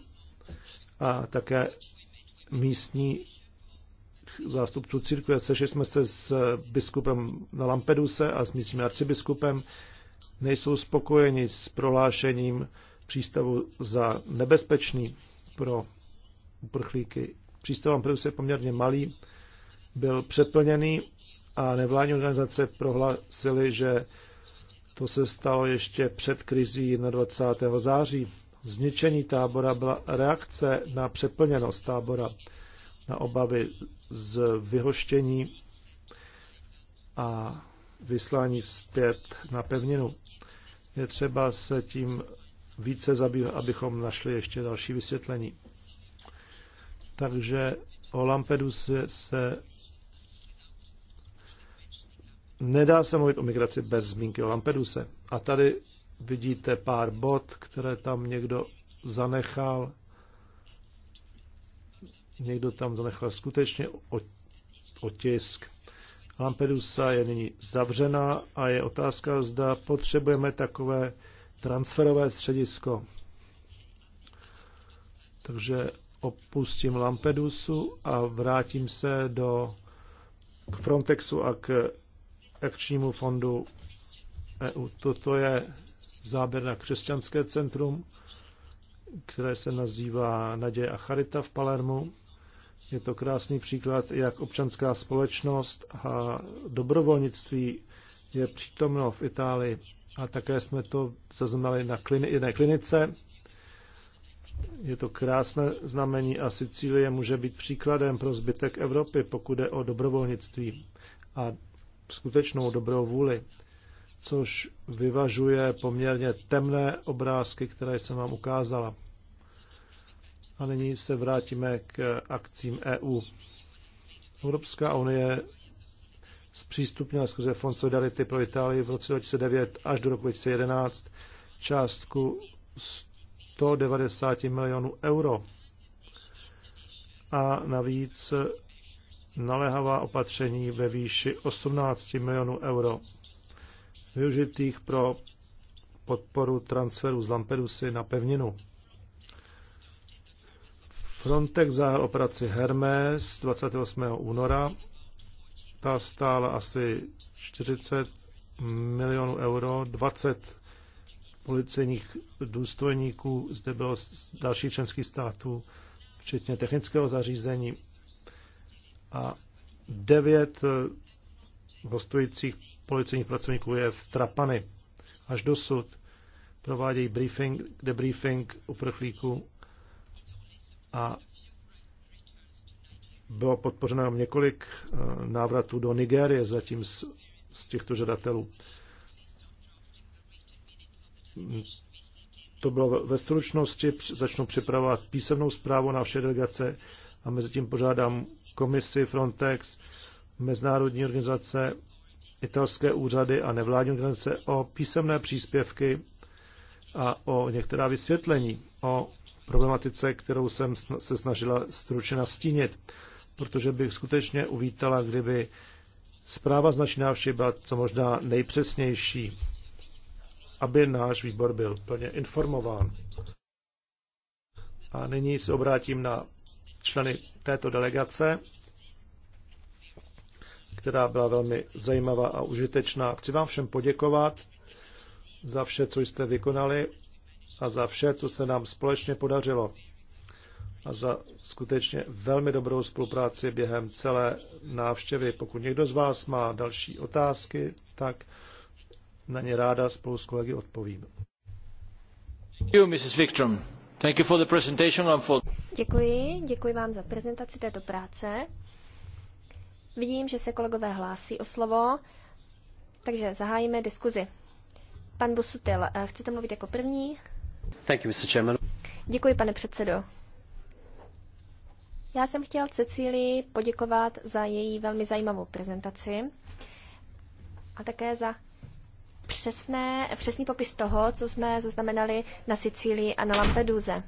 a také místní zástupců církve. Sešli jsme se s biskupem na Lampeduse a s místním arcibiskupem. Nejsou spokojeni s prohlášením přístavu za nebezpečný pro uprchlíky. Přístav Lampedus je poměrně malý, byl přeplněný a nevládní organizace prohlásily, že to se stalo ještě před krizí na 20. září. Zničení tábora byla reakce na přeplněnost tábora, na obavy z vyhoštění a vyslání zpět na pevninu. Je třeba se tím více zabývat, abychom našli ještě další vysvětlení. Takže o Lampeduse se nedá se mluvit o migraci bez zmínky o Lampeduse. A tady vidíte pár bod, které tam někdo zanechal Někdo tam zanechal skutečně otisk. Lampedusa je nyní zavřena a je otázka, zda potřebujeme takové transferové středisko. Takže opustím Lampedusu a vrátím se do k Frontexu a k akčnímu fondu EU. Toto je záběr na křesťanské centrum, které se nazývá Naděje a Charita v Palermu. Je to krásný příklad, jak občanská společnost a dobrovolnictví je přítomno v Itálii. A také jsme to zaznamenali na klini- jedné klinice. Je to krásné znamení a Sicílie může být příkladem pro zbytek Evropy, pokud je o dobrovolnictví a skutečnou dobrou vůli, což vyvažuje poměrně temné obrázky, které jsem vám ukázala. A nyní se vrátíme k akcím EU. Evropská unie zpřístupnila skrze Fond Solidarity pro Itálii v roce 2009 až do roku 2011 částku 190 milionů euro. A navíc naléhavá opatření ve výši 18 milionů euro, využitých pro podporu transferu z Lampedusy na pevninu. Frontex zahájil operaci Hermes 28. února. Ta stála asi 40 milionů euro, 20 policejních důstojníků zde bylo z dalších členských států, včetně technického zařízení a devět eh, hostujících policejních pracovníků je v Trapany. Až dosud provádějí briefing, debriefing uprchlíků a bylo podpořeno několik eh, návratů do Nigérie zatím z, z těchto žadatelů. To bylo ve stručnosti, začnu připravovat písemnou zprávu na vše delegace a mezi tím požádám komisi Frontex, mezinárodní organizace, italské úřady a nevládní organizace o písemné příspěvky a o některá vysvětlení o problematice, kterou jsem se snažila stručně nastínit, protože bych skutečně uvítala, kdyby zpráva naší návštěvy byla co možná nejpřesnější, aby náš výbor byl plně informován. A nyní se obrátím na členy této delegace, která byla velmi zajímavá a užitečná. Chci vám všem poděkovat za vše, co jste vykonali a za vše, co se nám společně podařilo a za skutečně velmi dobrou spolupráci během celé návštěvy. Pokud někdo z vás má další otázky, tak na ně ráda spolu s kolegy odpovím. Děkuji, děkuji vám za prezentaci této práce. Vidím, že se kolegové hlásí o slovo, takže zahájíme diskuzi. Pan Busutil, eh, chcete mluvit jako první? Děkuji, pane předsedo. Já jsem chtěl Cecílii poděkovat za její velmi zajímavou prezentaci a také za přesné, přesný popis toho, co jsme zaznamenali na Sicílii a na Lampeduze.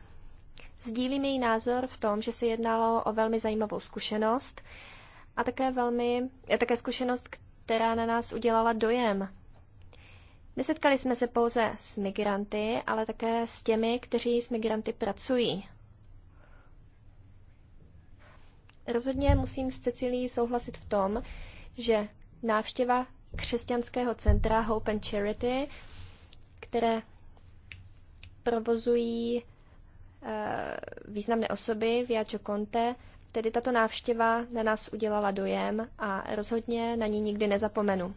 Sdílím její názor v tom, že se jednalo o velmi zajímavou zkušenost a také, velmi, také zkušenost, která na nás udělala dojem. Nesetkali jsme se pouze s migranty, ale také s těmi, kteří s migranty pracují. Rozhodně musím s Cecilí souhlasit v tom, že návštěva křesťanského centra Hope and Charity, které provozují eh, významné osoby Viaggio Conte, tedy tato návštěva na nás udělala dojem a rozhodně na ní nikdy nezapomenu.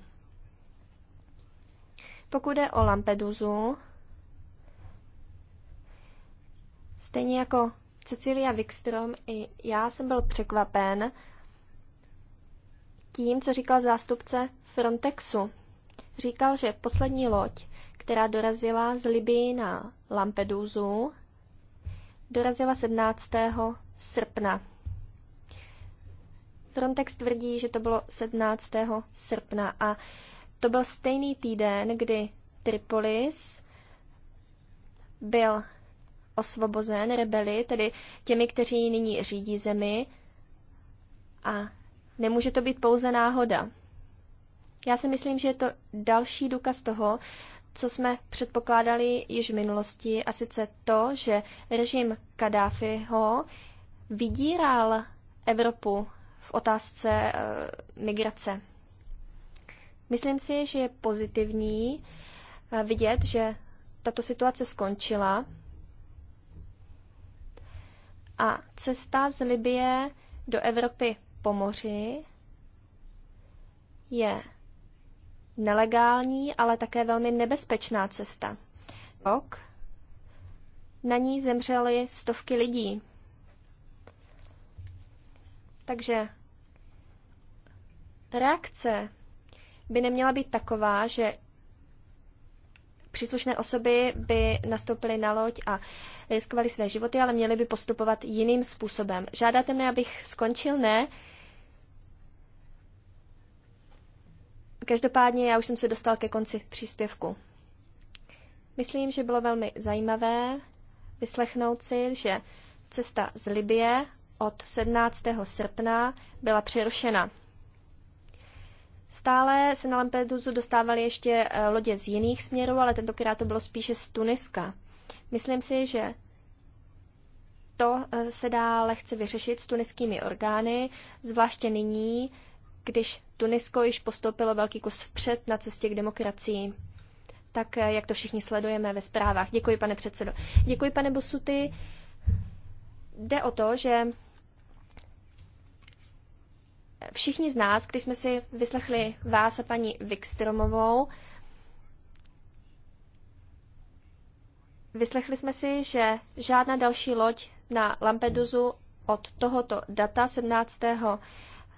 Pokud je o Lampeduzu, stejně jako Cecilia Wikström, i já jsem byl překvapen tím, co říkal zástupce Frontexu. Říkal, že poslední loď, která dorazila z Libii na Lampeduzu, dorazila 17. srpna. Frontex tvrdí, že to bylo 17. srpna a to byl stejný týden, kdy Tripolis byl osvobozen rebeli, tedy těmi, kteří nyní řídí zemi. A nemůže to být pouze náhoda. Já si myslím, že je to další důkaz toho, co jsme předpokládali již v minulosti, a sice to, že režim Kadáfiho vydíral Evropu v otázce e, migrace. Myslím si, že je pozitivní eh, vidět, že tato situace skončila a cesta z Libie do Evropy po moři je nelegální, ale také velmi nebezpečná cesta. Ok. Na ní zemřely stovky lidí. Takže reakce by neměla být taková, že příslušné osoby by nastoupily na loď a riskovaly své životy, ale měly by postupovat jiným způsobem. Žádáte mi, abych skončil? Ne. Každopádně já už jsem se dostal ke konci příspěvku. Myslím, že bylo velmi zajímavé vyslechnout si, že cesta z Libie od 17. srpna byla přerušena. Stále se na Lampedusu dostávaly ještě eh, lodě z jiných směrů, ale tentokrát to bylo spíše z Tuniska. Myslím si, že to eh, se dá lehce vyřešit s tuniskými orgány, zvláště nyní, když Tunisko již postoupilo velký kus vpřed na cestě k demokracii. Tak, eh, jak to všichni sledujeme ve zprávách. Děkuji, pane předsedo. Děkuji, pane Bosuty. Jde o to, že všichni z nás, když jsme si vyslechli vás a paní Vikstromovou, vyslechli jsme si, že žádná další loď na Lampedusu od tohoto data 17.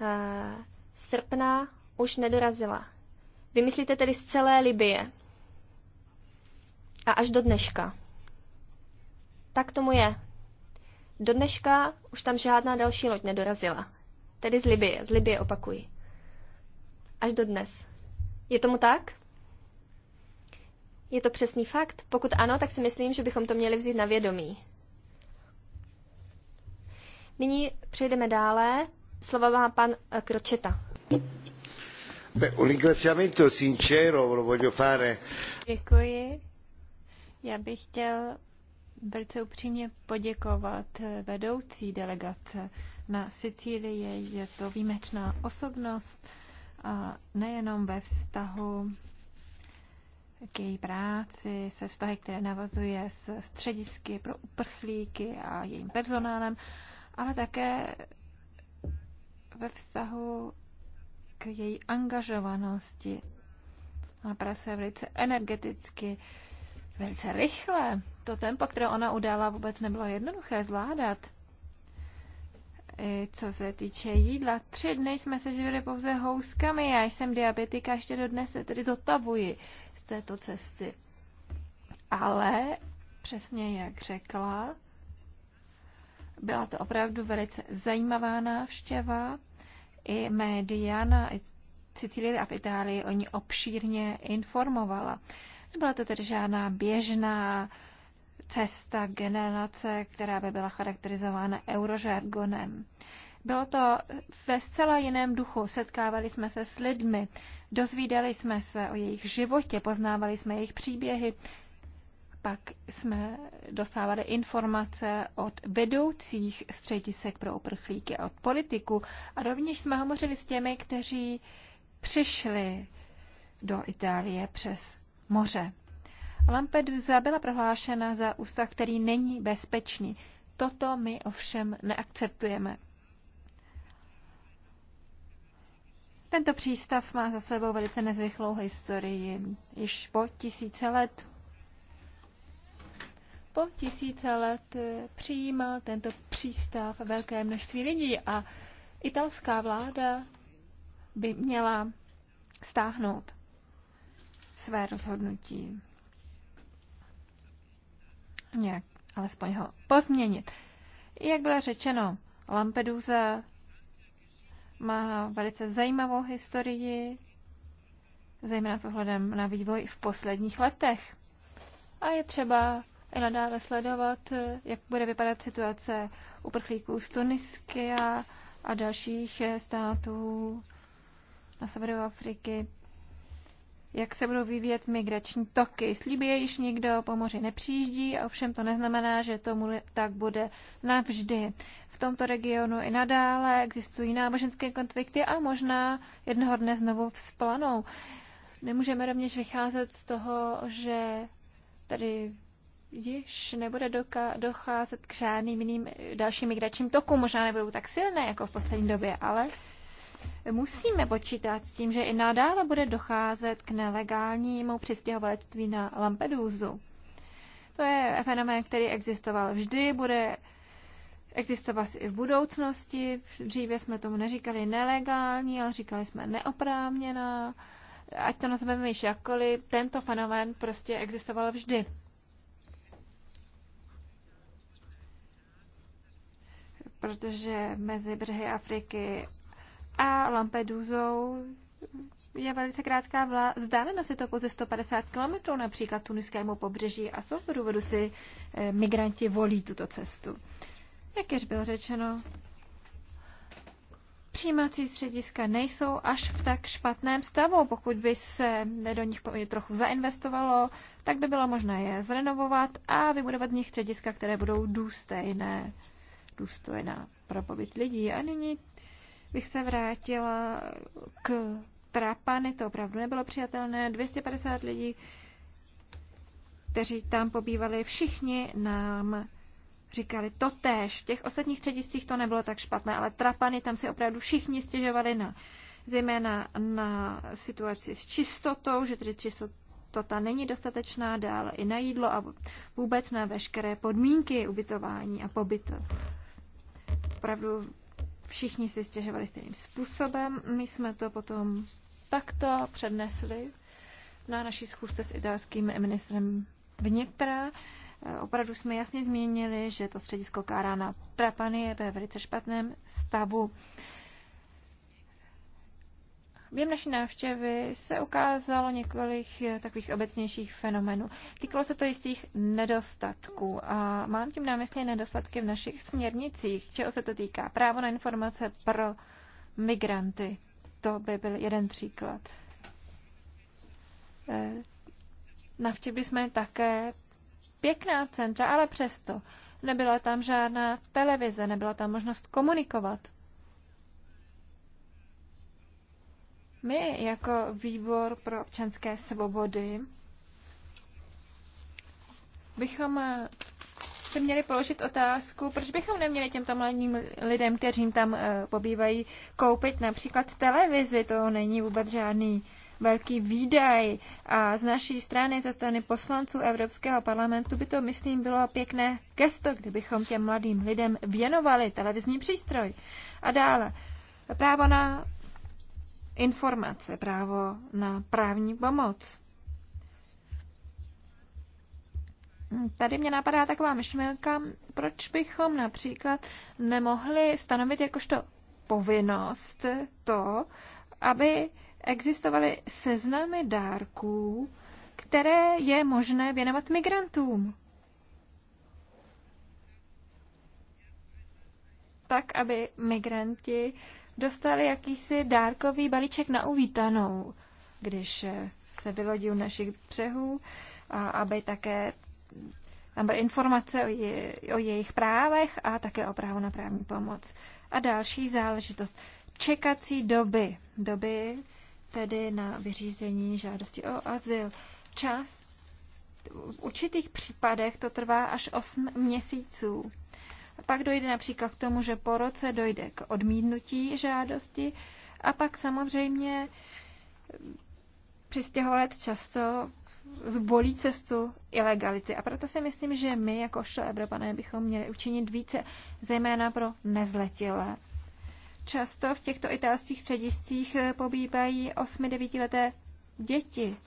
Eh, srpna už nedorazila. Vymyslíte tedy z celé Libie a až do dneška. Tak tomu je. Do dneška už tam žádná další loď nedorazila. Tedy z Libie, z Libie opakuji. Až do dnes. Je tomu tak? Je to přesný fakt? Pokud ano, tak si myslím, že bychom to měli vzít na vědomí. Nyní přejdeme dále. Slova má pan Kročeta. Eh, un ringraziamento sincero lo voglio fare. Děkuji. Já bych chtěl velice upřímně poděkovat eh, vedoucí delegace na Sicílii. Je to výjimečná osobnost a nejenom ve vztahu k její práci, se vztahy, které navazuje s středisky pro uprchlíky a jejím personálem, ale také ve vztahu k její angažovanosti. Ona pracuje velice energeticky, velice rychle. To tempo, které ona udala, vůbec nebylo jednoduché zvládat. E, co se týče jídla. Tři dny jsme se živili pouze houskami. Já jsem diabetika, ještě do dnes se tedy zotavuji z této cesty. Ale, přesně jak řekla, byla to opravdu velice zajímavá návštěva. I média na Sicílii a v Itálii o ní obšírně informovala. Nebyla to tedy žádná běžná uh, cesta generace, která by byla charakterizována eurožargonem. Bylo to ve zcela jiném duchu. Setkávali jsme se s lidmi, dozvídali jsme se o jejich životě, poznávali jsme jejich příběhy, pak jsme dostávali informace od vedoucích středisek pro uprchlíky a od politiků a rovněž jsme hovořili s těmi, kteří přišli do Itálie přes moře. Lampedusa byla prohlášena za ústav, který není bezpečný. Toto my ovšem neakceptujeme. Tento přístav má za sebou velice nezvyklou historii. Již po tisíce let po tisíce let eh, přijímal tento přístav velké množství lidí a italská vláda by měla stáhnout své rozhodnutí nějak alespoň ho pozměnit. Jak bylo řečeno, Lampedusa má velice zajímavou historii, zejména s ohledem na vývoj v posledních letech. A je třeba i nadále sledovat, jak bude vypadat situace uprchlíků z Tuniska a dalších států na severu Afriky jak se budou vyvíjet migrační toky. Slíbí je již nikdo, po moři nepřijíždí, ovšem to neznamená, že tomu tak bude navždy. V tomto regionu i nadále existují náboženské konflikty a možná jednoho dne znovu vzplanou. Nemůžeme rovněž vycházet z toho, že tady již nebude docházet k žádným jiným dalším migračním tokům. Možná nebudou tak silné jako v poslední době, ale musíme počítat s tím, že i nadále bude docházet k nelegálnímu přistěhovalectví na Lampedusu. To je fenomén, který existoval vždy, bude existovat i v budoucnosti. Dříve jsme tomu neříkali nelegální, ale říkali jsme neoprávněná. Ať to nazveme již jakkoliv, tento fenomén prostě existoval vždy. Protože mezi břehy Afriky a Lampedusou je velice krátká vla, vzdálenost, je to pouze 150 km například tuniskému pobřeží a z toho důvodu si e, migranti volí tuto cestu. Jak již bylo řečeno, přijímací střediska nejsou až v tak špatném stavu. Pokud by se do nich trochu zainvestovalo, tak by bylo možné je zrenovovat a vybudovat z nich střediska, které budou důstojné, důstojná pro pobyt lidí. A nyní bych se vrátila k Trapany, to opravdu nebylo přijatelné. 250 lidí, kteří tam pobývali, všichni nám říkali to tež. V těch ostatních střediscích to nebylo tak špatné, ale Trapany tam si opravdu všichni stěžovali na zejména na situaci s čistotou, že tedy čistota není dostatečná, dál i na jídlo a vůbec na veškeré podmínky ubytování a pobytu. Opravdu Všichni si stěžovali stejným způsobem. My jsme to potom takto přednesli na naší schůzce s italským ministrem vnitra. Eh, opravdu jsme jasně zmínili, že to středisko Kárána Trapany je ve velice špatném stavu. Během naší návštěvy se ukázalo několik eh, takových obecnějších fenomenů. Týkalo se to jistých nedostatků a mám tím na mysli nedostatky v našich směrnicích. Čeho se to týká? Právo na informace pro migranty. To by byl jeden příklad. Eh, Navštěvili jsme také pěkná centra, ale přesto nebyla tam žádná televize, nebyla tam možnost komunikovat My jako výbor pro občanské svobody bychom eh, si měli položit otázku, proč bychom neměli těmto mladým lidem, kteří tam eh, pobývají, koupit například televizi. To není vůbec žádný velký výdaj. A z naší strany, ze strany poslanců Evropského parlamentu, by to, myslím, bylo pěkné gesto, kdybychom těm mladým lidem věnovali televizní přístroj. A dále, právo na informace, právo na právní pomoc. Tady mě napadá taková myšlenka, proč bychom například nemohli stanovit jakožto povinnost to, aby existovaly seznamy dárků, které je možné věnovat migrantům. Tak, aby migranti dostali jakýsi dárkový balíček na uvítanou, když se vylodil našich břehů, a aby také tam byly informace o, je, o jejich právech a také o právu na právní pomoc. A další záležitost. Čekací doby. Doby tedy na vyřízení žádosti o azyl. Čas v určitých případech to trvá až 8 měsíců. Pak dojde například k tomu, že po roce dojde k odmítnutí žádosti a pak samozřejmě přistěhovalec často zbolí cestu ilegality. A proto si myslím, že my, jakožto Evropané, bychom měli učinit více, zejména pro nezletilé. Často v těchto italských střediscích eh, pobývají 8-9 leté děti.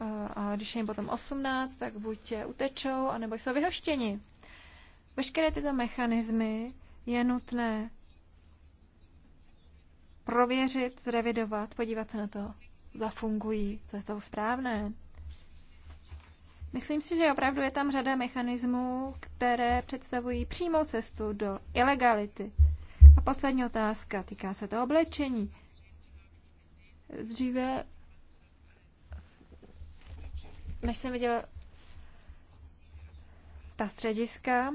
Eh, a když je jim potom 18, tak buď utečou, anebo jsou vyhoštěni. Veškeré tyto mechanismy je nutné prověřit, zrevidovat, podívat se na to, zafungují, co je to správné. Myslím si, že opravdu je tam řada mechanismů, které představují přímou cestu do ilegality. A poslední otázka, týká se to oblečení. Dříve, než jsem viděla ta střediska,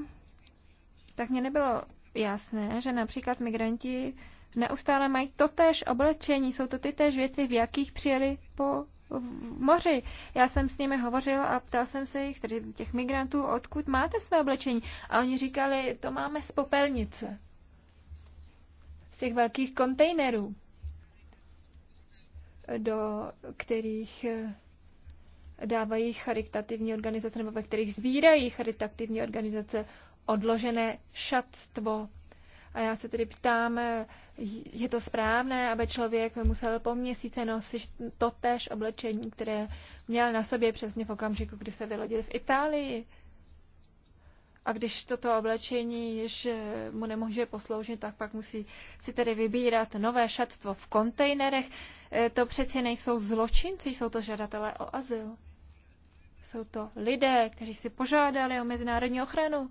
tak mě nebylo jasné, že například migranti neustále mají totéž oblečení, jsou to ty též věci, v jakých přijeli po v moři. Já jsem s nimi hovořila a ptal jsem se jich, tedy těch migrantů, odkud máte své oblečení. A oni říkali, to máme z popelnice. Z těch velkých kontejnerů, do kterých eh, dávají charitativní organizace, nebo ve kterých zvírají charitativní organizace odložené šatstvo. A já se tedy ptám, je to správné, aby člověk musel po měsíce nosit též oblečení, které měl na sobě přesně v okamžiku, kdy se vylodil v Itálii. A když toto oblečení již mu nemůže posloužit, tak pak musí si tedy vybírat nové šatstvo v kontejnerech. E, to přeci nejsou zločinci, jsou to žadatelé o azyl. Jsou to lidé, kteří si požádali o mezinárodní ochranu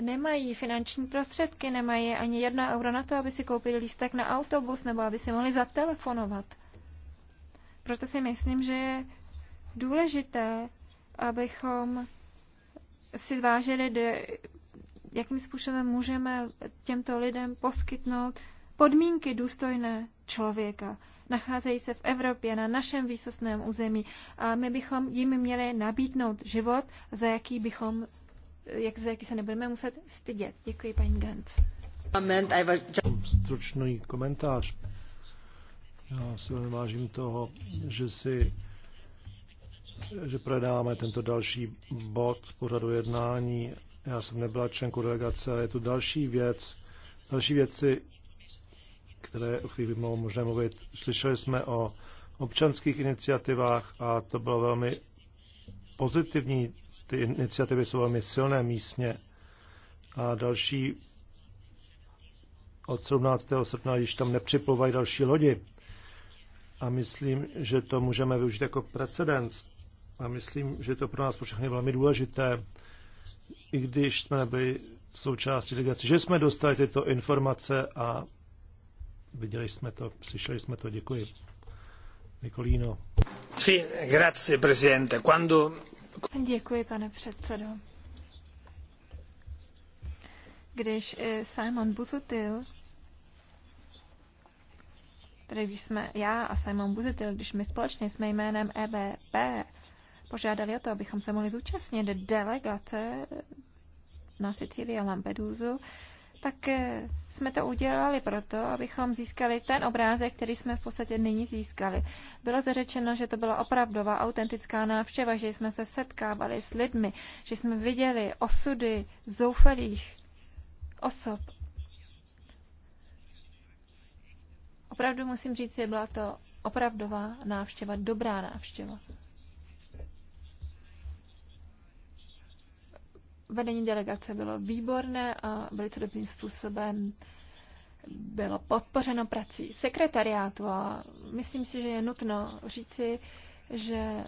nemají finanční prostředky, nemají ani jedna euro na to, aby si koupili lístek na autobus nebo aby si mohli zatelefonovat. Proto si myslím, že je důležité, abychom si zvážili, jakým způsobem můžeme těmto lidem poskytnout podmínky důstojné člověka. Nacházejí se v Evropě, na našem výsostném území a my bychom jim měli nabídnout život, za jaký bychom jak za jaký se nebudeme muset stydět. Děkuji, paní Gantz. Stručný komentář. Já si velmi vážím toho, že si že projednáme tento další bod pořadu jednání. Já jsem nebyla členkou delegace, ale je tu další věc, další věci, které, o chvíli by bylo možné mluvit. Slyšeli jsme o občanských iniciativách a to bylo velmi pozitivní ty iniciativy jsou velmi silné místně. A další od 17. srpna již tam nepřiplouvají další lodi. A myslím, že to můžeme využít jako precedens. A myslím, že to pro nás pro všechny velmi důležité, i když jsme nebyli součástí delegace, že jsme dostali tyto informace a viděli jsme to, slyšeli jsme to. Děkuji. Nicolino. Sí, grazie, presidente. Quando Děkuji, pane předsedo. Když eh, Simon Buzutil, tedy když jsme já a Simon Buzutil, když my společně jsme jménem EBP požádali o to, abychom se mohli zúčastnit delegace na Sicílii a Lampedusu, tak eh, jsme to udělali proto, abychom získali ten obrázek, který jsme v podstatě nyní získali. Bylo zařečeno, že to byla opravdová, autentická návštěva, že jsme se setkávali s lidmi, že jsme viděli osudy zoufalých osob. Opravdu musím říct, že byla to opravdová návštěva, dobrá návštěva. Vedení delegace bylo výborné a velice dobrým způsobem bylo podpořeno prací sekretariátu a myslím si, že je nutno říci, že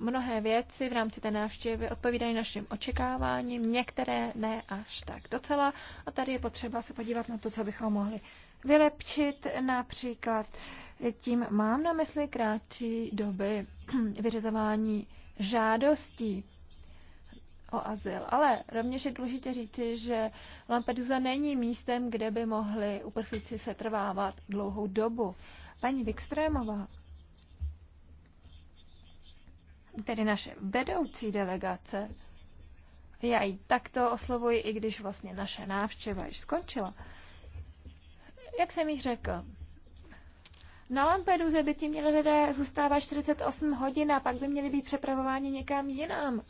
mnohé věci v rámci té návštěvy odpovídají našim očekáváním, některé ne až tak docela. A tady je potřeba se podívat na to, co bychom mohli vylepšit. Například tím mám na mysli krátší doby vyřizování žádostí o azyl. Ale rovněž je důležité říci, že Lampedusa není místem, kde by mohli uprchlíci setrvávat dlouhou dobu. Paní Vikstrémová, tedy naše vedoucí delegace, já ji takto oslovuji, i když vlastně naše návštěva již skončila. Jak jsem jí řekl, na Lampeduze by ti měli lidé zůstávat 48 hodin a pak by měli být přepravováni někam jinam.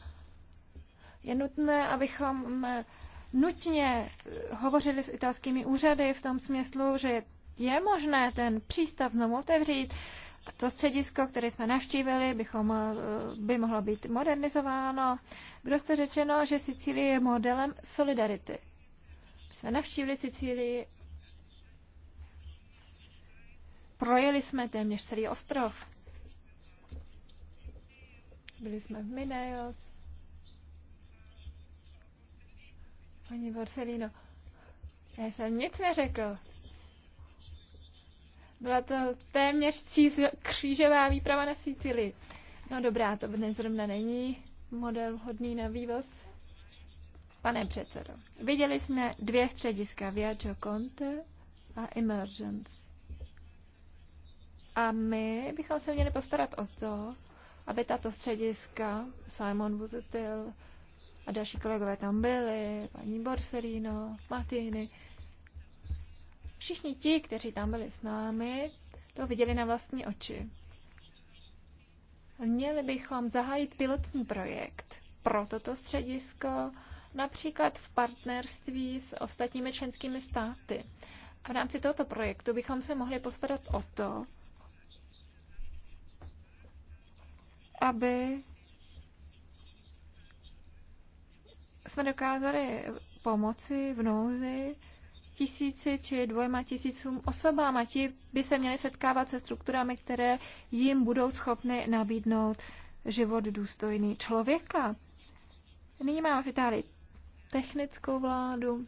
Je nutné, abychom mm, nutně eh, hovořili s italskými úřady v tom smyslu, že je možné ten přístav znovu otevřít. To středisko, které jsme navštívili, bychom, eh, by mohlo být modernizováno. Bylo se řečeno, že Sicílie je modelem solidarity. Jsme navštívili Sicílii, projeli jsme téměř celý ostrov. Byli jsme v Mineos, Paní Borsellino, já jsem nic neřekl. Byla to téměř křížová výprava na Sicily. No dobrá, to dnes zrovna není model hodný na vývoz. Pane předsedo, viděli jsme dvě střediska, Viaggio Conte a Emergence. A my bychom se měli postarat o to, aby tato střediska, Simon Buzutil, a další kolegové tam byli, paní Borsellino, Matiny. Všichni ti, kteří tam byli s námi, to viděli na vlastní oči. Měli bychom zahájit pilotní projekt pro toto středisko, například v partnerství s ostatními členskými státy. A v rámci tohoto projektu bychom se mohli postarat o to, aby jsme dokázali pomoci v nouzi tisíci či dvojma tisícům osobám a ti by se měli setkávat se strukturami, které jim budou schopny nabídnout život důstojný člověka. Nyní máme v Itálii technickou vládu,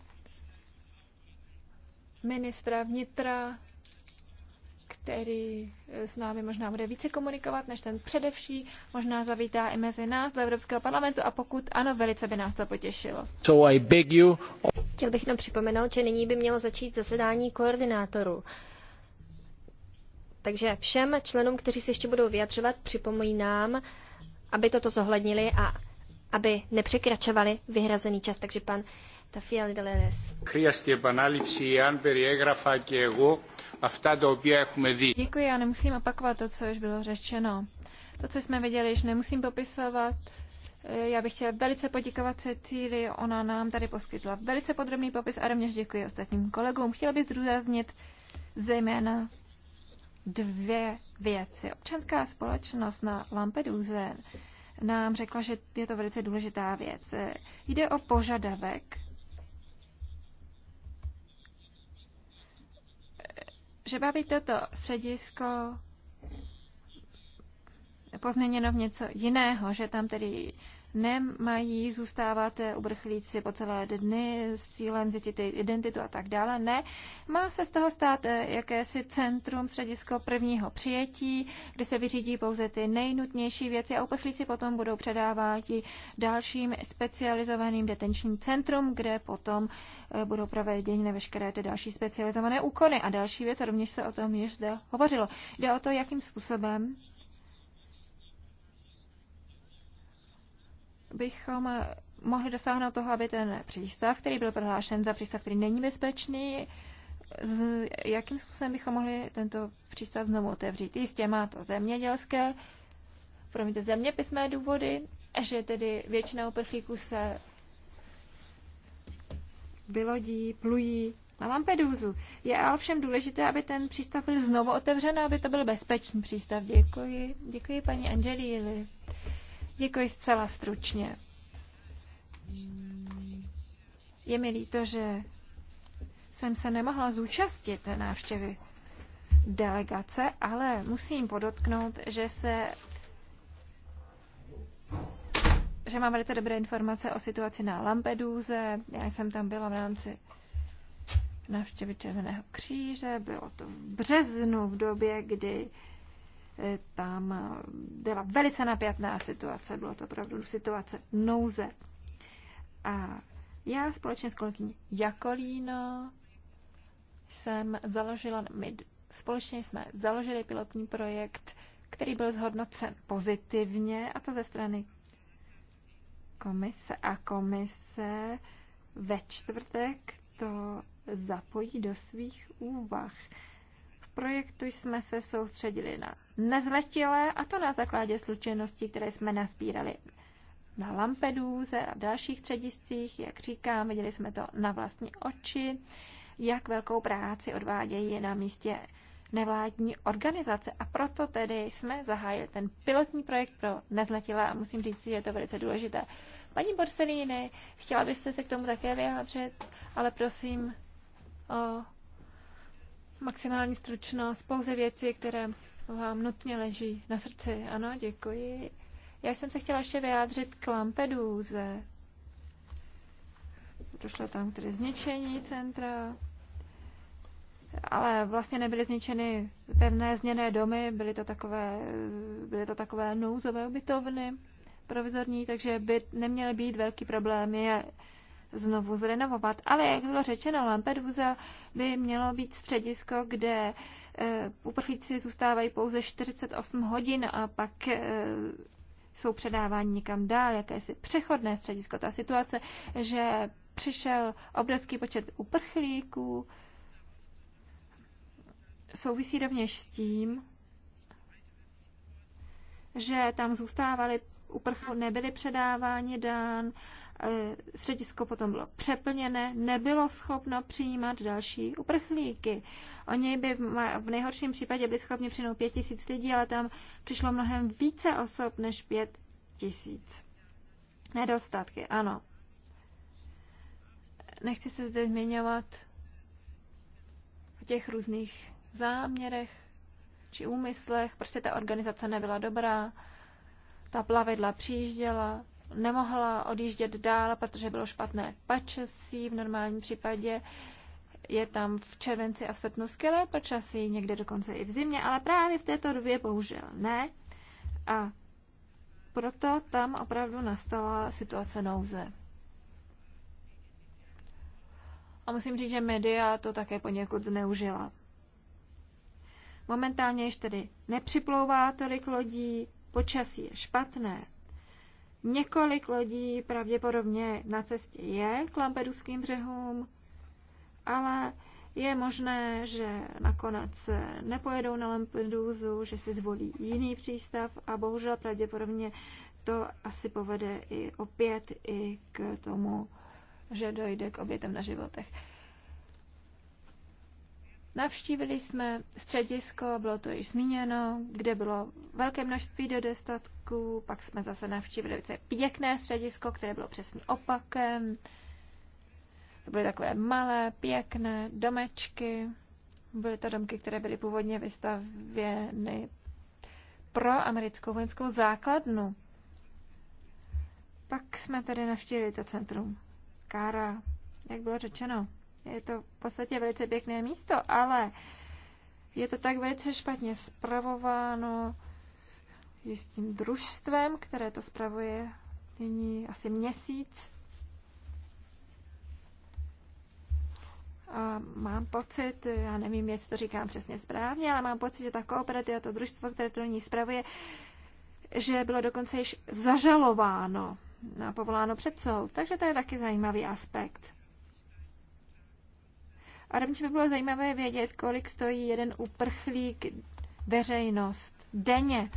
ministra vnitra, který eh, s námi možná bude více komunikovat než ten předevší, možná zavítá i mezi nás do Evropského parlamentu a pokud ano, velice by nás to potěšilo. So I beg you... Chtěl bych nám připomenout, že nyní by mělo začít zasedání koordinátorů. Takže všem členům, kteří se ještě budou vyjadřovat, připomínám, aby toto zohlednili a aby nepřekračovali vyhrazený čas. Takže pan τα Φιαλντελέδες. Χρειαστεί επανάληψη αν περιέγραφα και εγώ αυτά τα οποία έχουμε δει. Děkuji, já nemusím opakovat to, co už bylo řečeno. To, co jsme viděli, již nemusím popisovat. Eh, já bych chtěla velice poděkovat Cíli, ona nám tady poskytla velice podrobný popis a rovněž děkuji ostatním kolegům. Chtěla bych zdůraznit zejména dvě věci. Občanská společnost na Lampeduze nám řekla, že je to velice důležitá věc. Eh, jde o požadavek že má toto středisko pozměněno v něco jiného, že tam tedy nemají zůstávat uprchlíci po celé dny s cílem zjistit identitu a tak dále. Ne, má se z toho stát eh, jakési centrum, středisko prvního přijetí, kde se vyřídí pouze ty nejnutnější věci a uprchlíci potom budou předáváti dalším specializovaným detenčním centrum, kde potom eh, budou provedeni na veškeré ty další specializované úkony. A další věc, a rovněž se o tom již zde hovořilo. Jde o to, jakým způsobem bychom mohli dosáhnout toho, aby ten přístav, který byl prohlášen za přístav, který není bezpečný, z, jakým způsobem bychom mohli tento přístav znovu otevřít. Jistě má to zemědělské, promiňte, zeměpisné důvody, že tedy většina uprchlíků se vylodí, plují na Lampedusu. Je ale všem důležité, aby ten přístav byl znovu otevřen, aby to byl bezpečný přístav. Děkuji. Děkuji paní Angelíli. Děkuji zcela stručně. Je mi líto, že jsem se nemohla zúčastnit návštěvy delegace, ale musím podotknout, že se že mám velice dobré informace o situaci na Lampeduze. Já jsem tam byla v rámci návštěvy Červeného kříže, bylo to v březnu, v době, kdy E, tam e, byla velice napjatná situace, bylo to opravdu situace nouze. A já společně s kolegyní Jakolíno jsem založila, my společně jsme založili pilotní projekt, který byl zhodnocen pozitivně, a to ze strany komise. A komise ve čtvrtek to zapojí do svých úvah projektu jsme se soustředili na nezletilé, a to na základě slučeností, které jsme nasbírali na Lampedůze a v dalších střediscích, jak říkám, viděli jsme to na vlastní oči, jak velkou práci odvádějí na místě nevládní organizace. A proto tedy jsme zahájili ten pilotní projekt pro nezletilé a musím říct, že je to velice důležité. Paní Borsellini, chtěla byste se k tomu také vyjádřit, ale prosím o maximální stručnost, pouze věci, které vám nutně leží na srdci. Ano, děkuji. Já jsem se chtěla ještě vyjádřit k Lampeduze. Došlo tam tedy zničení centra, ale vlastně nebyly zničeny pevné změné domy, byly to takové, byly to takové nouzové ubytovny provizorní, takže by neměly být velký problém je znovu zrenovovat. Ale jak bylo řečeno, Lampedusa by mělo být středisko, kde eh, uprchlíci zůstávají pouze 48 hodin a pak eh, jsou předáváni někam dál, jakési přechodné středisko. Ta situace, že přišel obrovský počet uprchlíků, souvisí rovněž s tím, že tam zůstávali uprchlíci, nebyli předáváni dán E, středisko potom bylo přeplněné, nebylo schopno přijímat další uprchlíky. Oni by v nejhorším případě byli schopni přijmout pět tisíc lidí, ale tam přišlo mnohem více osob než pět tisíc. Nedostatky, ano. Nechci se zde zmiňovat o těch různých záměrech či úmyslech. Prostě ta organizace nebyla dobrá, ta plavidla přijížděla, nemohla odjíždět dál, protože bylo špatné počasí. v normálním případě. Je tam v červenci a v srpnu skvělé počasí, někde dokonce i v zimě, ale právě v této době bohužel ne. A proto tam opravdu nastala situace nouze. A musím říct, že média to také poněkud zneužila. Momentálně již tedy nepřiplouvá tolik lodí, počasí je špatné. Několik lodí pravděpodobně na cestě je k Lampeduským břehům, ale je možné, že nakonec nepojedou na Lampeduzu, že si zvolí jiný přístav a bohužel pravděpodobně to asi povede i opět i k tomu, že dojde k obětem na životech. Navštívili jsme středisko, bylo to již zmíněno, kde bylo velké množství dostatků, pak jsme zase navštívili velice pěkné středisko, které bylo přesně opakem. To byly takové malé, pěkné domečky. Byly to domky, které byly původně vystavěny pro americkou vojenskou základnu. Pak jsme tedy navštívili to centrum Kára, jak bylo řečeno. Je to v podstatě velice pěkné místo, ale je to tak velice špatně spravováno jistým družstvem, které to spravuje nyní asi měsíc. A mám pocit, já nevím, jestli to říkám přesně správně, ale mám pocit, že ta kooperativa, to družstvo, které to nyní spravuje, že bylo dokonce již zažalováno a povoláno před soud. Takže to je taky zajímavý aspekt. A rovněž by bylo zajímavé vědět, kolik stojí jeden uprchlík veřejnost denně.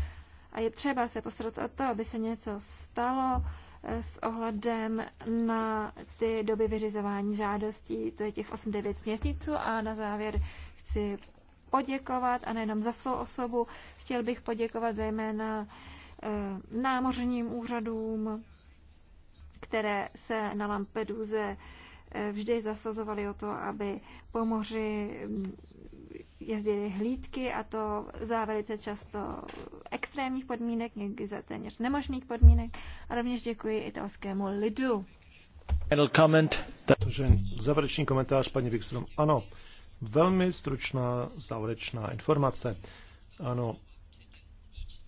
A je třeba se postarat o to, aby se něco stalo eh, s ohledem na ty doby vyřizování žádostí, to je těch 8-9 měsíců. A na závěr chci poděkovat, a nejenom za svou osobu, chtěl bych poděkovat zejména eh, námořním úřadům, které se na Lampeduze Eh, vždy zasazovali o to, aby po moři mm, jezdili hlídky a to za velice často extrémních podmínek, někdy za téměř nemožných podmínek. A rovněž děkuji italskému lidu. Takže závěrečný komentář, paní Wikström. Ano, velmi stručná závěrečná informace. Ano,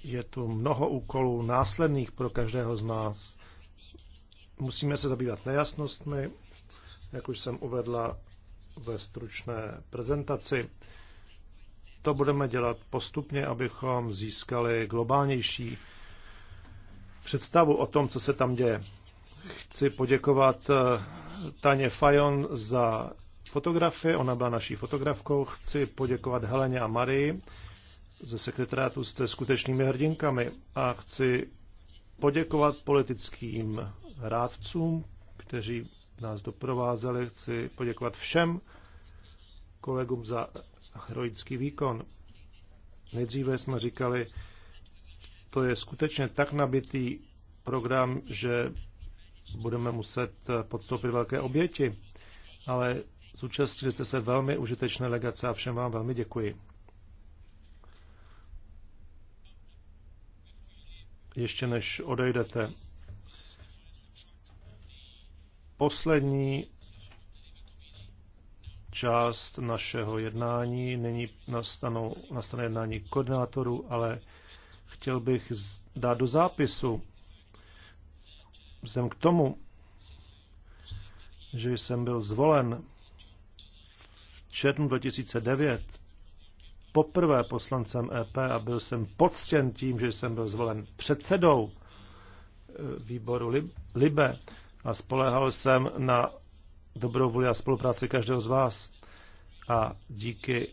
je tu mnoho úkolů následných pro každého z nás. Musíme se zabývat nejasnostmi, jak už jsem uvedla ve stručné prezentaci. To budeme dělat postupně, abychom získali globálnější představu o tom, co se tam děje. Chci poděkovat eh, Taně Fajon za fotografie, ona byla naší fotografkou. Chci poděkovat Heleně a Marii ze sekretariátu, jste skutečnými hrdinkami a chci poděkovat politickým rádcům, kteří nás doprovázeli. Chci poděkovat všem kolegům za heroický výkon. Nejdříve jsme říkali, to je skutečně tak nabitý program, že budeme muset podstoupit velké oběti, ale zúčastnili jste se velmi užitečné legace a všem vám velmi děkuji. Ještě než odejdete, poslední část našeho jednání. Nyní nastanou, nastane jednání koordinátorů, ale chtěl bych dát do zápisu jsem k tomu, že jsem byl zvolen v červnu 2009 poprvé poslancem EP a byl jsem poctěn tím, že jsem byl zvolen předsedou eh, výboru Libe a spolehal jsem na dobrou vůli a spolupráci každého z vás. A díky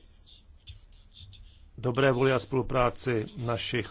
dobré vůli a spolupráci našich